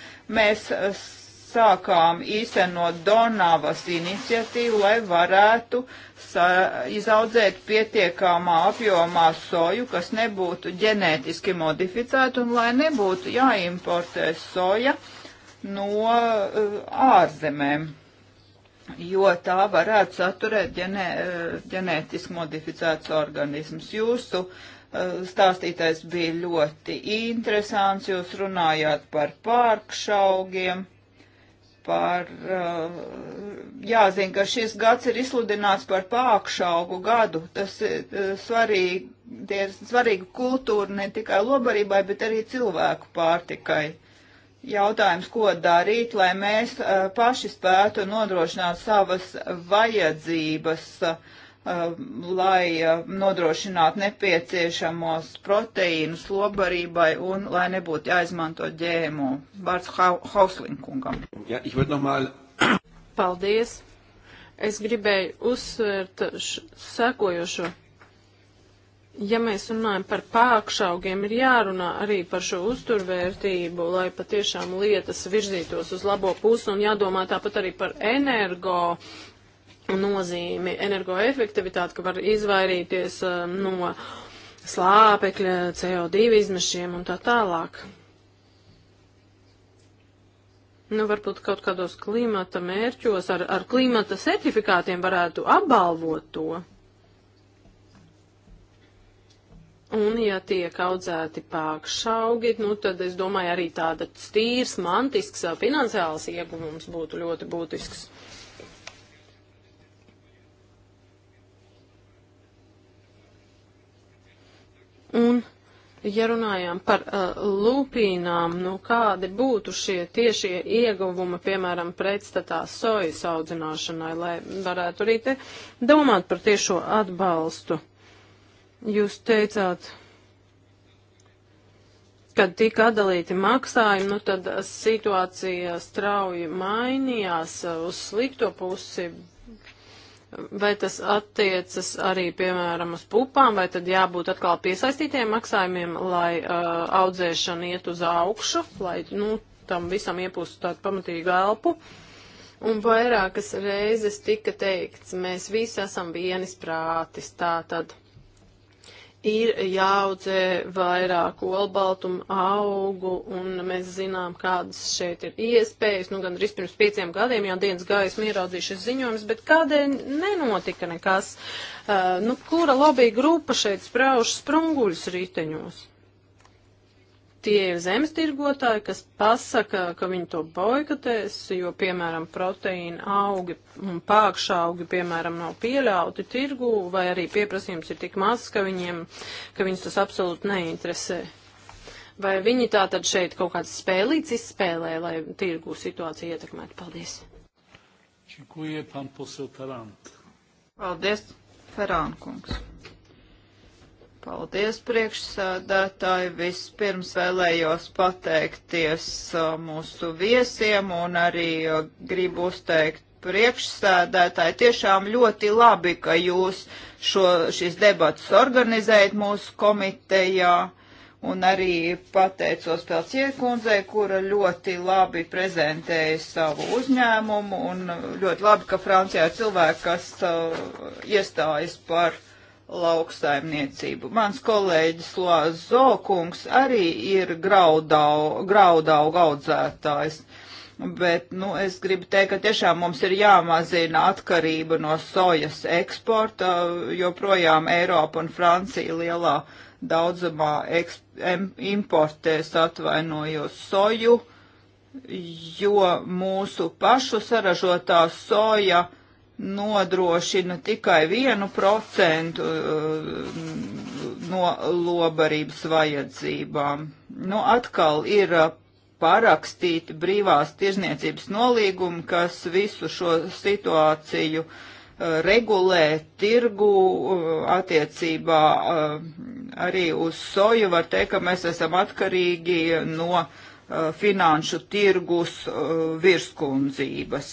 Speaker 3: Mēs eh, sākām īstenot Donavas iniciatīvu, lai varētu izaudzēt pietiekamā apjomā soju, kas nebūtu ģenētiski modificēta un lai nebūtu jāimportē soja no uh, ārzemēm, jo tā varētu saturēt ģenē, eh, ģenētiski modificēts organisms. Jūsu uh, stāstītais bija ļoti interesants, jūs runājāt par pārkšaugiem par, uh, jāzina, ka šis gads ir izsludināts par pākšaugu gadu. Tas ir uh, svarīgi, tie ir svarīgi kultūra ne tikai lobarībai, bet arī cilvēku pārtikai. Jautājums, ko darīt, lai mēs uh, paši spētu nodrošināt savas vajadzības. Uh, Um, lai uh, nodrošinātu nepieciešamos proteīnus lobarībai un lai nebūtu jāizmanto ģēmo. Vārds Hauslinkungam.
Speaker 2: Ja,
Speaker 1: mal... <coughs>
Speaker 4: Paldies. Es gribēju uzsvērt sekojošo. Ja mēs runājam par pākšaugiem, ir jārunā arī par šo uzturvērtību, lai patiešām lietas virzītos uz labo pusi un jādomā tāpat arī par energo nozīmi, energoefektivitāti, ka var izvairīties um, no slāpekļa, CO2 izmešiem un tā tālāk. Nu, varbūt kaut kādos klimata mērķos ar, ar klimata certifikātiem varētu apbalvot to. Un, ja tiek audzēti pākšaugi, nu, tad es domāju, arī tāda stīrs, mantisks uh, finansiāls ieguvums būtu ļoti būtisks. Un, ja runājām par uh, lupīnām, nu kādi būtu šie tiešie ieguvumi, piemēram, pretstatā sojas audzināšanai, lai varētu arī te domāt par tiešo atbalstu? Jūs teicāt, kad tika atdalīti maksājumi, nu tad situācija strauji mainījās uh, uz slikto pusi, Vai tas attiecas arī, piemēram, uz pupām, vai tad jābūt atkal piesaistītiem maksājumiem, lai uh, audzēšana iet uz augšu, lai nu, tam visam iepūstu tādu pamatīgu elpu? Un vairākas reizes tika teikts, mēs visi esam vienis prātis, tā tad ir jāaudzē vairāk olbaltumu augu, un mēs zinām, kādas šeit ir iespējas. Nu, gan arī pirms pieciem gadiem jau dienas gaismu ieraudzīju šis ziņojums, bet kādēļ nenotika nekas? Uh, nu, kura lobby grupa šeit sprauž sprunguļus riteņos? tie ir zemes tirgotāji, kas pasaka, ka viņi to boikotēs, jo, piemēram, proteīna augi un pākšā augi, piemēram, nav pieļauti tirgu, vai arī pieprasījums ir tik mazs, ka, viņiem, ka viņus tas absolūti neinteresē. Vai viņi tā tad šeit kaut kāds spēlīts izspēlē, lai tirgu situāciju ietekmētu? Paldies.
Speaker 1: Čikuje, pan
Speaker 3: Paldies, Ferānkungs. Paldies, priekšsādātāji. Vispirms vēlējos pateikties uh, mūsu viesiem un arī uh, gribu uzteikt priekšsēdētāji. Tiešām ļoti labi, ka jūs šo, šis debats organizējat mūsu komitejā. Un arī pateicos Pelcier kundzei, kura ļoti labi prezentēja savu uzņēmumu un ļoti labi, ka Francijā ir cilvēki, kas uh, iestājas par uh, lauksaimniecību. Mans kolēģis Lāz Zokungs arī ir graudau, graudau audzētājs. Bet, nu, es gribu teikt, ka tiešām mums ir jāmazina atkarība no sojas eksporta, jo projām Eiropa un Francija lielā daudzumā importēs atvainojos soju, jo mūsu pašu saražotā soja nodrošina tikai vienu procentu uh, no lobarības vajadzībām. Nu, atkal ir uh, parakstīti brīvās tirzniecības nolīgumi, kas visu šo situāciju uh, regulē tirgu uh, attiecībā uh, arī uz soju. Var teikt, ka mēs esam atkarīgi no uh, finanšu tirgus virskundzības.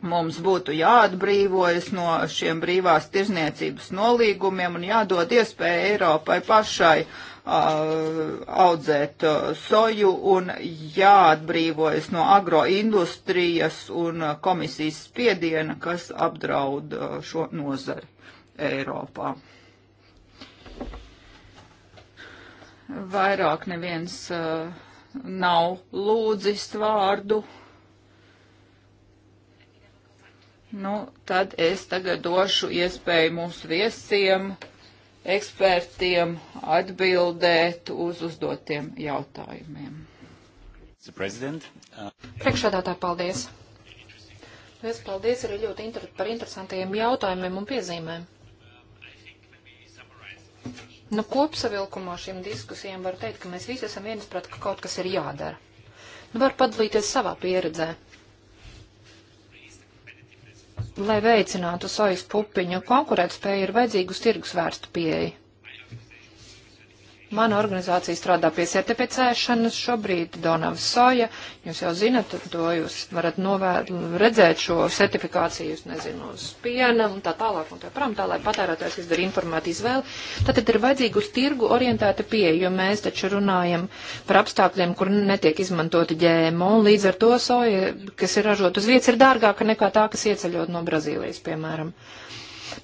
Speaker 3: Mums būtu jāatbrīvojas no šiem brīvās tirzniecības nolīgumiem un jādod iespēja Eiropai pašai uh, audzēt uh, soju un jāatbrīvojas no agroindustrijas un uh, komisijas spiediena, kas apdraud uh, šo nozari Eiropā. Vairāk neviens uh, nav lūdzis vārdu. Uh, Nu, tad es tagad došu iespēju mūsu
Speaker 2: viesiem, ekspertiem atbildēt uz uzdotiem jautājumiem. Uh, Priekšādātāji, paldies! Liels paldies arī ļoti inter par interesantajiem jautājumiem un piezīmēm. Nu, kopsavilkumā šīm diskusijām var teikt, ka mēs visi esam viensprāt, ka kaut kas ir jādara. Nu, var padalīties savā pieredzē lai veicinātu sojas pupiņu konkurētspēju, ir vajadzīga uz tirgus vērsta pieeja. Mana organizācija strādā pie certificēšanas šobrīd Donavas Soja. Jūs jau zinat, to jūs varat novēr, redzēt šo certifikāciju, es nezinu, uz piena un tā tālāk un tā pram, tā lai patērētājs izdara informētu izvēli. Tātad ir vajadzīga uz tirgu orientēta pieeja, jo mēs taču runājam par apstākļiem, kur netiek izmantoti ģēmo, un līdz ar to soja, kas ir ražot uz vietas, ir dārgāka nekā tā, kas ieceļot no Brazīlijas, piemēram. Uh,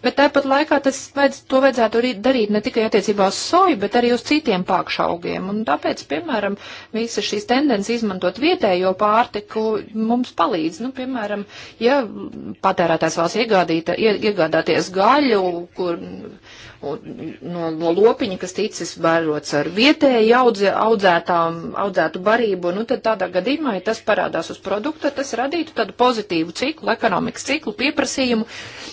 Speaker 2: Bet tāpat laikā tas vajadz, to vajadzētu arī darīt ne tikai attiecībā uz soju, bet arī uz citiem pākšaugiem. Un tāpēc, piemēram, visa šīs tendences izmantot vietējo pārtiku mums palīdz. Nu, piemēram, ja patērētājs vēlas iegādīt, iegādāties gaļu, kur no, no lopiņa, kas ticis vērots ar vietēji audze, audzētām, audzētu barību, nu tad tādā gadījumā, ja tas parādās uz produkta, tas radītu tādu pozitīvu ciklu, ekonomikas ciklu, pieprasījumu,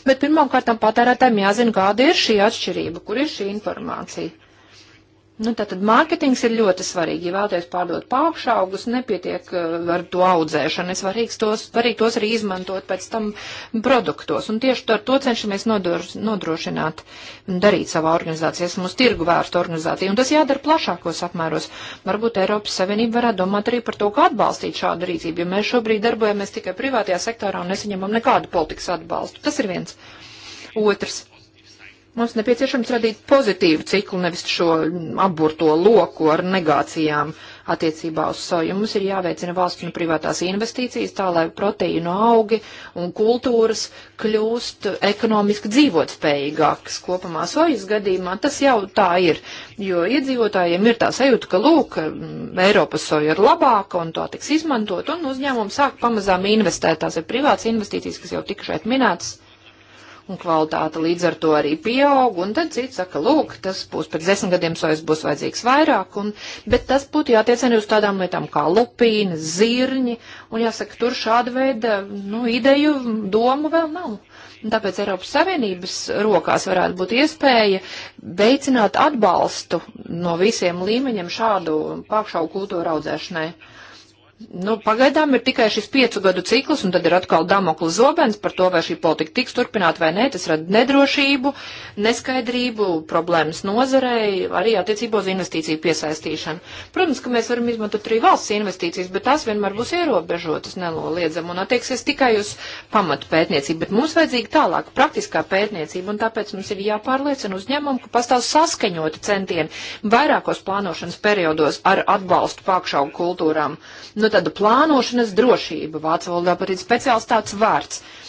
Speaker 2: bet pirmkārtām patērētājiem jāzina, kāda ir šī atšķirība, kur ir šī informācija. Nu, tātad mārketings ir ļoti svarīgi. Ja vēlaties pārdot pāršaugus, nepietiek eh, ar to audzēšanu. Es varīgs tos, varīgi tos arī izmantot pēc tam produktos. Un tieši ar to cenšamies nodrošināt darīt savā organizācijā. Esmu uz tirgu vērsta organizācija. Un tas jādara plašākos apmēros. Varbūt Eiropas Savienība varētu domāt arī par to, kā atbalstīt šādu rīcību. Jo mēs šobrīd darbojamies tikai privātajā sektorā un nesaņemam nekādu politikas atbalstu. Tas ir viens. Otrs. Mums nepieciešams radīt pozitīvu ciklu, nevis šo apburto loku ar negācijām attiecībā uz soju. Mums ir jāveicina valsts un privātās investīcijas tā, lai proteīnu augi un kultūras kļūst ekonomiski dzīvotspējīgākas kopumā. Sojas gadījumā tas jau tā ir, jo iedzīvotājiem ir tā sajūta, ka lūk, Eiropas soja ir labāka un tā tiks izmantot, un uzņēmumi sāk pamazām investēt. Tās ir privāts investīcijas, kas jau tika šeit minētas un kvalitāte līdz ar to arī pieaug, un tad cits saka, lūk, tas būs pēc desmit gadiem sojas būs vajadzīgs vairāk, un, bet tas būtu jātiecina uz tādām lietām kā lupīna, zirņi, un jāsaka, tur šāda veida, nu, ideju, domu vēl nav. Un tāpēc Eiropas Savienības rokās varētu būt iespēja veicināt atbalstu no visiem līmeņiem šādu pakšauku kultūru audzēšanai. Nu, pagaidām ir tikai šis piecu gadu cikls, un tad ir atkal Damokla zobens par to, vai šī politika tiks turpināta vai nē. Tas rada nedrošību, neskaidrību, problēmas nozarei, arī attiecībā uz investīciju piesaistīšanu. Protams, ka mēs varam izmantot arī valsts investīcijas, bet tās vienmēr būs ierobežotas nenoliedzam un attieksies tikai uz pamatu pētniecību. Bet mums vajadzīga tālāk praktiskā pētniecība, un tāpēc mums ir jāpārliecina uzņēmumu, ka pastāv saskaņoti centieni vairākos plānošanas periodos ar atbalstu pakšaugu kultūrām. Nu, tāda plānošanas drošība. Vācu valodā pat ir speciāls tāds vārds. Uh,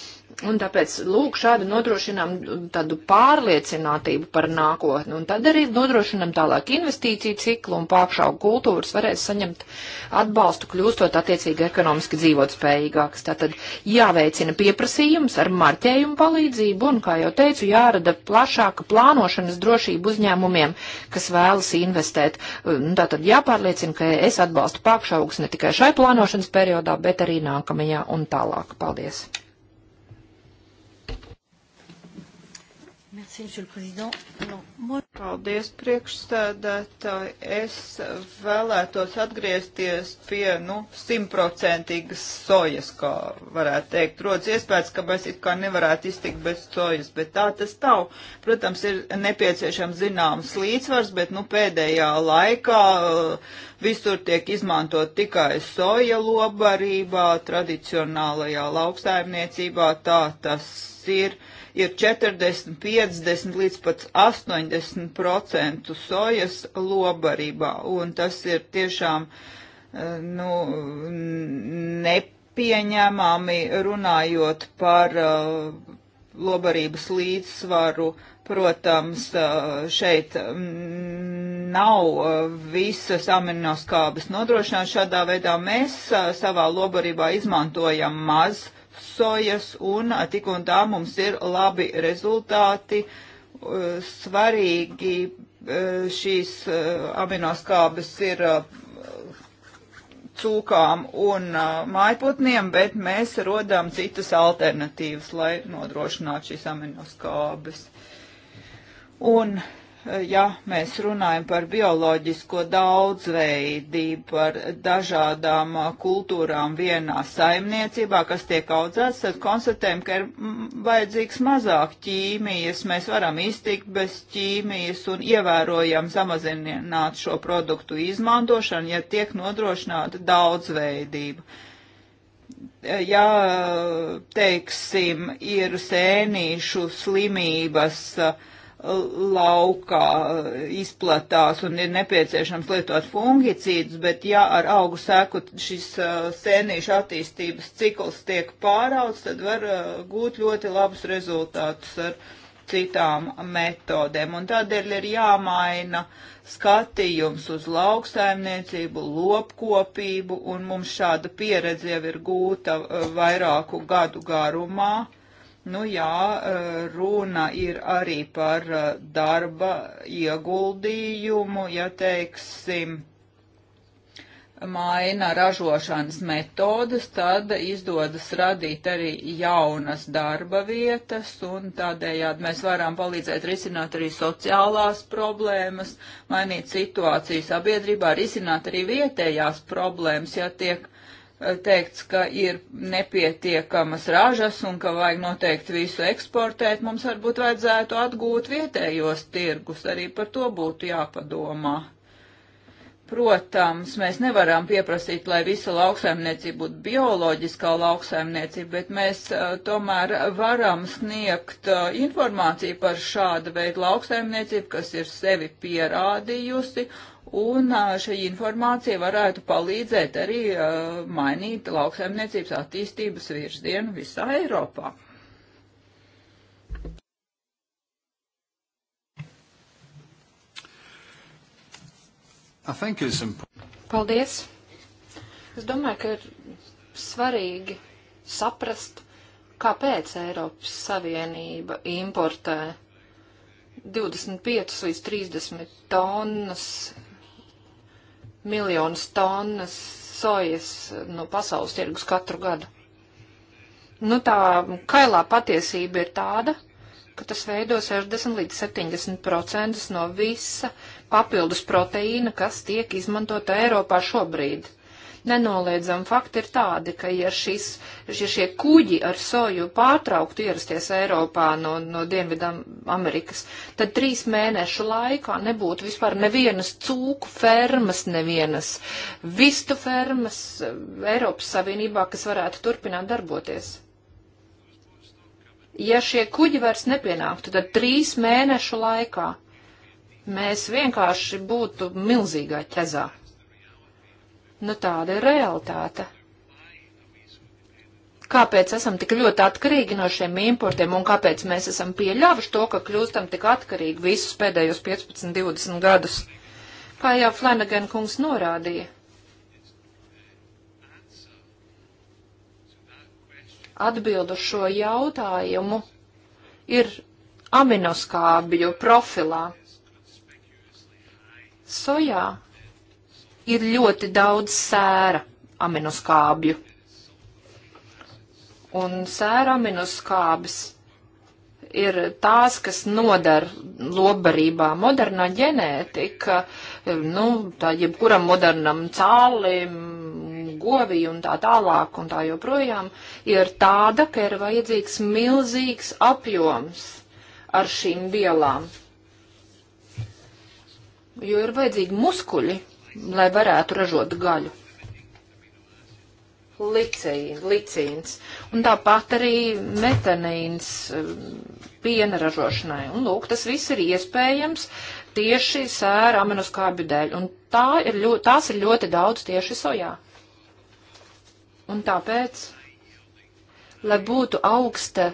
Speaker 2: Un tāpēc, lūk, šādi nodrošinām tādu pārliecinātību par nākotni, un tad arī nodrošinām tālāk investīciju ciklu un pāršaugu kultūras varēs saņemt atbalstu, kļūstot attiecīgi ekonomiski dzīvot spējīgāks. Tātad jāveicina pieprasījums ar marķējumu palīdzību, un, kā jau teicu, jārada plašāka plānošanas drošība uzņēmumiem, kas vēlas investēt. Tātad jāpārliecina, ka es atbalstu pāršaugus ne tikai šai plānošanas periodā, bet arī nākamajā un tālāk. Paldies! Merci, Monsieur le Président.
Speaker 1: Alors, moi...
Speaker 3: Paldies, priekšstādātāji. Es vēlētos atgriezties pie, nu, simtprocentīgas sojas, kā varētu teikt. Rodas iespējas, ka mēs it kā nevarētu iztikt bez sojas, bet tā tas nav. Protams, ir nepieciešams zināms līdzsvars, bet, nu, pēdējā laikā uh, visur tiek izmantot tikai soja lobarībā, tradicionālajā lauksaimniecībā, tā tas ir ir 40, 50 līdz pat 80% sojas lobarībā, un tas ir tiešām, eh, nu, nepieņemami runājot par eh, lobarības līdzsvaru. Protams, eh, šeit mm, nav visas aminoskābes nodrošināts šādā veidā. Mēs savā lobarībā izmantojam maz uh, sojas, un tik un tā mums ir labi rezultāti. Uh, svarīgi uh, šīs uh, aminoskābes ir cūkām un mājputniem, bet mēs rodām citas alternatīvas, lai nodrošinātu šīs aminoskābes. Un uh, ja mēs runājam par bioloģisko daudzveidību, par dažādām uh, kultūrām vienā saimniecībā, kas tiek audzēts, tad konstatējam, ka ir mm, mm, vajadzīgs mazāk ķīmijas, mēs varam iztikt bez ķīmijas un ievērojam samazināt šo produktu izmantošanu, ja tiek nodrošināta daudzveidība. Ja, uh, teiksim, ir sēnīšu slimības, uh, laukā eh, izplatās un ir nepieciešams lietot fungicīdus, bet ja ar augu sēku šis eh, sēnīšu attīstības cikls tiek pārauts, tad var eh, gūt ļoti labus rezultātus ar citām metodēm. Un tādēļ ir jāmaina skatījums uz lauksaimniecību, lopkopību, un mums šāda pieredze jau ir gūta vairāku gadu garumā. Nu jā, eh, runa ir arī par eh, darba ieguldījumu, ja teiksim, maina ražošanas metodas, tad izdodas radīt arī jaunas darba vietas, un tādējādi mēs varam palīdzēt risināt arī sociālās problēmas, mainīt situāciju sabiedrībā, risināt arī vietējās problēmas, ja tiek teikts, ka ir nepietiekamas ražas un ka vajag noteikti visu eksportēt, mums varbūt vajadzētu atgūt vietējos tirgus, arī par to būtu jāpadomā. Protams, mēs nevaram pieprasīt, lai visa lauksaimniecība būtu bioloģiskā lauksaimniecība, bet mēs uh, tomēr varam sniegt uh, informāciju par šādu veidu lauksaimniecību, kas ir sevi pierādījusi Un šī informācija varētu palīdzēt arī uh, mainīt lauksaimniecības attīstības virzienu visā Eiropā.
Speaker 2: Paldies! Es domāju, ka ir svarīgi saprast, kāpēc Eiropas Savienība importē 25 līdz 30 tonnas miljonus tonnas sojas no pasaules tirgus katru gadu. Nu, tā kailā patiesība ir tāda, ka tas veido 60 līdz 70% no visa papildus proteīna, kas tiek izmantota Eiropā šobrīd. Nenoliedzam fakti ir tādi, ka ja, šis, ja šie kuģi ar soju pārtrauktu ierasties Eiropā no, no Dienvidam Amerikas, tad trīs mēnešu laikā nebūtu vispār nevienas cūku fermas, nevienas vistu fermas Eiropas Savienībā, kas varētu turpināt darboties ja šie kuģi vairs nepienāktu, tad trīs mēnešu laikā mēs vienkārši būtu milzīgā ķezā. Nu, tāda ir realitāte. Kāpēc esam tik ļoti atkarīgi no šiem importiem un kāpēc mēs esam pieļāvuši to, ka kļūstam tik atkarīgi visus pēdējos 15, 20 gadus? Kā jau Flanagan kungs norādīja. Atbildu šo jautājumu ir aminoskābju profilā. Sojā ir ļoti daudz sēra aminoskābju. Un sēra aminoskābes ir tās, kas nodara lobarībā. Modernā ģenētika, nu, tā jebkuram modernam cālim, govī un tā tālāk un tā joprojām, ir tāda, ka ir vajadzīgs milzīgs apjoms ar šīm vielām. Jo ir vajadzīgi muskuļi, lai varētu ražot gaļu. Licī, licīns un tāpat arī metanīns eh, piena ražošanai. Un lūk, tas viss ir iespējams tieši sēra aminoskābju dēļ. Un tā ir ļo, tās ir ļoti daudz tieši sojā. Un tāpēc, lai būtu augsta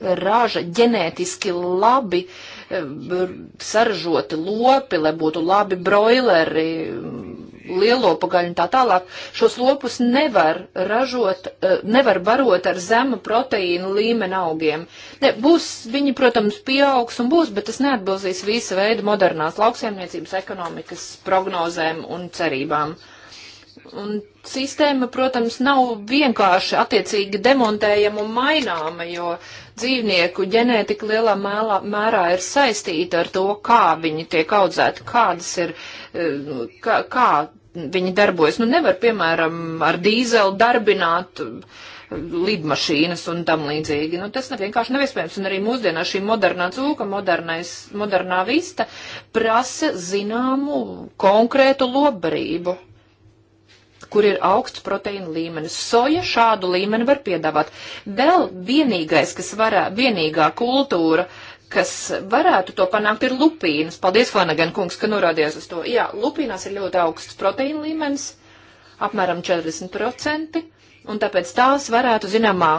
Speaker 2: raža ģenētiski labi uh, Eh, saražoti lopi, lai būtu labi broileri, lielopagaļi un tā tālāk. Šos lopus nevar ražot, eh, nevar barot ar zemu proteīnu līmeni augiem. Ne, būs, viņi, protams, pieaugs un būs, bet tas neatbilzīs visa veida modernās lauksaimniecības ekonomikas prognozēm un cerībām. Un sistēma, protams, nav vienkārši attiecīgi demontējama un maināma, jo dzīvnieku ģenētika lielā mēlā, mērā ir saistīta ar to, kā viņi tiek audzēti, kādas ir, eh, nu, kā, kā viņi darbojas. Nu, nevar, piemēram, ar dīzeli darbināt eh, lidmašīnas un tam līdzīgi. Nu, tas ne vienkārši nav iespējams. Un arī mūsdienā šī modernā cūka, modernais, modernā vista prasa zināmu konkrētu lobbarību kur ir augsts proteīna līmenis. Soja šādu līmeni var piedāvāt. Vēl vienīgais, kas varā, vienīgā kultūra, kas varētu to panākt, ir lupīnas. Paldies, Flanagan kungs, ka norādījās uz to. Jā, lupīnās ir ļoti augsts proteīna līmenis, apmēram 40%, un tāpēc tās varētu zināmā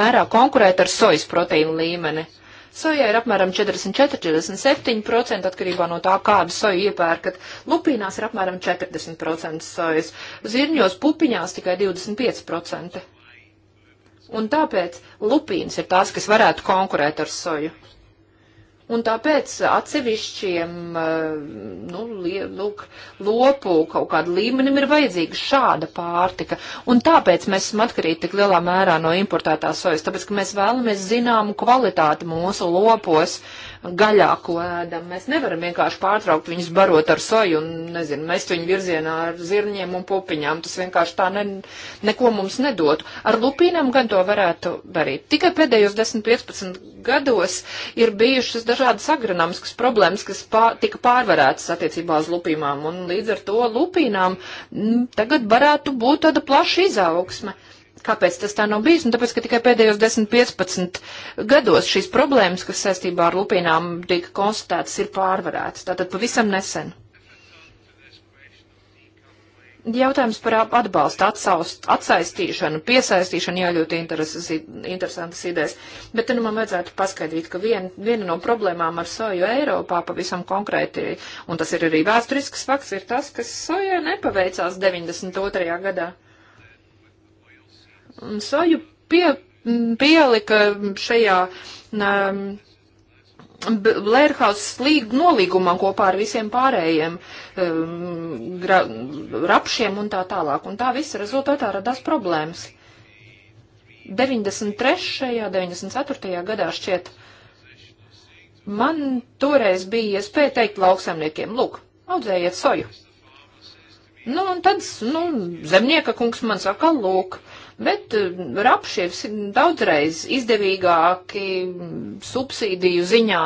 Speaker 2: mērā konkurēt ar sojas proteīna līmeni. Uh, Sojai ir apmēram 44-47% atkarībā no tā, kādu soju iepērkat. Lupīnās ir apmēram 40% sojas, zirņos pupiņās tikai 25%. Un tāpēc lupīns ir tās, kas varētu konkurēt ar soju. Un tāpēc atsevišķiem, eh, nu, lūk, nu, lopu kaut kādu līmenim ir vajadzīga šāda pārtika. Un tāpēc mēs esam atkarīgi tik lielā mērā no importētās sojas, tāpēc, ka mēs vēlamies zinām kvalitāti mūsu lopos. Uh, gaļā, ko ēdam. Mēs nevaram vienkārši pārtraukt viņus barot ar soju un, nezinu, mest viņu virzienā ar zirņiem un pupiņām. Tas vienkārši tā ne, neko mums nedotu. Ar lupīnām gan to varētu darīt. Tikai pēdējos 10-15 gados ir bijušas dažādas agronomiskas problēmas, kas pār, tika pārvarētas attiecībā uz lupīmām. Un līdz ar to lupīnām m, mm, tagad varētu būt tāda plaša izaugsme. Kāpēc tas tā nav bijis? Nu, tāpēc, ka tikai pēdējos 10-15 gados šīs problēmas, kas saistībā ar lupīnām tika konstatētas, ir pārvarētas. Tātad pavisam nesen. Jautājums par atbalstu, atsaust, atsaistīšanu, piesaistīšanu, jā, ļoti interesantas idejas. Bet nu man vajadzētu paskaidrīt, ka vien, viena no problēmām ar soju Eiropā pavisam konkrēti, un tas ir arī vēsturisks fakts, ir tas, ka soja nepaveicās 92. gadā. Un soju pie, pielika šajā um, Blērhausas nolīgumā kopā ar visiem pārējiem um, gra, rapšiem un tā tālāk. Un tā visa rezultātā radās problēmas. 93. 94. gadā šķiet, man toreiz bija iespēja teikt lauksaimniekiem, lūk, audzējiet soju. Nu, un tad, nu, zemnieka kungs man saka, lūk, uh, bet eh, rapši ir daudzreiz izdevīgāki subsīdiju ziņā,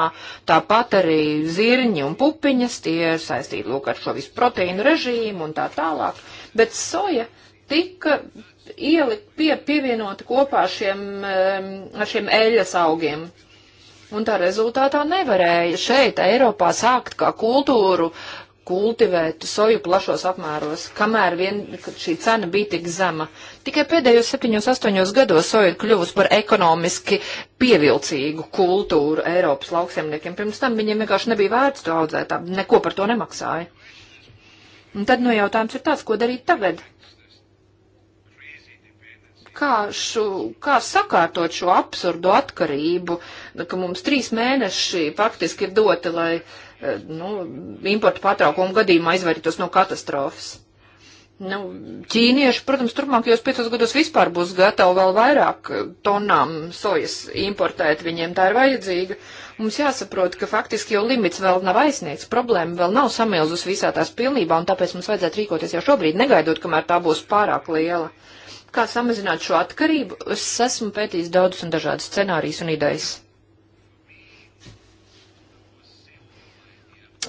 Speaker 2: tāpat arī zirņi un pupiņas, tie ir saistīti lūk ar šo visu proteīnu režīmu un tā tālāk, bet soja tika ielikt pie, pievienota kopā šiem, ar šiem eļas augiem. Un tā rezultātā nevarēja šeit, Eiropā, sākt kā kultūru kultivēt soju plašos apmēros, kamēr vien šī cena bija tik zema. Tikai pēdējos septiņos, astoņos gados soja ir kļuvusi par ekonomiski pievilcīgu kultūru Eiropas lauksemniekiem. Pirms tam viņiem vienkārši nebija vērts to audzēt, neko par to nemaksāja. Un tad nu jautājums ir tāds, ko darīt tagad? kā, šo, kā sakārtot šo absurdu atkarību, nu, ka mums trīs mēneši faktiski ir doti, lai eh, nu, importu pārtraukumu gadījumā izvairītos no katastrofas. Nu, ķīnieši, protams, turpmākajos piecos gados vispār būs gatavi vēl vairāk eh, tonām sojas importēt, viņiem tā ir vajadzīga. Mums jāsaprot, ka faktiski jau limits vēl nav aizsniegts, problēma vēl nav samilzus visā tās pilnībā, un tāpēc mums vajadzētu rīkoties jau šobrīd, negaidot, kamēr tā būs pārāk liela. Kā samazināt šo atkarību? Es esmu pētījis daudzus un dažādus scenārijus un idejas.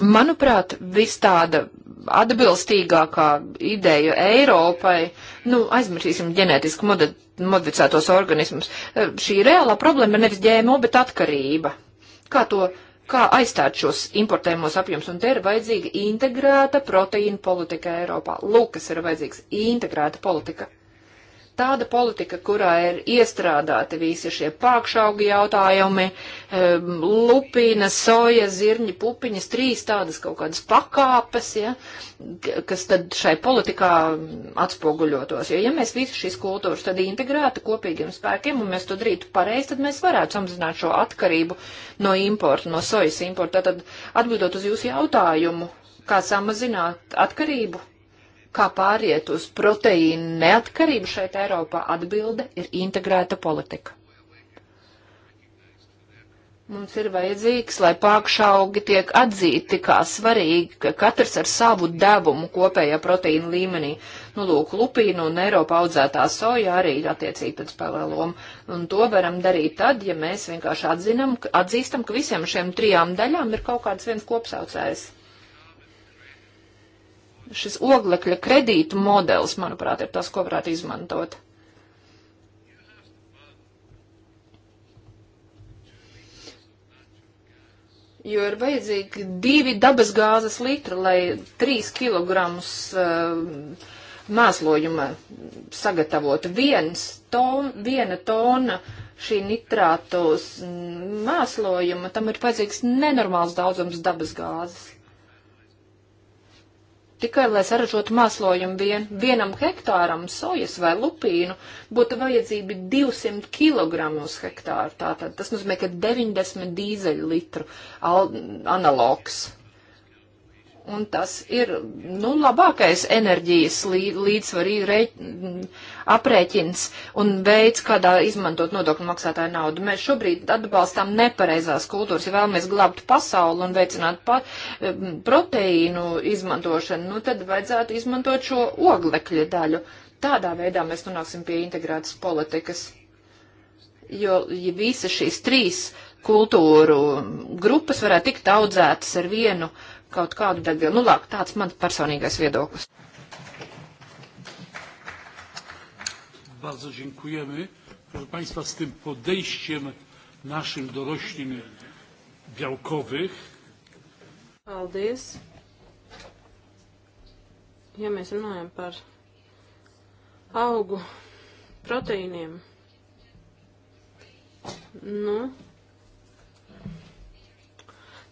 Speaker 2: Manuprāt, vis tāda atbilstīgākā ideja Eiropai, nu, aizmirsīsim ģenētiski modificētos organismus. E, šī reālā problēma ir nevis ģēmo, bet atkarība. Kā to, kā aizstāt šos importējumos apjoms, un te ir vajadzīga integrēta proteīna politika Eiropā. Lūk, kas ir vajadzīgs - integrēta politika tāda politika, kurā ir iestrādāti visi šie pākšaugi jautājumi, lupīna, soja, zirņi, pupiņas, trīs tādas kaut kādas pakāpes, ja, kas tad šai politikā atspoguļotos. Jo, ja mēs visu šīs kultūras tad integrētu kopīgiem spēkiem un mēs to darītu pareizi, tad mēs varētu samazināt šo atkarību no importa, no sojas importa. Tātad atbildot uz jūsu jautājumu, kā samazināt atkarību kā pāriet uz proteīnu neatkarību šeit Eiropā, atbilde ir integrēta politika. Mums ir vajadzīgs, lai pākšaugi tiek atzīti kā svarīgi, ka katrs ar savu devumu kopējā proteīna līmenī. Nu, lūk, lupīnu un Eiropā audzētā soja arī attiecīgi pēc spēlēlom. Un to varam darīt tad, ja mēs vienkārši atzinam, atzīstam, ka visiem šiem trijām daļām ir kaut kāds viens kopsaucējs šis oglekļa kredītu modelis, manuprāt, ir tas, ko varētu izmantot. Jo ir vajadzīgi divi dabasgāzes litri, lai trīs kilogramus uh, eh, mēslojuma sagatavotu. Viens ton, viena tona šī nitrātos mēslojuma, mm, tam ir vajadzīgs nenormāls daudzums dabasgāzes tikai, lai saražotu mēslojumu vien, vienam hektāram sojas vai lupīnu, būtu vajadzība 200 kg uz hektāru. Tātad tas nozīmē, ka 90 dīzeļu litru analogs. Un tas ir nu, labākais enerģijas līdzsvarīgi aprēķins un veids, kādā izmantot nodokļu maksātāju naudu. Mēs šobrīd atbalstām nepareizās kultūras, ja vēlamies glābt pasauli un veicināt pa, proteīnu izmantošanu, nu, tad vajadzētu izmantot šo oglekļa daļu. Tādā veidā mēs nonāksim pie integrētas politikas. Jo ja visas šīs trīs kultūru grupas varētu tikt audzētas ar vienu uh, kaut kādu degvielu. Nu, lāk, tāds mans personīgais viedoklis.
Speaker 1: Bardzo dziękujemy. Proszę Państwa, z tym podejściem naszym do roślin białkowych.
Speaker 4: Paldies. Ja mēs runājam par augu proteīniem, nu,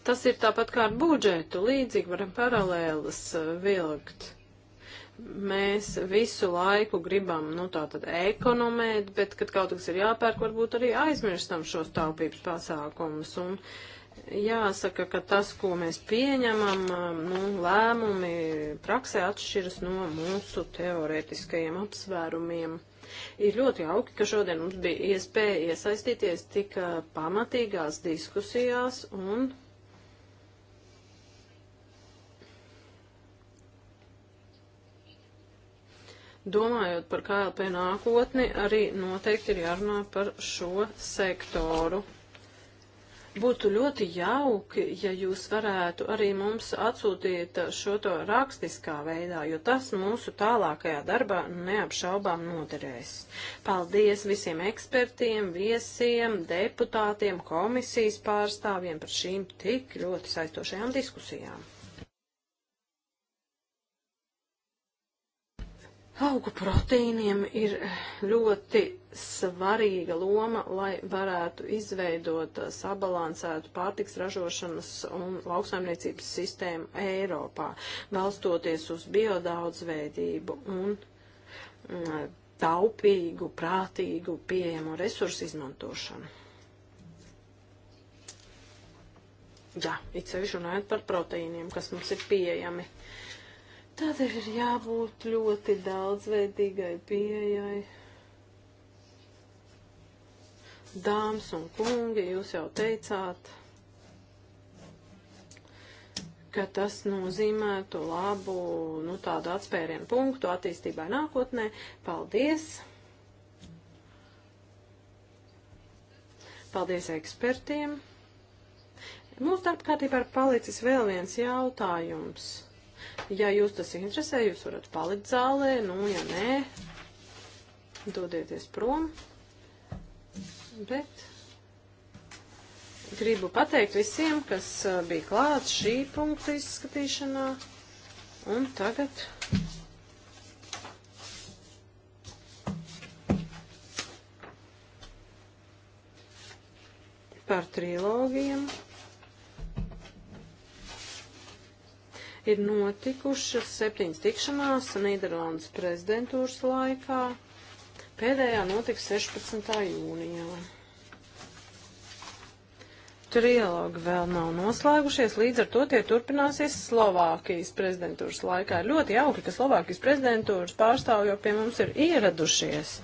Speaker 4: Tas ir tāpat kā ar budžetu, līdzīgi varam paralēlas eh, vilkt. Mēs visu laiku gribam, nu tā tad ekonomēt, bet, kad kaut kas ir jāpērk, varbūt arī aizmirstam šos taupības pasākumus. Un, uh, jāsaka, ka tas, ko mēs pieņemam, eh, nu, lēmumi praksē atšķiras no mūsu teorētiskajiem apsvērumiem. Ir ļoti jauki, ka šodien mums bija iespēja iesaistīties tik eh, pamatīgās diskusijās un Domājot par KLP nākotni, arī noteikti ir jārunā par šo sektoru. Būtu ļoti jauki, ja jūs varētu arī mums atsūtīt šo to rakstiskā veidā, jo tas mūsu tālākajā darbā neapšaubām noderēs. Paldies visiem ekspertiem, viesiem, deputātiem, komisijas pārstāvjiem par šīm tik ļoti saistošajām diskusijām. Augu proteīniem ir eh, ļoti svarīga loma, lai varētu izveidot eh, sabalansētu pārtiks ražošanas un lauksaimniecības sistēmu Eiropā, balstoties uz biodaudzveidību un mm, taupīgu, prātīgu, pieejamo resursu izmantošanu. Jā, it sevišķi runājot par proteīniem, kas mums ir pieejami. Uh, Tādēļ ir jābūt ļoti daudzveidīgai pieejai. Dāmas un kungi, jūs jau teicāt, ka tas nozīmētu labu, nu, tādu atspērienu punktu attīstībai nākotnē. Paldies! Paldies ekspertiem! Mūsu darbkārtībā ir palicis vēl viens jautājums Ja jūs tas interesē, jūs varat palikt zālē, nu, ja nē, dodieties prom. Bet gribu pateikt visiem, kas uh, bija klāt šī punkta izskatīšanā. Un tagad. Par trilogiem. Ir notikušas septiņas tikšanās Nīderlandes prezidentūras laikā. Pēdējā notika 16. jūnijā. Trialogi vēl nav noslēgušies, līdz ar to tie turpināsies Slovākijas prezidentūras laikā. Ir ļoti jauki, ka Slovākijas prezidentūras pārstāvji jau pie mums ir ieradušies.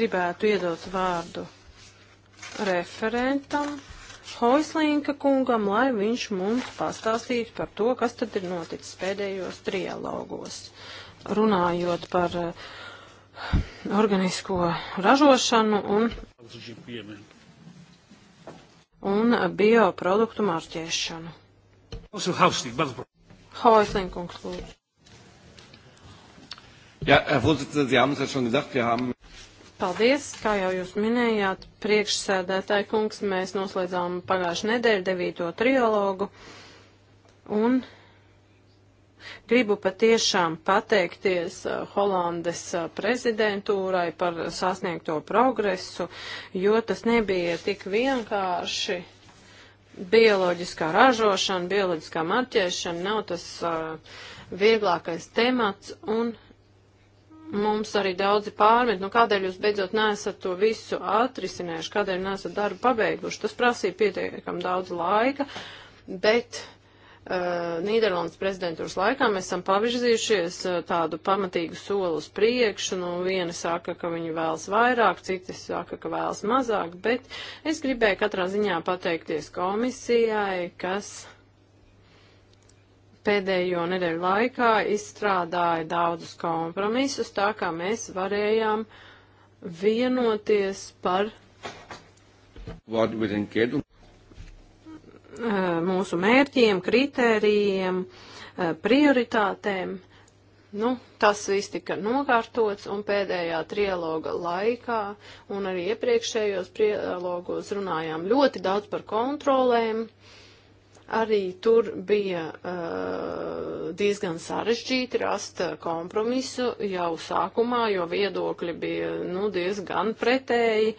Speaker 4: Gribētu iedot vārdu referentam. Hoislinka kungam, lai viņš mums pastāstītu par to, kas tad ir noticis pēdējos trialogos. Runājot par eh, organisko ražošanu un, un bioproduktu mārķēšanu.
Speaker 1: Hoislinkungs, lūdzu. Ja, Herr Vorsitzender, Sie haben es ja schon gesagt, wir haben
Speaker 4: Paldies, kā jau jūs minējāt, priekšsēdētāji kungs, mēs noslēdzām pagājušu nedēļu devīto trialogu un gribu patiešām pateikties uh, Holandes uh, prezidentūrai par sasniegto progresu, jo tas nebija tik vienkārši. Bioloģiskā ražošana, bioloģiskā marķēšana nav tas uh, vieglākais temats un Mums arī daudzi pārmet, nu kādēļ jūs beidzot nesat to visu atrisinājuši, kādēļ nesat darbu pabeiguši. Tas prasīja pietiekam daudz laika, bet uh, Nīderlandes prezidentūras laikā mēs esam pavirzījušies uh, tādu pamatīgu soli uz priekšu. Nu, viena saka, ka viņi vēlas vairāk, citi saka, ka vēlas mazāk, bet es gribēju katrā ziņā pateikties komisijai, kas pēdējo nedēļu laikā izstrādāja daudzus kompromisus, tā kā mēs varējām vienoties par eh, mūsu mērķiem, kritērijiem, eh, prioritātēm. Nu, tas viss tika nokārtots un pēdējā trialoga laikā un arī iepriekšējos trialogos runājām ļoti daudz par kontrolēm. Uh, Arī tur bija uh, diezgan sarežģīti rast uh, kompromisu jau sākumā, jo viedokļi bija nu, diezgan pretēji,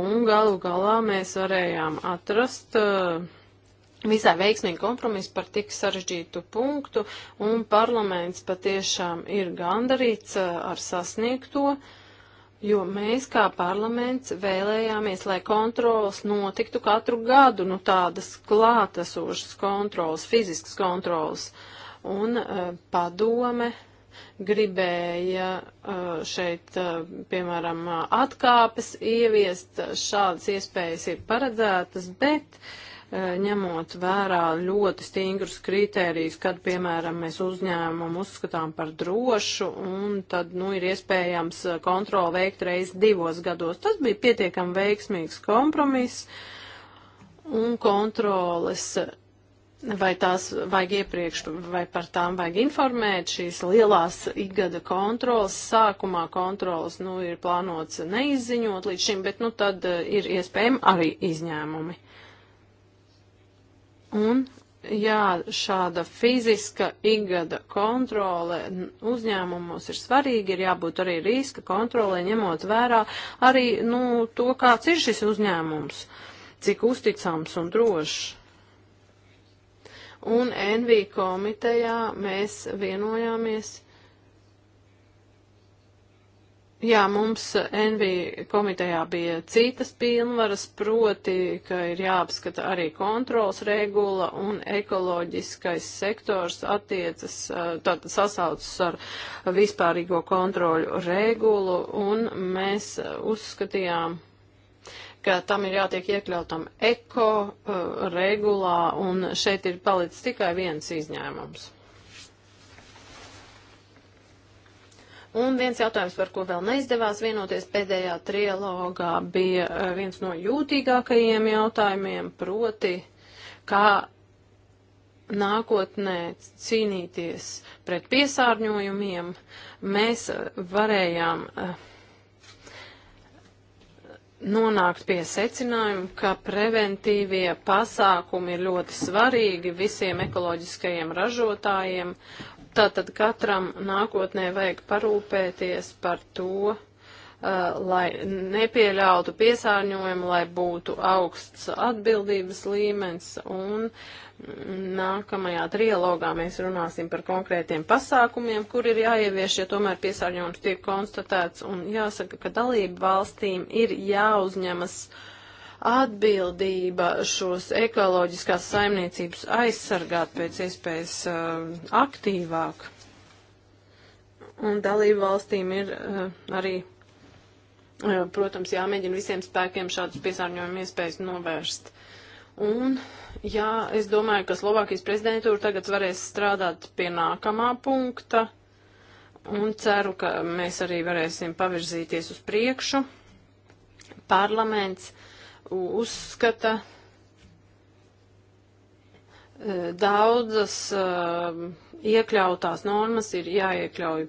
Speaker 4: un galu galā mēs varējām atrast uh, visai veiksmīgi kompromisu par tik sarežģītu punktu, un parlaments patiešām ir gandarīts uh, ar sasniegto. Uh, Jo mēs kā parlaments vēlējāmies, lai kontrolas notiktu katru gadu, nu tādas klātesošas kontrolas, fiziskas kontrolas. Un uh, padome gribēja eh, šeit, eh, piemēram, atkāpes ieviest, šādas iespējas ir paredzētas, bet uh, Eh, ņemot vērā ļoti stingrus kritērijus, kad, piemēram, mēs uzņēmumu uzskatām par drošu, un tad, nu, ir iespējams eh, kontroli veikt reiz divos gados. Tas bija pietiekami veiksmīgs kompromiss, un kontroles Vai tās vajag iepriekš, vai par tām vajag informēt? Šīs lielās ikgada kontrolas, sākumā kontrolas, nu, ir plānots neizziņot līdz šim, bet, nu, tad eh, ir iespējami arī izņēmumi. Un, jā, šāda fiziska igada kontrole uzņēmumos ir svarīga, ir jābūt arī riska kontrolē, ņemot vērā arī, nu, to, kāds ir šis uzņēmums, cik uzticams un drošs. Un NV komitejā mēs vienojāmies Jā, mums NV komitejā bija citas pilnvaras, proti, ka ir jāapskata arī kontrols regula un ekoloģiskais sektors attiecas, tātad sasaucas ar vispārīgo kontroļu regulu, un mēs uzskatījām, ka tam ir jātiek iekļautam eko regulā, un šeit ir palicis tikai viens izņēmums. Un viens jautājums, par ko vēl neizdevās vienoties pēdējā trialogā, bija eh, viens no jūtīgākajiem jautājumiem, proti, kā nākotnē cīnīties pret piesārņojumiem. Mēs eh, varējām eh, nonākt pie secinājuma, ka preventīvie pasākumi ir ļoti svarīgi visiem ekoloģiskajiem ražotājiem Tātad katram nākotnē vajag parūpēties par to, lai nepieļautu piesārņojumu, lai būtu augsts atbildības līmenis un nākamajā trialogā mēs runāsim par konkrētiem pasākumiem, kur ir jāievieš, ja tomēr piesārņojums tiek konstatēts un jāsaka, ka dalību valstīm ir jāuzņemas uh, atbildība šos ekoloģiskās saimniecības aizsargāt pēc iespējas uh, aktīvāk. Un dalību valstīm ir uh, arī, uh, protams, jāmēģina visiem spēkiem šādus piesārņojumu iespējas novērst. Un, jā, es domāju, ka Slovākijas prezidentūra tagad varēs strādāt pie nākamā punkta un ceru, ka mēs arī varēsim pavirzīties uz priekšu. Parlaments uzskata e, daudzas e, iekļautās normas ir jāiekļauj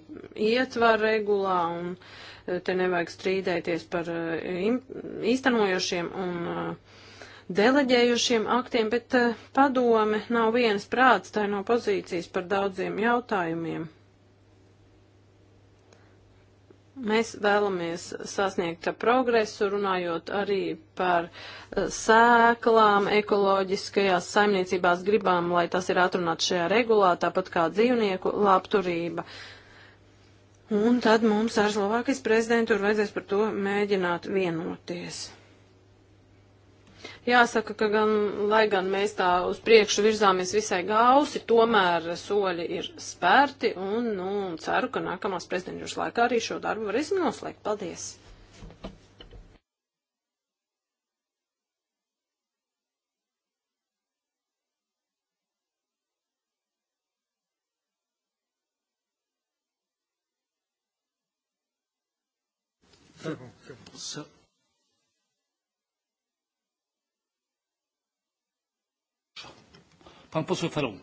Speaker 4: ietvar regulā un e, te nevajag strīdēties par īstenojošiem un deleģējušiem aktiem, bet padome nav vienas prāts, tā ir no pozīcijas par daudziem jautājumiem. Mēs vēlamies sasniegt progresu, runājot arī par eh, sēklām, ekoloģiskajās saimniecībās gribam, lai tas ir atrunāts šajā regulā, tāpat kā dzīvnieku labturība. Un tad mums ar Slovākijas prezidentu vajadzēs par to mēģināt vienoties. Jāsaka, ka gan, lai gan mēs tā uz priekšu virzāmies visai gausi, tomēr soļi ir spērti un nu, ceru, ka nākamās prezidentūras laikā arī šo darbu varēsim noslēgt. Paldies!
Speaker 1: So, Pan poseł Ferą.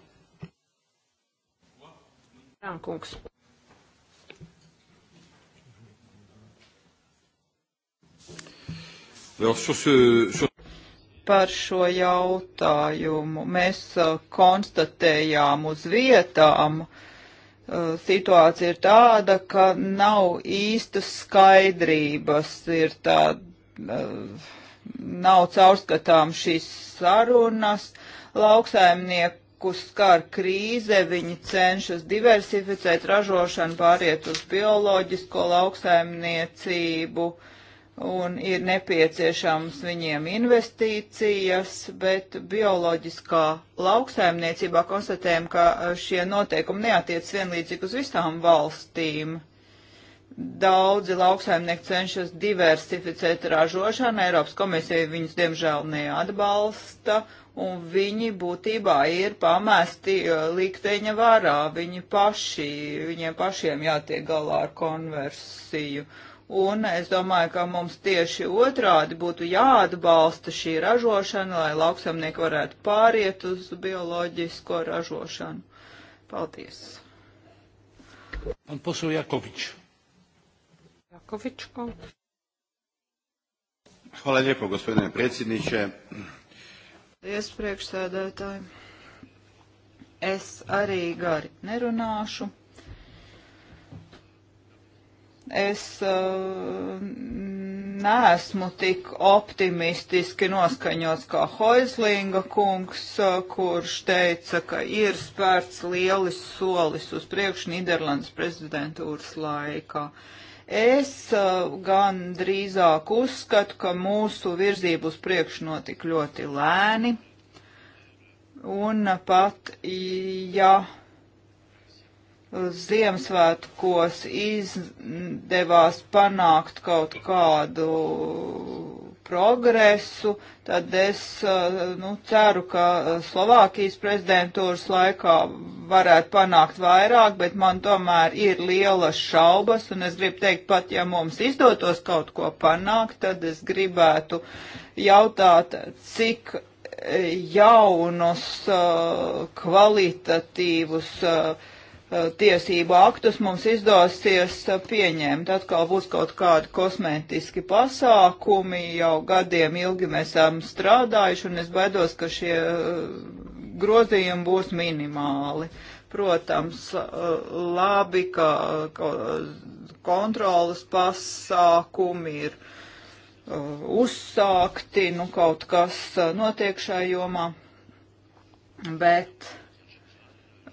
Speaker 4: Kungs.
Speaker 3: Par šo jautājumu mēs uh, konstatējām uz vietām, uh, situācija ir tāda, ka nav īstas skaidrības, ir tāda uh, nav caurskatām šīs sarunas, lauksaimnieku skar krīze, viņi cenšas diversificēt ražošanu, pāriet uz bioloģisko lauksaimniecību, un ir nepieciešams viņiem investīcijas, bet bioloģiskā lauksaimniecībā konstatējam, ka šie noteikumi neatiec vienlīdzīgi uz visām valstīm. Daudzi lauksaimnieki cenšas diversificēt ražošanu, Eiropas komisija viņus diemžēl neatbalsta, un viņi būtībā ir pamesti uh, likteņa varā, viņi paši, viņiem pašiem jātiek galā ar konversiju. Un es domāju, ka mums tieši otrādi būtu jāatbalsta šī ražošana, lai lauksamnieki varētu pāriet uz bioloģisko ražošanu.
Speaker 2: Paldies!
Speaker 1: Pan posūl Jakovičs. Jakovečko. Hvala lijepo, gospodine predsjedniče.
Speaker 3: Paldies, priekšsēdētāji. Es arī gari nerunāšu. Es uh, neesmu tik optimistiski noskaņots kā Hoizlinga kungs, uh, kurš teica, ka ir spērts lielis solis uz priekšu Niderlandes prezidentūras laikā. Uh, Es uh, gan drīzāk uzskatu, ka mūsu virzību uz priekšu notika ļoti lēni, un pat ja Ziemassvētkos izdevās panākt kaut kādu progresu, tad es eh, nu, ceru, ka eh, Slovākijas prezidentūras laikā varētu panākt vairāk, bet man tomēr ir lielas šaubas, un es gribu teikt, pat ja mums izdotos kaut ko panākt, tad es gribētu jautāt, cik eh, jaunus kvalitatīvus uh, Uh, tiesību aktus mums izdosies uh, pieņemt. Atkal būs kaut kādi kosmētiski pasākumi, jau gadiem ilgi mēs esam strādājuši, un es baidos, ka šie uh, grozījumi būs minimāli. Protams, labi, ka kontrolas pasākumi ir uzsākti, nu kaut kas notiek šajā jomā, bet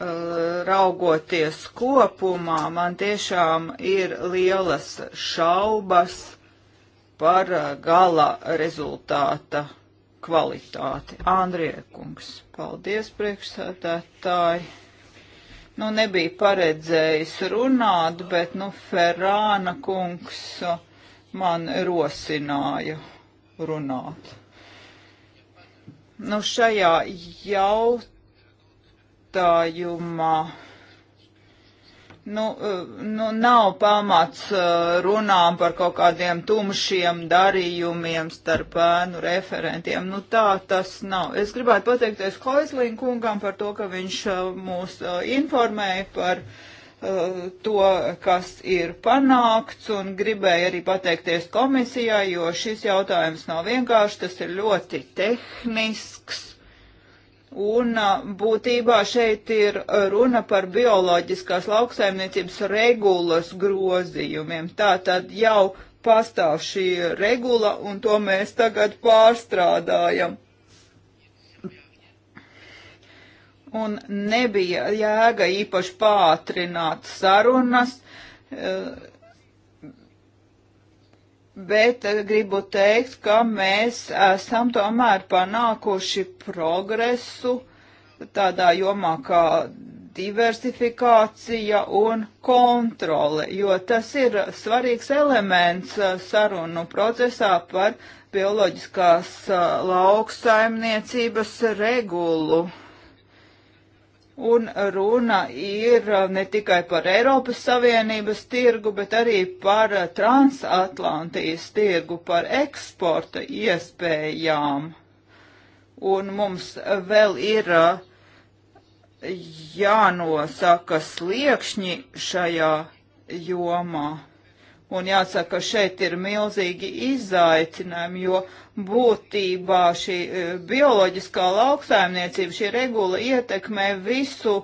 Speaker 3: Eh, raugoties kopumā, man tiešām ir lielas šaubas par eh, gala rezultāta kvalitāti. Andrie kungs, paldies priekšsēdētāji. Nu, nebija paredzējis runāt, bet, nu, Ferāna kungs man rosināja runāt. Nu, šajā jautājumā jautājumā. Nu, nu, nav pamats uh, runām par kaut kādiem tumšiem darījumiem starp bērnu referentiem. Nu, tā tas nav. Es gribētu pateikties Hoizlīn kungam par to, ka viņš uh, mūs uh, informēja par uh, to, kas ir panākts, un gribēju arī pateikties komisijai, jo šis jautājums nav vienkārši, tas ir ļoti tehnisks Un būtībā šeit ir runa par bioloģiskās lauksaimniecības regulas grozījumiem. Tā tad jau pastāv šī regula, un to mēs tagad pārstrādājam. Un nebija jēga īpaši pātrināt sarunas. Uh, bet eh, gribu teikt, ka mēs esam tomēr panākuši progresu tādā jomā kā diversifikācija un kontrole, jo tas ir svarīgs elements eh, sarunu procesā par bioloģiskās eh, lauksaimniecības regulu. Un runa ir uh, ne tikai par Eiropas Savienības tirgu, bet arī par uh, transatlantijas tirgu, par eksporta iespējām. Un mums vēl ir uh, jānosaka sliekšņi šajā jomā. Un jāsaka, šeit ir milzīgi izaicinājumi, jo būtībā šī e, bioloģiskā lauksaimniecība, šī regula ietekmē visu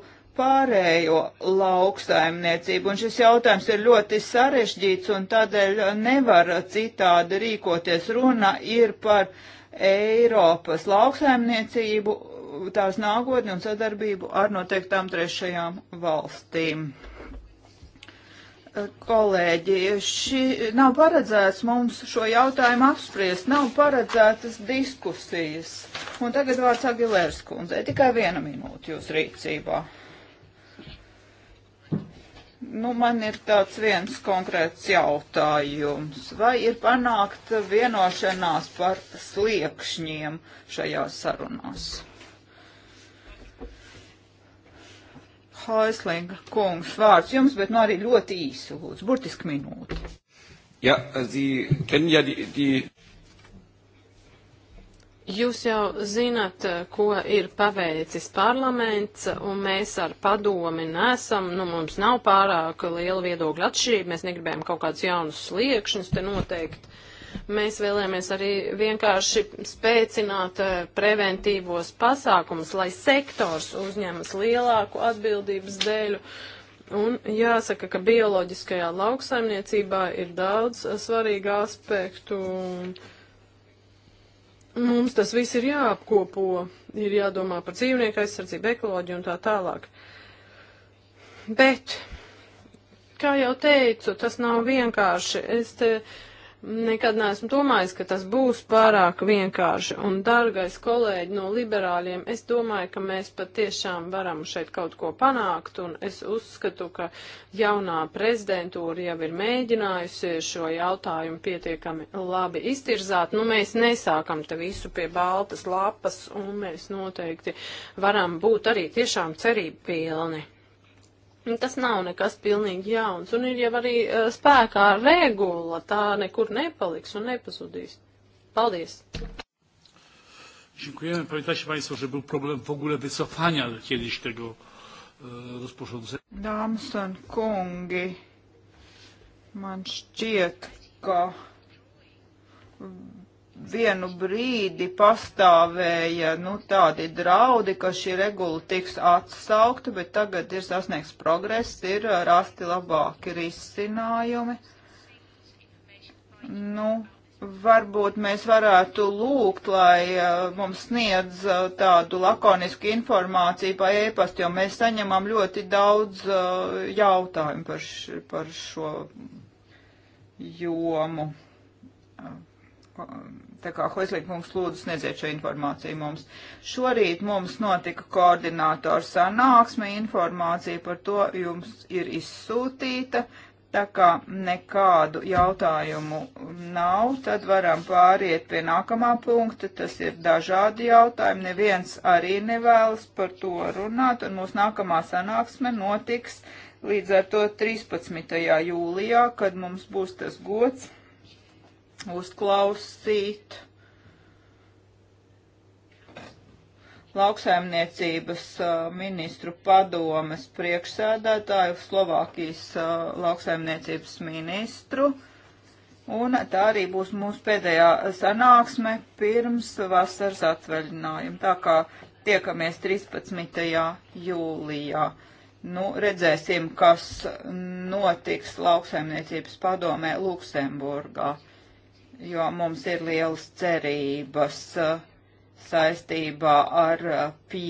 Speaker 3: pārējo lauksaimniecību. Un šis jautājums ir ļoti sarežģīts un tādēļ nevar citādi rīkoties. Runa ir par Eiropas lauksaimniecību, tās nākotni un sadarbību ar noteiktām trešajām valstīm kolēģi, šī nav paredzēts mums šo jautājumu apspriest, nav paredzētas diskusijas. Un tagad vārds Agilērs kundzei, tikai viena minūte jūs rīcībā. Nu, man ir tāds viens konkrēts jautājums. Vai ir panākta vienošanās par sliekšņiem šajās sarunās? Hoislinga kungs, vārds jums, bet nu no arī ļoti īsu, lūdzu, burtiski minūti.
Speaker 1: Ja, Sie kennen ja die, die
Speaker 4: Jūs jau zinat, ko ir paveicis parlaments, un mēs ar padomi nesam, nu mums nav pārāk liela viedokļa atšķirība, mēs negribējam kaut kādus jaunus sliekšņus te noteikt. Uh, Mēs vēlējāmies arī vienkārši spēcināt eh, preventīvos pasākumus, lai sektors uzņemas lielāku atbildības dēļu. Un jāsaka, ka bioloģiskajā lauksaimniecībā ir daudz eh, svarīgu aspektu. Mums tas viss ir jāapkopo, ir jādomā par dzīvnieku aizsardzību, ekoloģiju un tā tālāk. Bet, kā jau teicu, tas nav vienkārši. Es te uh, nekad neesmu domājis, ka tas būs pārāk vienkārši. Un, dargais kolēģi no liberāļiem, es domāju, ka mēs patiešām varam šeit kaut ko panākt, un es uzskatu, ka jaunā prezidentūra jau ir mēģinājusi šo jautājumu pietiekami labi iztirzāt. Nu, mēs nesākam te visu pie baltas lapas, un mēs noteikti varam būt arī tiešām cerību pilni. Nu, tas nav nekas pilnīgi jauns, un ir jau arī eh, spēkā regula, tā nekur nepaliks un nepazudīs. Paldies!
Speaker 1: Dziękujemy. Pamiętajcie Państwo, że był problem w ogóle wycofania kiedyś tego e, rozporządzenia.
Speaker 3: Damson Kungi. Man šķiet, ka vienu brīdi pastāvēja nu, tādi draudi, ka šī regula tiks atsaukta, bet tagad ir sasniegts progress, ir rasti labāki risinājumi. Nu, varbūt mēs varētu lūgt, lai uh, mums sniedz uh, tādu lakonisku informāciju pa ēpastu, jo mēs saņemam ļoti daudz uh, jautājumu par, š, par šo jomu. Um Tā kā Hoislīga kungs lūdzu sniedziet šo informāciju mums. Šorīt mums notika koordinātora sanāksme, informācija par to jums ir izsūtīta. Tā kā nekādu jautājumu nav, tad varam pāriet pie nākamā punkta. Tas ir dažādi jautājumi. Neviens arī nevēlas par to runāt, un mūsu nākamā sanāksme notiks līdz ar to 13. jūlijā, kad mums būs tas gods uzklausīt lauksaimniecības ministru padomes priekšsēdētāju, Slovākijas lauksaimniecības ministru. Un tā arī būs mūsu pēdējā sanāksme pirms vasaras atvaļinājuma. Tā kā tiekamies 13. jūlijā. Nu, redzēsim, kas notiks lauksaimniecības padomē Luksemburgā jo mums ir lielas cerības uh, saistībā ar pie uh,